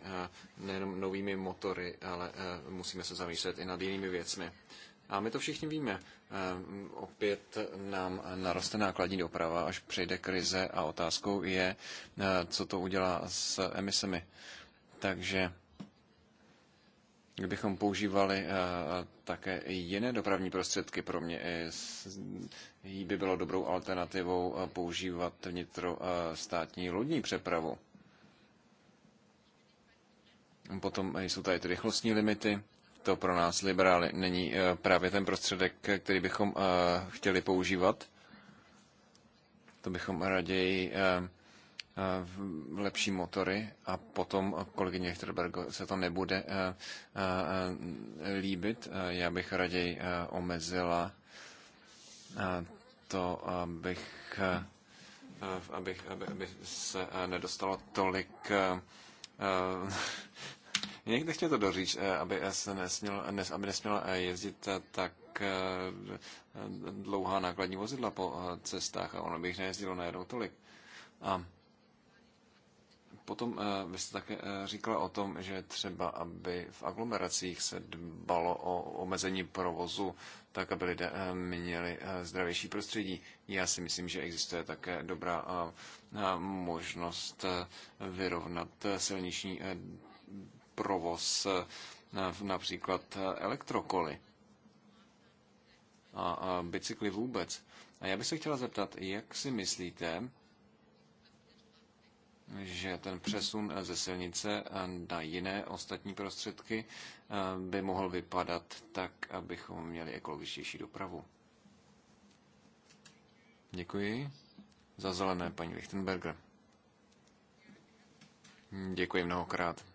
nejenom novými motory, ale musíme se zamýšlet i nad jinými věcmi. A my to všichni víme. Opět nám naroste nákladní doprava, až přejde krize a otázkou je, co to udělá s emisemi. Takže kdybychom používali eh, také jiné dopravní prostředky. Pro mě jí by bylo dobrou alternativou eh, používat vnitrostátní eh, lodní přepravu. Potom jsou tady ty rychlostní limity. To pro nás liberály není právě ten prostředek, který bychom chtěli používat. To bychom raději lepší motory a potom kolegyně Echterberg se to nebude eh, eh, líbit. Eh, já bych raději omezila to, abych, abych, aby, aby se nedostalo tolik Někde chtěl to doříct, aby, se nesměl, aby nesměl jezdit tak dlouhá nákladní vozidla po cestách a ono bych nejezdilo najednou tolik. A Potom eh, vy jste také eh, říkala o tom, že třeba, aby v aglomeracích se dbalo o omezení provozu, tak aby lidé eh, měli zdravější prostředí. Já si myslím, že existuje také dobrá možnost vyrovnat silniční provoz například elektrokoly a bicykly vůbec. A já bych se chtěla zeptat, jak si myslíte, že ten přesun ze silnice na jiné ostatní prostředky eh, by mohl vypadat tak, abychom měli ekologičtější dopravu. Děkuji. Za zelené, paní Lichtenberger. Děkuji mnohokrát.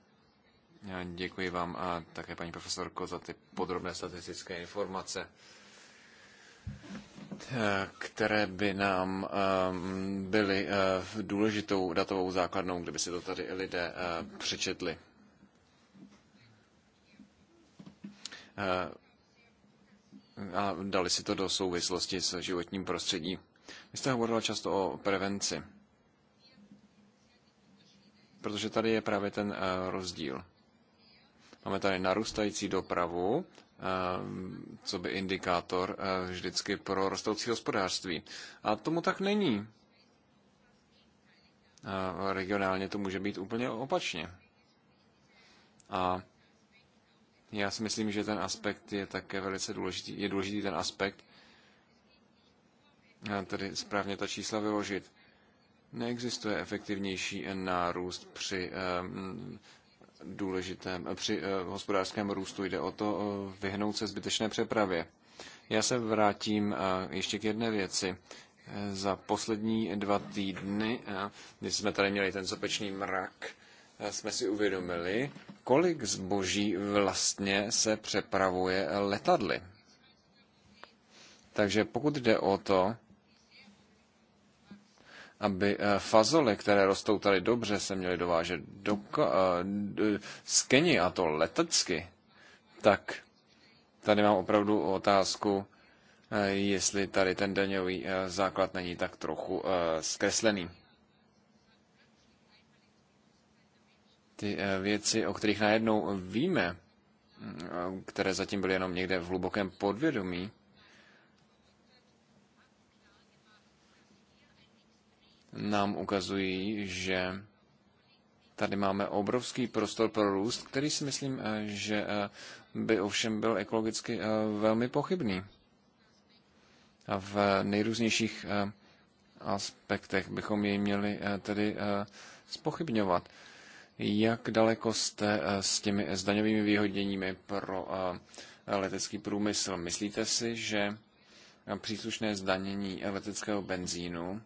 Děkuji vám a také paní profesorko za ty podrobné statistické informace které by nám eh, byly eh, důležitou datovou základnou, kdyby si to tady lidé eh, přečetli. A dali si to do souvislosti s životním prostředím. Vy jste hovořila často o prevenci, protože tady je právě ten rozdíl. Máme tady narůstající dopravu, Ehm, co by indikátor eh, vždycky pro rostoucí hospodářství. A tomu tak není. Regionálně to může být úplně opačně. A já si myslím, že ten aspekt je také velice důležitý, je důležitý ten aspekt, eh, tedy správně ta čísla vyložit. Neexistuje efektivnější nárůst při ehm, důležitém. Při eh, hospodářském růstu jde o to eh, vyhnout se zbytečné přepravě. Já se vrátím eh, ještě k jedné věci. Za poslední dva týdny, když jsme tady měli ten sopečný mrak, jsme si uvědomili, kolik zboží vlastně se přepravuje letadly. Takže pokud jde o to, aby eh, fazole, které rostou tady dobře, se měly dovážet do, eh, z Keni, a to letecky, tak tady mám opravdu otázku, eh, jestli tady ten daňový základ není tak trochu zkreslený. Ty věci, o kterých najednou víme, mm, které zatím byly jenom někde v hlubokém podvědomí, nám ukazují, že tady máme obrovský prostor pro růst, který si myslím, eh, že eh, by ovšem byl ekologicky eh, velmi pochybný. A v nejrůznějších aspektech bychom jej měli tedy spochybňovat. Jak daleko jste s těmi zdaňovými výhoděními výhodněními pro letecký průmysl? Myslíte si, že příslušné zdanění leteckého benzínu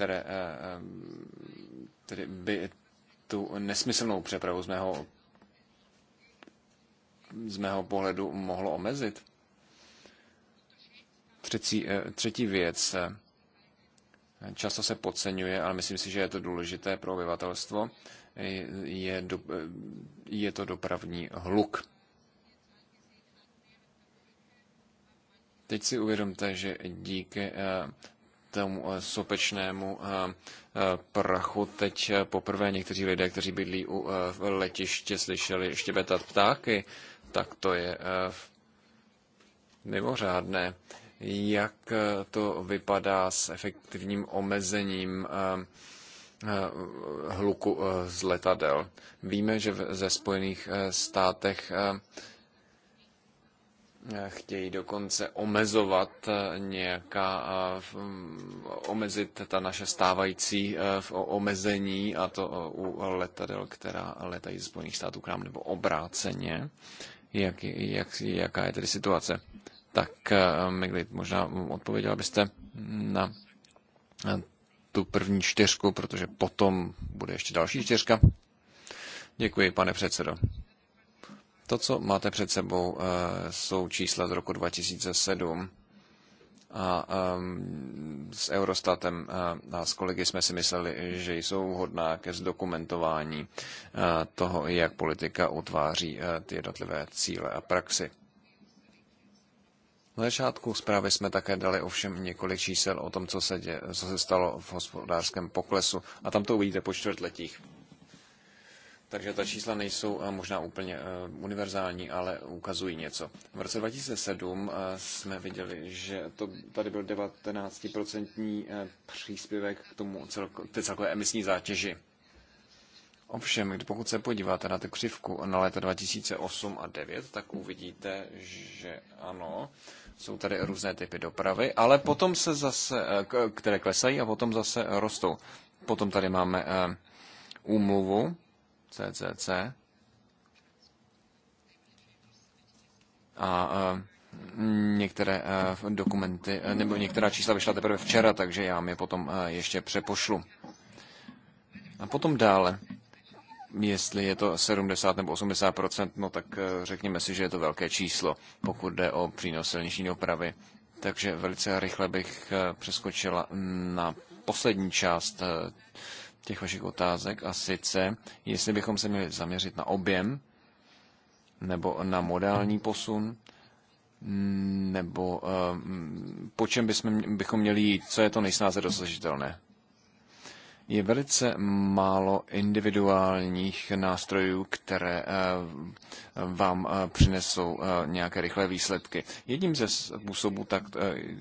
které eh, eh, tedy by tu nesmyslnou přepravu z mého, z mého pohledu mohlo omezit. Třetí, eh, třetí věc. Často se podceňuje, ale myslím si, že je to důležité pro obyvatelstvo. Je, do, je to dopravní hluk. Teď si uvědomte, že díky tomu eh, sopečnému eh, eh, prachu. Teď poprvé někteří lidé, kteří bydlí u letiště, slyšeli štěbetat ptáky, tak to je mimořádné. Jak to vypadá s efektivním omezením hluku z letadel? Víme, že ze Spojených státech chtějí dokonce omezovat eh, nějaká, eh, omezit ta naše stávající eh, omezení, a to u letadel, která letají z Spojených států k nám, nebo obráceně. Jak, jak, jaká je tedy situace? Tak Megli, možná odpověděla byste na tu první čtyřku, protože potom bude ještě další čtyřka. Děkuji, pane předsedo. To, co máte před sebou, eh, jsou čísla z roku 2007 a um, s Eurostatem eh, a s kolegy jsme si mysleli, že jsou vhodná ke zdokumentování eh, toho, jak politika utváří uh, ty jednotlivé cíle a praxi. Na začátku zprávy jsme také dali ovšem několik čísel o tom, co se, dě, co se stalo v hospodářském poklesu a tam to uvidíte po čtvrtletích. Takže ta čísla nejsou eh, možná úplně eh, univerzální, ale ukazují něco. V roce 2007 eh, jsme viděli, že to tady byl 19% příspěvek k tomu celko, té celkové emisní zátěži. Ovšem, pokud se podíváte na tu křivku na léta 2008 a 2009, tak uvidíte, že ano, jsou tady různé typy dopravy, ale potom se zase, které klesají a potom zase rostou. Potom tady máme úmluvu, CCC. A e, některé e, dokumenty, e, nebo některá čísla vyšla teprve včera, takže já mi je potom ještě přepošlu. A potom dále, jestli je to 70 nebo 80 no tak řekněme si, že je to velké číslo, pokud jde o přínos silniční opravy. Takže velice rychle bych přeskočila na poslední část těch vašich otázek, a sice, jestli bychom se měli zaměřit na objem, nebo na modální posun, nebo eh, po čem bychom, bychom měli jít, co je to nejsnáze dosažitelné. Je velice málo individuálních nástrojů, které eh, vám eh, přinesou nějaké rychlé výsledky. Jedním ze způsobů, tak,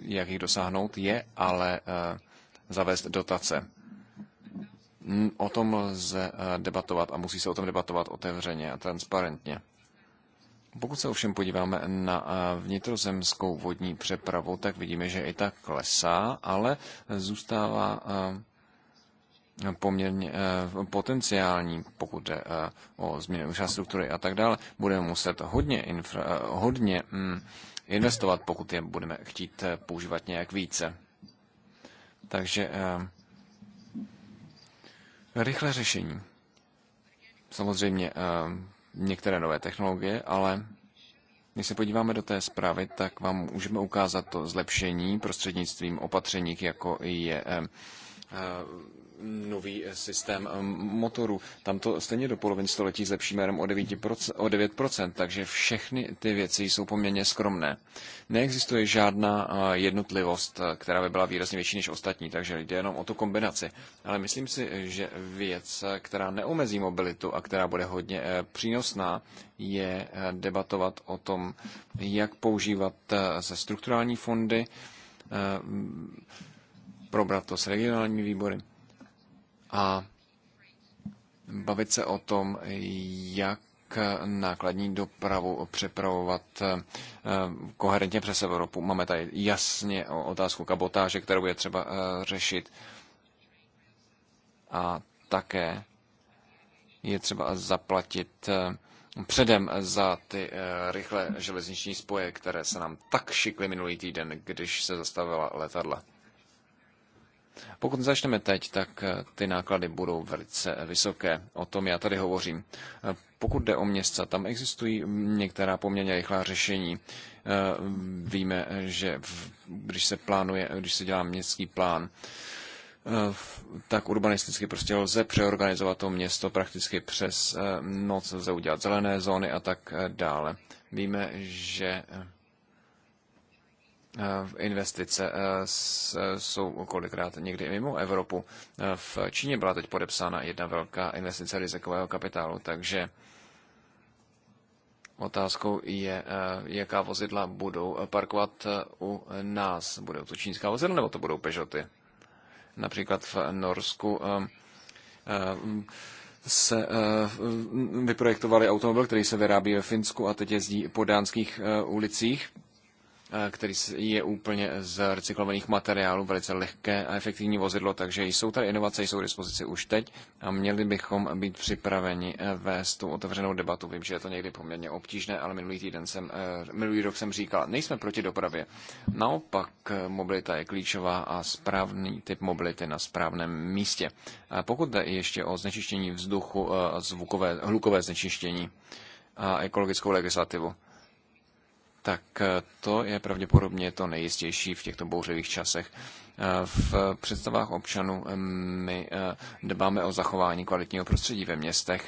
jak jich dosáhnout, je ale zavést dotace. O tom lze eh, debatovat a musí se o tom debatovat otevřeně a transparentně. Pokud se ovšem podíváme na eh, vnitrozemskou vodní přepravu, tak vidíme, že i tak klesá, ale zůstává eh, poměrně potenciální, pokud jde o změnu infrastruktury a tak dále. Budeme muset hodně, infra, hodně mm, investovat, pokud je budeme chtít používat nějak více. Takže Rychlé řešení. Samozřejmě eh, některé nové technologie, ale když se podíváme do té zprávy, tak vám můžeme ukázat to zlepšení prostřednictvím opatření, jako je eh, eh, nový eh, systém eh, motorů. Tam to stejně do polovin století zlepšíme jenom o 9%, o 9%, takže všechny ty věci jsou poměrně skromné. Neexistuje žádná eh, jednotlivost, která by byla výrazně větší než ostatní, takže jde jenom o tu kombinaci. Ale myslím si, že věc, která neomezí mobilitu a která bude hodně přínosná, je debatovat o tom, jak používat se strukturální fondy, probrat to s regionálními výbory a bavit se o tom, jak nákladní dopravu přepravovat eh, koherentně přes Evropu. Máme tady jasně otázku kabotáže, kterou je třeba eh, řešit. A také je třeba zaplatit eh, předem za ty rychlé železniční spoje, které se nám tak šikly minulý týden, když se zastavila letadla. Pokud začneme teď, tak eh, ty náklady budou velice vysoké. O tom já tady hovořím. Eh, pokud jde o města, tam existují některá poměrně rychlá řešení. Eh, víme, že když se plánuje, když se dělá městský plán, tak urbanisticky prostě lze přeorganizovat to město prakticky přes noc, lze udělat zelené zóny a tak dále. Víme, že Eh, investice eh, eh, jsou kolikrát někdy mimo Evropu. V Číně byla teď podepsána jedna velká investice rizikového kapitálu, takže otázkou je, jaká vozidla budou parkovat u nás. Budou to čínská vozidla nebo to budou Peugeoty? Například v Norsku ehm, ehm, se vyprojektovali automobil, který se vyrábí ve Finsku a teď jezdí po dánských ulicích Eh, který je úplně z recyklovaných materiálů, velice lehké a efektivní vozidlo, takže jsou tady inovace, jsou k dispozici už teď a měli bychom být připraveni eh, vést tu otevřenou debatu. Vím, že je to někdy poměrně obtížné, ale minulý týden jsem, eh, minulý rok jsem říkal, nejsme proti dopravě. Naopak mobilita je klíčová a správný typ mobility na správném místě. A pokud jde ještě o znečištění vzduchu, zvukové, hlukové znečištění a ekologickou legislativu, tak eh, to je pravděpodobně to nejistější v těchto bouřivých časech. Eh, v představách občanů eh, my dbáme o zachování kvalitního prostředí ve městech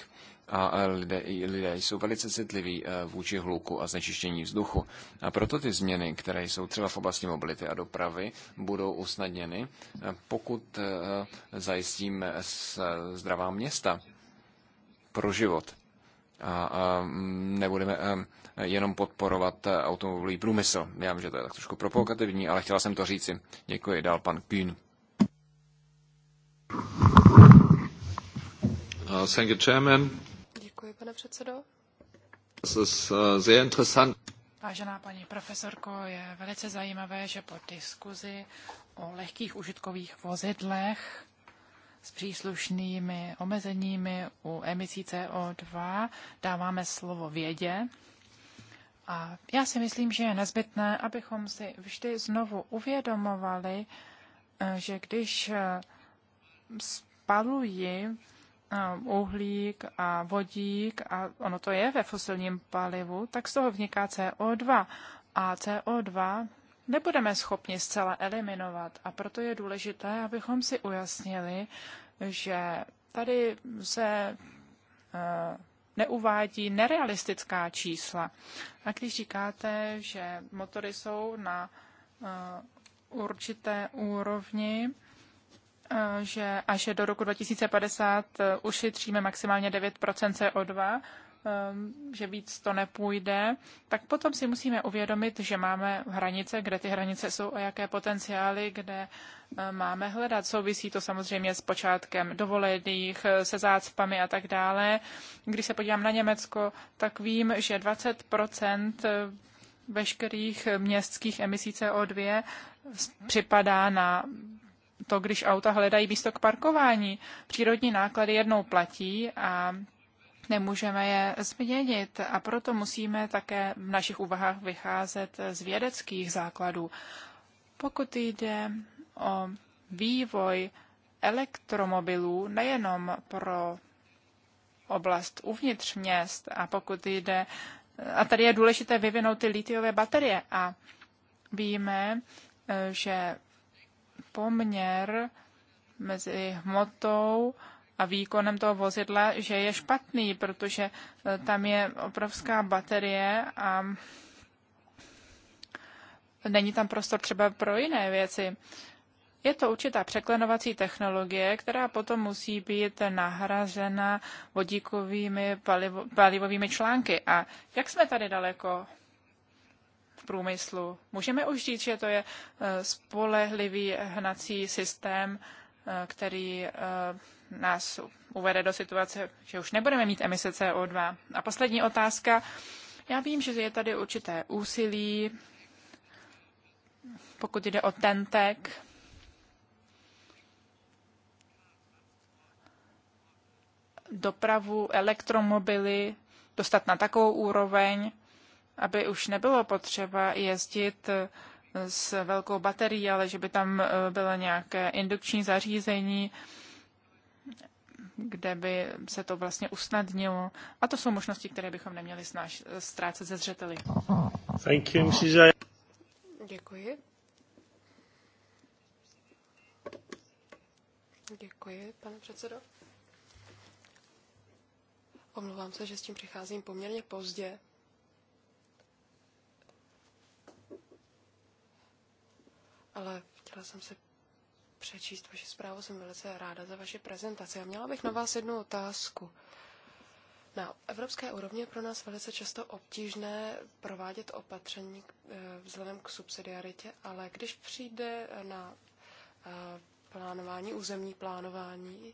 a lidé, lidé jsou velice citliví vůči hluku a znečištění vzduchu. A proto ty změny, které jsou třeba v oblasti mobility a dopravy, budou usnadněny, pokud zajistíme zdravá města pro život. A nebudeme jenom podporovat eh, automobilový průmysl. Já vím, že to je tak trošku provokativní, ale chtěla jsem to říci. Děkuji. Dál pan Kühn. Uh, thank you, Chairman. Děkuji, pane předsedo. Das ist uh, Vážená paní profesorko, je velice zajímavé, že po diskuzi o lehkých užitkových vozidlech s příslušnými omezeními u emisí CO2 dáváme slovo vědě a já si myslím, že je nezbytné, abychom si vždy znovu uvědomovali, eh, že když eh, spalují eh, uhlík a vodík, a ono to je ve fosilním palivu, tak z toho vniká CO2. A CO2 nebudeme schopni zcela eliminovat. A proto je důležité, abychom si ujasnili, že tady se neuvádí nerealistická čísla. A když říkáte, že motory jsou na eh, určité úrovni, eh, že až do roku 2050 eh, ušetříme maximálně 9 CO2, Um, že víc to nepůjde, tak potom si musíme uvědomit, že máme hranice, kde ty hranice jsou a jaké potenciály, kde uh, máme hledat. Souvisí to samozřejmě s počátkem dovolených, uh, se zácpami a tak dále. Když se podívám na Německo, tak vím, že 20 uh, veškerých městských emisí CO2 připadá na to, když auta hledají místo k parkování. Přírodní náklady jednou platí a nemůžeme je změnit a proto musíme také v našich úvahách vycházet z vědeckých základů. Pokud jde o vývoj elektromobilů nejenom pro oblast uvnitř měst a pokud jde a tady je důležité vyvinout ty litiové baterie a víme, že poměr mezi hmotou a výkonem toho vozidla, že je špatný, protože eh, tam je obrovská baterie a není tam prostor třeba pro jiné věci. Je to určitá překlenovací technologie, která potom musí být nahrazena vodíkovými palivo, palivovými články. A jak jsme tady daleko v průmyslu? Můžeme už říct, že to je eh, spolehlivý hnací systém, eh, který nás uvede do situace, že už nebudeme mít emise CO2. A poslední otázka. Já vím, že je tady určité úsilí, pokud jde o tentek, dopravu, elektromobily dostat na takovou úroveň, aby už nebylo potřeba jezdit s velkou baterií, ale že by tam eh, bylo nějaké indukční zařízení, kde by se to vlastně usnadnilo. A to jsou možnosti, které bychom neměli snaž, ztrácet ze zřeteli. Thank you, Mrs. Děkuji. Děkuji, pane předsedo. Omlouvám se, že s tím přicházím poměrně pozdě. Ale chtěla jsem se přečíst vaši zprávu, jsem velice ráda za vaši prezentaci. A měla bych na vás jednu otázku. Na evropské úrovni je pro nás velice často obtížné provádět opatření eh, vzhledem k subsidiaritě, ale když přijde na eh, plánování, územní plánování,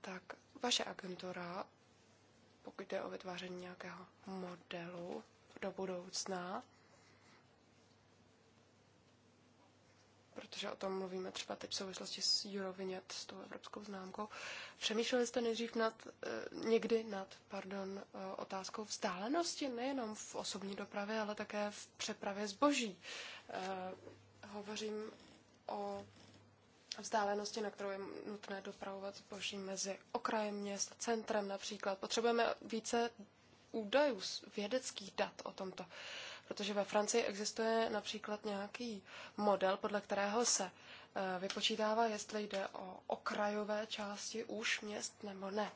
tak vaše agentura, pokud jde o vytváření nějakého modelu do budoucna, protože o tom mluvíme třeba teď v souvislosti s Eurovinět, s tou evropskou známkou. Přemýšleli jste nejdřív nad, eh, někdy nad pardon, eh, otázkou vzdálenosti, nejenom v osobní dopravě, ale také v přepravě zboží. Eh, hovořím o vzdálenosti, na kterou je nutné dopravovat zboží mezi okrajem měst, centrem například. Potřebujeme více údajů, vědeckých dat o tomto. Protože ve Francii existuje například nějaký model, podle kterého se eh, vypočítává, jestli jde o okrajové části už měst nebo ne.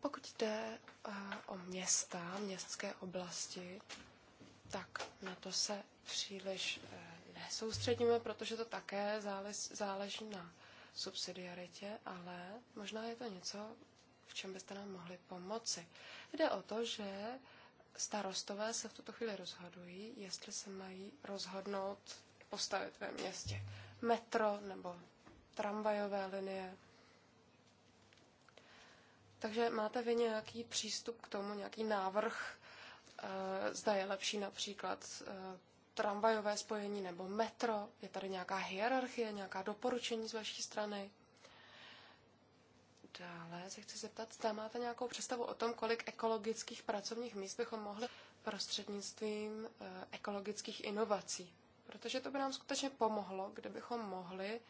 Pokud jde eh, o města, městské oblasti, tak na to se příliš eh, nesoustředíme, protože to také záleží na subsidiaritě, ale možná je to něco, v čem byste nám mohli pomoci. Jde o to, že starostové se v tuto chvíli rozhodují, jestli se mají rozhodnout postavit ve městě metro nebo tramvajové linie. Takže máte vy nějaký přístup k tomu, nějaký návrh, eh, zda je lepší například eh, tramvajové spojení nebo metro? Je tady nějaká hierarchie, nějaká doporučení z vaší strany? Dále se chci zeptat, zda máte nějakou představu o tom, kolik ekologických pracovních míst bychom mohli prostřednictvím eh, ekologických inovací. Protože to by nám skutečně pomohlo, kdybychom mohli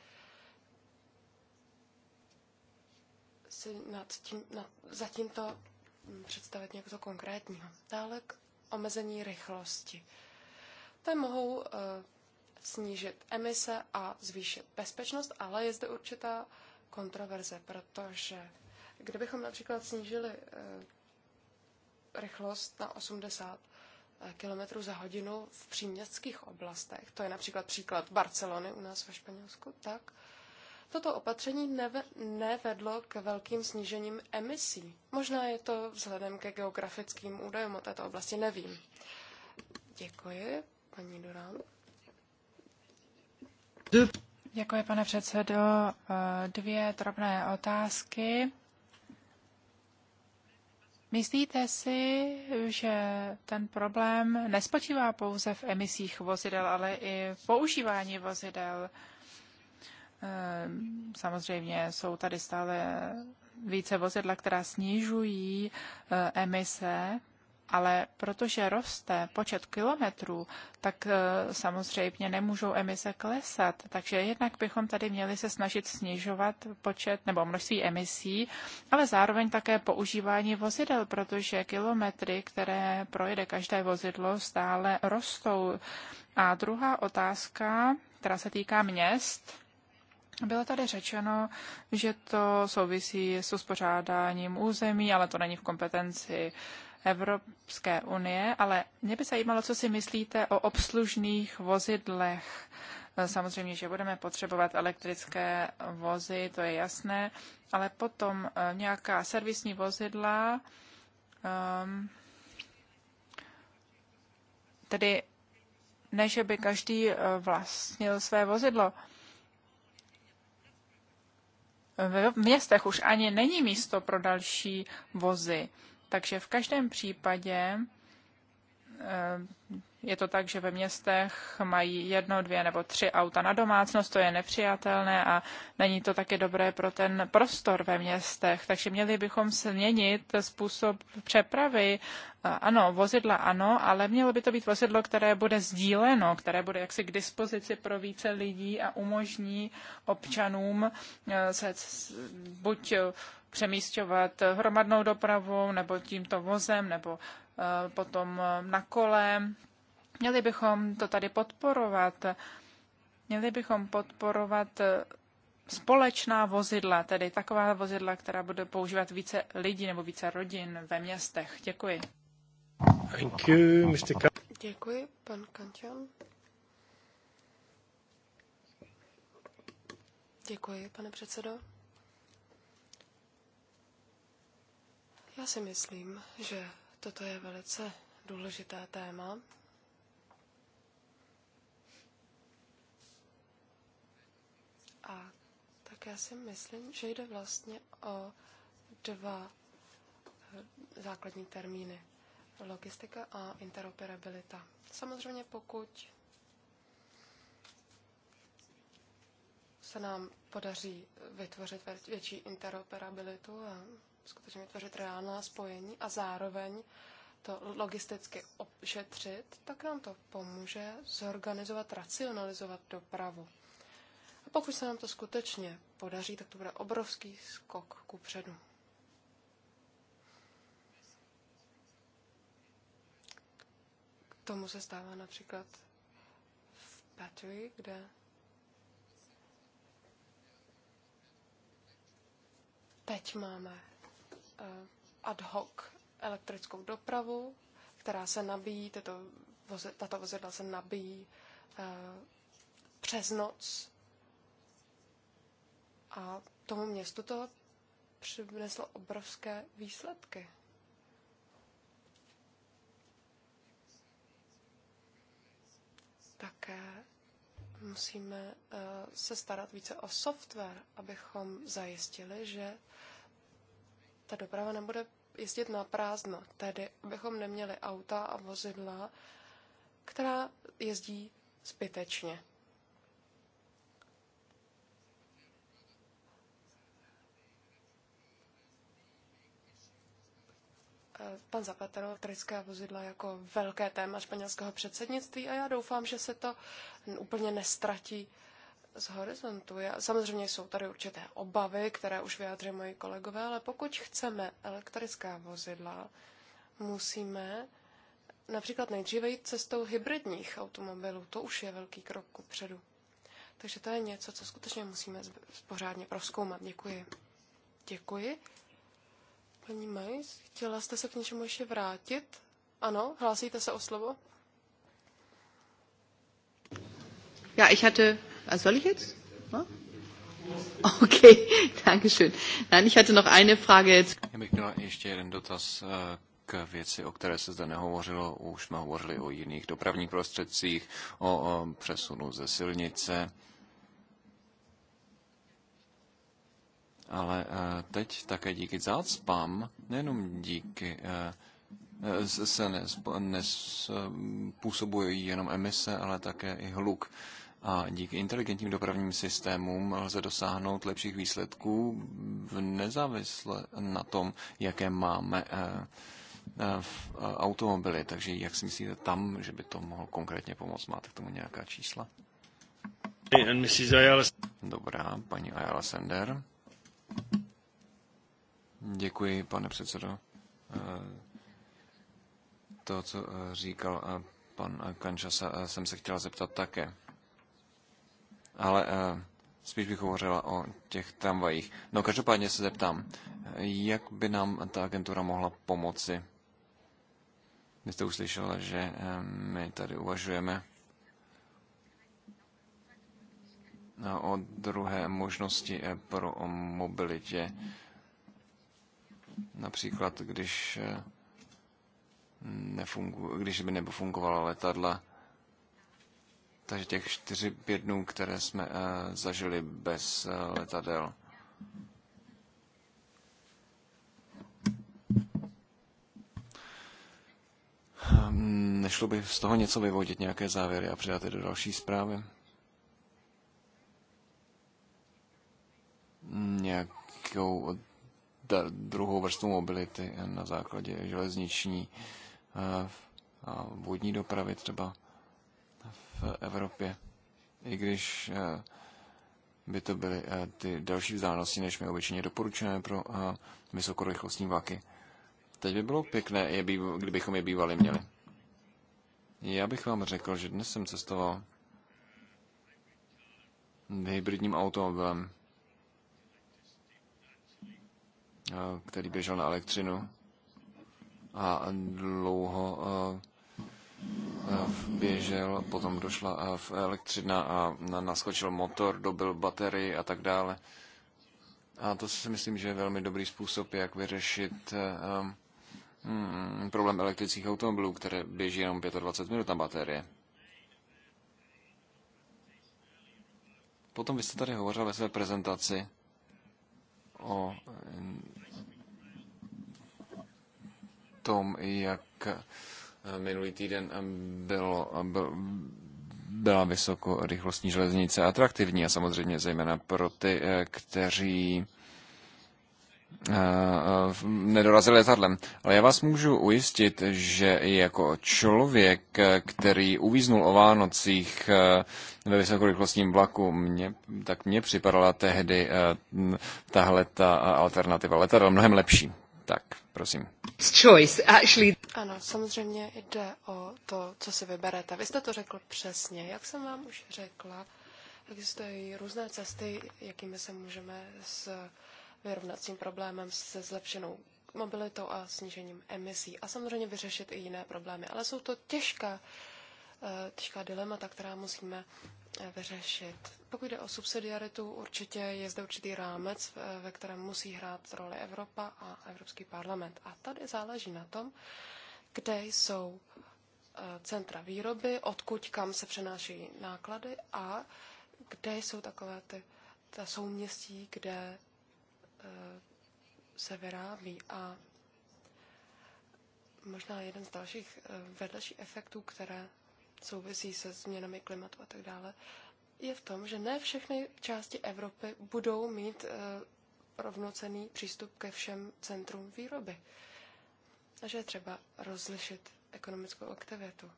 si nad tím, nad, za tímto hm, představit něco konkrétního. Dále k omezení rychlosti. To mohou uh, snížit emise a zvýšit bezpečnost, ale je zde určitá uh, kontroverze, protože kdybychom například snížili eh, rychlost na 80 eh, km za hodinu v příměstských oblastech, to je například příklad Barcelony u nás ve Španělsku, tak toto opatření nevedlo k velkým snížením emisí. Možná je to vzhledem ke geografickým údajům o této oblasti, nevím. Děkuji, paní Durán. Děkuji, pane předsedo. Eh, dvě drobné otázky. Myslíte si, že ten problém nespočívá pouze v emisích vozidel, ale i v používání vozidel? Eh, samozřejmě jsou tady stále více vozidla, která snižují eh, emise ale protože roste počet kilometrů, tak e, samozřejmě nemůžou emise klesat. Takže jednak bychom tady měli se snažit snižovat počet nebo množství emisí, ale zároveň také používání vozidel, protože kilometry, které projede každé vozidlo, stále rostou. A druhá otázka, která se týká měst, bylo tady řečeno, že to souvisí s uspořádáním území, ale to není v kompetenci uh, Evropské unie, ale mě by zajímalo, co si myslíte o obslužných vozidlech. Samozřejmě, že budeme potřebovat elektrické vozy, to je jasné, ale potom eh, nějaká servisní vozidla, ehm, tedy ne, že by každý eh, vlastnil své vozidlo. V městech už ani není místo pro další vozy. Takže v každém případě Eh, je to tak, že ve městech mají jedno, dvě nebo tři auta na domácnost, to je nepřijatelné a není to také dobré pro ten prostor ve městech. Takže měli bychom změnit způsob přepravy. Eh, ano, vozidla ano, ale mělo by to být vozidlo, které bude sdíleno, které bude jaksi k dispozici pro více lidí a umožní občanům eh, se buď přemístěvat hromadnou dopravou, nebo tímto vozem, nebo Eh, potom eh, na kole. Měli bychom to tady podporovat. Měli bychom podporovat eh, společná vozidla, tedy taková vozidla, která bude používat více lidí nebo více rodin ve městech. Děkuji. Thank you, Mr. Ka- Děkuji, pan Kančan. Děkuji, pane předsedo. Já si myslím, že Toto je velice důležité téma. A tak já si myslím, že jde vlastně o dva eh, základní termíny. Logistika a interoperabilita. Samozřejmě pokud se nám podaří vytvořit větší interoperabilitu a skutečně vytvořit reálná spojení a zároveň to logisticky ošetřit, tak nám to pomůže zorganizovat, racionalizovat dopravu. A pokud se nám to skutečně podaří, tak to bude obrovský skok ku předu. K tomu se stává například v Battery, kde teď máme Eh, ad hoc elektrickou dopravu, která se nabíjí, tato, voze, tato vozidla se nabíjí eh, přes noc. A tomu městu to přineslo obrovské výsledky. Také musíme eh, se starat více o software, abychom zajistili, že ta doprava nebude jezdit na prázdno. Tedy bychom neměli auta a vozidla, která jezdí zbytečně. pan Zapatero elektrické vozidla jako velké téma španělského předsednictví a já doufám, že se to úplně nestratí z horizontu. Já, samozřejmě jsou tady určité obavy, které už vyjádřili moji kolegové, ale pokud chceme elektrická vozidla, musíme například nejdříve jít cestou hybridních automobilů. To už je velký krok kupředu. Takže to je něco, co skutečně musíme pořádně proskoumat. Děkuji. Děkuji. Paní Majs, chtěla jste se k něčemu ještě vrátit? Ano, hlásíte se o slovo? Ja, ich hatte Ah, soll ich jetzt? Okay, danke schön. Nein, ich hatte noch eine Frage Já bych měla ještě jeden dotaz eh, k věci, o které se zde nehovořilo. Už jsme hovořili o jiných dopravních prostředcích, o, o přesunu ze silnice. Ale eh, teď také díky zácpám, nejenom díky eh, se nespůsobují jenom emise, ale také i hluk a díky inteligentním dopravním systémům lze dosáhnout lepších výsledků v nezávisle na tom, jaké máme eh, eh, v eh, automobily. Takže jak si myslíte tam, že by to mohlo konkrétně pomoct? Máte k tomu nějaká čísla? Dobrá, paní Ayala Sender. Děkuji, pane předsedo. To, co říkal pan Kančasa, jsem se chtěla zeptat také ale eh, spíš bych hovořila o těch tramvajích. No každopádně se zeptám, eh, jak by nám ta agentura mohla pomoci? Vy jste uslyšela, že eh, my tady uvažujeme o druhé možnosti pro mobilitě. Například, když, nefungu, když by fungovala letadla, takže těch čtyři pět dnů, které jsme eh, zažili bez eh, letadel. Hm, nešlo by z toho něco vyvodit, nějaké závěry a předat je do další zprávy? Nějakou druhou vrstvu mobility na základě železniční eh, a vodní dopravy třeba? Evropě. I když eh, by to byly eh, ty další vzdálenosti, než my obyčejně doporučujeme pro eh, vysokorychlostní vlaky. Teď by bylo pěkné, kdybychom je bývali měli. Já bych vám řekl, že dnes jsem cestoval hybridním automobilem, který běžel na elektřinu a dlouho běžel, potom došla v elektřina a naskočil motor, dobil baterii a tak dále. A to si myslím, že je velmi dobrý způsob, jak vyřešit eh, mm, problém elektrických automobilů, které běží jenom 25 minut na baterie. Potom vy jste tady hovořil ve své prezentaci o tom, jak Eh, minulý týden eh, bylo, eh, byla vysokorychlostní železnice atraktivní a samozřejmě zejména pro ty, kteří nedorazil letadlem. Ale já vás můžu ujistit, že i jako člověk, který uvíznul o Vánocích ve vysokorychlostním vlaku, mě, tak mně připadala tehdy tahle ta alternativa letadla mnohem lepší. Tak, prosím. Ano, samozřejmě jde o to, co si vyberete. Vy jste to řekl přesně. Jak jsem vám už řekla, existují různé cesty, jakými se můžeme s vyrovnacím problémem se zlepšenou mobilitou a snížením emisí. A samozřejmě vyřešit i jiné problémy. Ale jsou to těžká, eh, těžká dilemata, která musíme vyřešit. Pokud jde o subsidiaritu, určitě je zde určitý rámec, ve kterém musí hrát roli Evropa a Evropský parlament. A tady záleží na tom, kde jsou eh, centra výroby, odkud kam se přenáší náklady a kde jsou takové ty ta souměstí, kde eh, se vyrábí. A možná jeden z dalších eh, vedlejších efektů, které souvisí se změnami klimatu a tak dále, je v tom, že ne všechny části Evropy budou mít eh, rovnocený přístup ke všem centrům výroby. A že je třeba rozlišit ekonomickou aktivitu.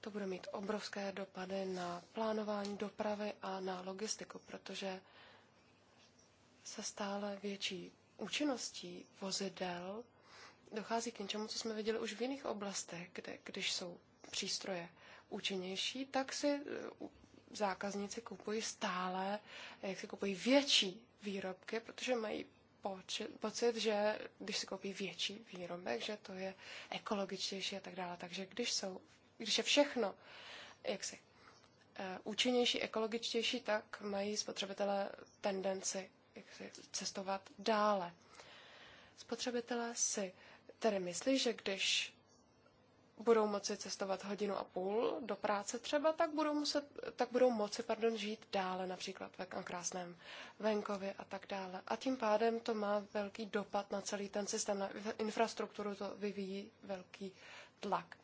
To bude mít obrovské dopady na plánování dopravy a na logistiku, protože se stále větší účinností vozidel dochází k něčemu, co jsme viděli už v jiných oblastech, kde, když jsou přístroje účinnější, tak si e, zákazníci kupují stále, e, jak si kupují větší výrobky, protože mají pocit, že když si koupí větší výrobek, že to je ekologičtější a tak dále. Takže když, jsou, když je všechno jaksi e, účinnější, ekologičtější, tak mají spotřebitelé tendenci si, cestovat dále. Spotřebitelé si tedy myslí, že když budou moci cestovat hodinu a půl do práce třeba, tak budou, muset, tak budou moci pardon, žít dále, například ve krásném venkově a tak dále. A tím pádem to má velký dopad na celý ten systém, na infrastrukturu to vyvíjí velký tlak.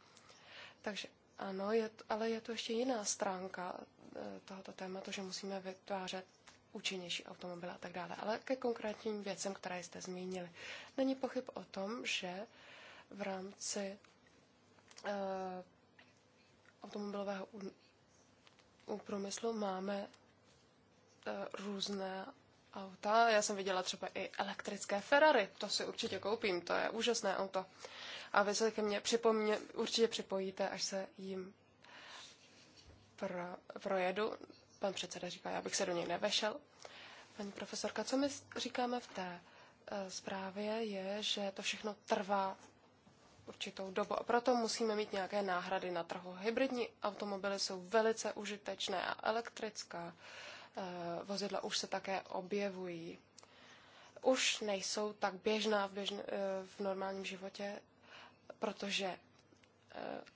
Takže ano, je, ale je tu ještě jiná stránka eh, tohoto tématu, že musíme vytvářet účinnější automobily a tak dále. Ale ke konkrétním věcem, které jste zmínili. Není pochyb o tom, že v rámci Eh, automobilového průmyslu máme eh, různé auta. Já jsem viděla třeba i elektrické Ferrari, to si určitě koupím, to je úžasné auto. A vy se ke mně připomně, určitě připojíte, až se jim pro, projedu. Pan předseda říká, já bych se do něj nevešel. Paní profesorka, co my říkáme v té eh, zprávě, je, že to všechno trvá určitou dobu. A proto musíme mít nějaké náhrady na trhu. Hybridní automobily jsou velice užitečné a elektrická eh, vozidla už se také objevují. Už nejsou tak běžná v, běžn- eh, v normálním životě, protože eh,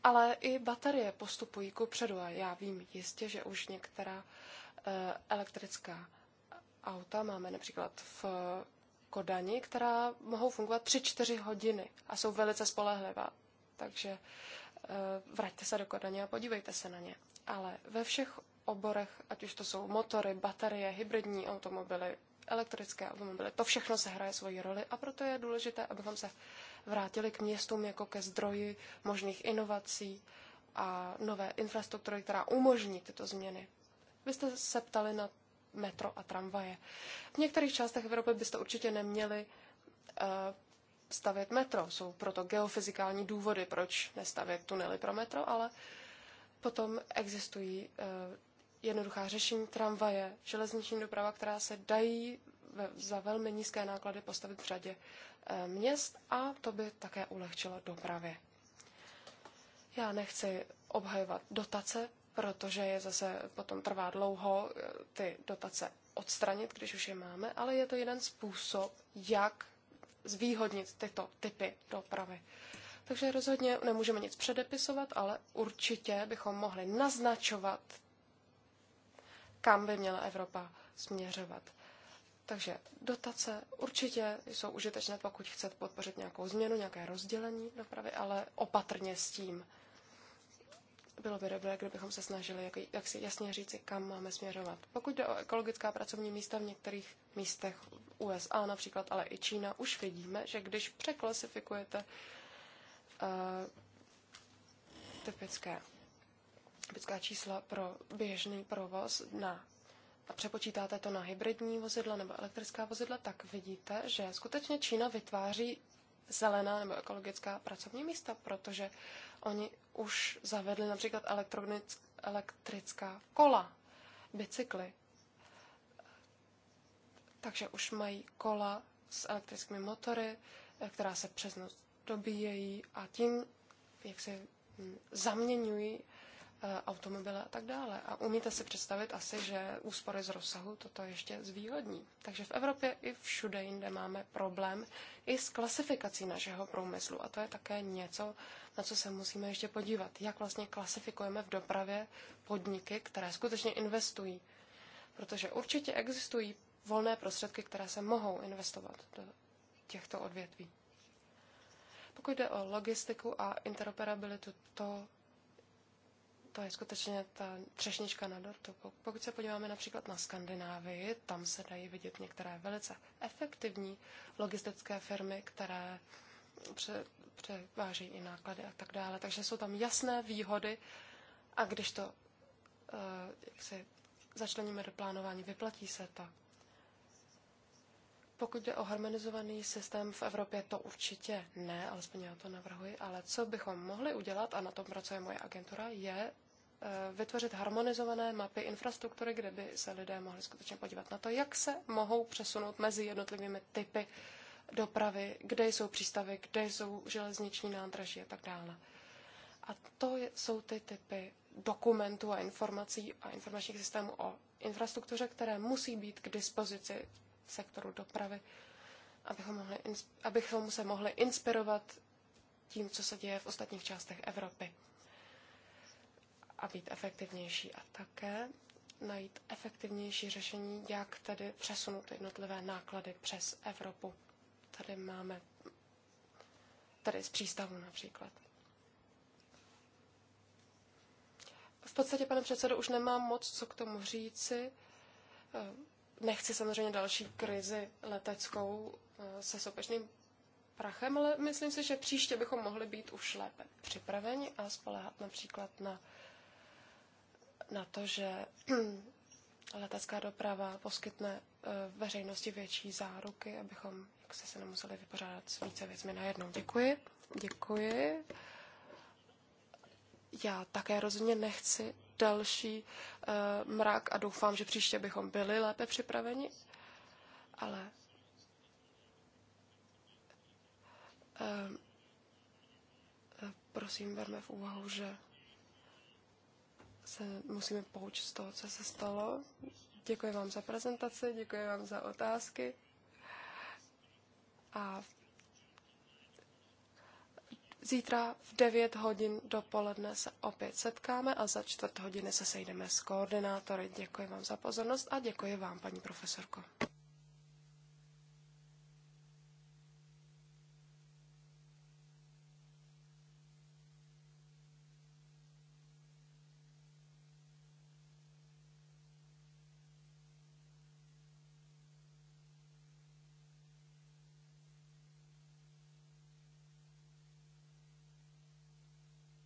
ale i baterie postupují ku předu a já vím jistě, že už některá elektrická auta máme například v Kodani, která mohou fungovat 3-4 hodiny a jsou velice spolehlivá. Takže eh, vraťte se do Kodaně a podívejte se na ně. Ale ve všech oborech, ať už to jsou motory, baterie, hybridní automobily, elektrické automobily, to všechno se hraje svoji roli a proto je důležité, abychom se vrátili k městům jako ke zdroji možných inovací a nové infrastruktury, která umožní tyto změny. Vy jste se ptali na metro a tramvaje. V některých částech Evropy byste určitě neměli eh, stavět metro. Jsou proto geofyzikální důvody, proč nestavět tunely pro metro, ale potom existují eh, jednoduchá řešení tramvaje, železniční doprava, která se dají za velmi nízké náklady postavit v řadě eh, měst a to by také ulehčilo dopravě. Já nechci obhajovat dotace protože je zase potom trvá dlouho eh, ty dotace odstranit, když už je máme, ale je to jeden způsob, jak zvýhodnit tyto typy dopravy. Takže rozhodně nemůžeme nic předepisovat, ale určitě bychom mohli naznačovat, kam by měla Evropa směřovat. Takže dotace určitě jsou užitečné, pokud chcete podpořit nějakou změnu, nějaké rozdělení dopravy, ale opatrně s tím bylo by dobré, kdybychom se snažili jak, jak si jasně říci, kam máme směřovat. Pokud jde o ekologická pracovní místa v některých místech USA například, ale i Čína, už vidíme, že když překlasifikujete uh, typické, typická čísla pro běžný provoz na a přepočítáte to na hybridní vozidla nebo elektrická vozidla, tak vidíte, že skutečně Čína vytváří zelená nebo ekologická pracovní místa, protože uh, Oni už zavedli například elektrická kola, bicykly. Takže už mají kola s elektrickými motory, eh, která se přes noc dobíjejí a tím, jak se hm, zaměňují Eh, automobily a tak dále. A umíte si představit asi, že úspory z rozsahu toto ještě zvýhodní. Takže v Evropě i všude jinde máme problém i s klasifikací našeho průmyslu. A to je také něco, na co se musíme ještě podívat. Jak vlastně klasifikujeme v dopravě podniky, které skutečně investují. Protože určitě existují volné prostředky, které se mohou investovat do těchto odvětví. Pokud jde o logistiku a interoperabilitu, to to je skutečně ta třešnička na dortu. Pokud se podíváme například na Skandinávii, tam se dají vidět některé velice efektivní logistické firmy, které pře- převážejí i náklady a tak dále. Takže jsou tam jasné výhody a když to uh, jak si začleníme do plánování, vyplatí se to. Pokud jde o harmonizovaný systém v Evropě, to určitě ne, alespoň já to navrhuji, ale co bychom mohli udělat, a na tom pracuje moje agentura, je Eh, vytvořit harmonizované mapy infrastruktury, kde by se lidé mohli skutečně podívat na to, jak se mohou přesunout mezi jednotlivými typy dopravy, kde jsou přístavy, kde jsou železniční nádraží a tak dále. A to jsou ty typy dokumentů a informací a informačních systémů o infrastruktuře, které musí být k dispozici sektoru dopravy, abychom, mohli, abychom se mohli inspirovat tím, co se děje v ostatních částech Evropy a být efektivnější a také najít efektivnější řešení, jak tedy přesunout jednotlivé náklady přes Evropu. Tady máme, tady z přístavu například. V podstatě, pane předsedo, už nemám moc co k tomu říci. Eh, nechci samozřejmě další krizi leteckou eh, se sopečným prachem, ale myslím si, že příště bychom mohli být už lépe připraveni a spolehat například na na to, že letecká doprava poskytne eh, veřejnosti větší záruky, abychom se, se nemuseli vypořádat s více věcmi najednou. Děkuji. Děkuji. Já také rozhodně nechci další uh, mrak a doufám, že příště bychom byli lépe připraveni, ale uh, prosím, berme v úvahu, že se musíme poučit z toho, co se stalo. Děkuji vám za prezentaci, děkuji vám za otázky. A zítra v 9 hodin dopoledne se opět setkáme a za čtvrt hodiny se sejdeme s koordinátory. Děkuji vám za pozornost a děkuji vám, paní profesorko.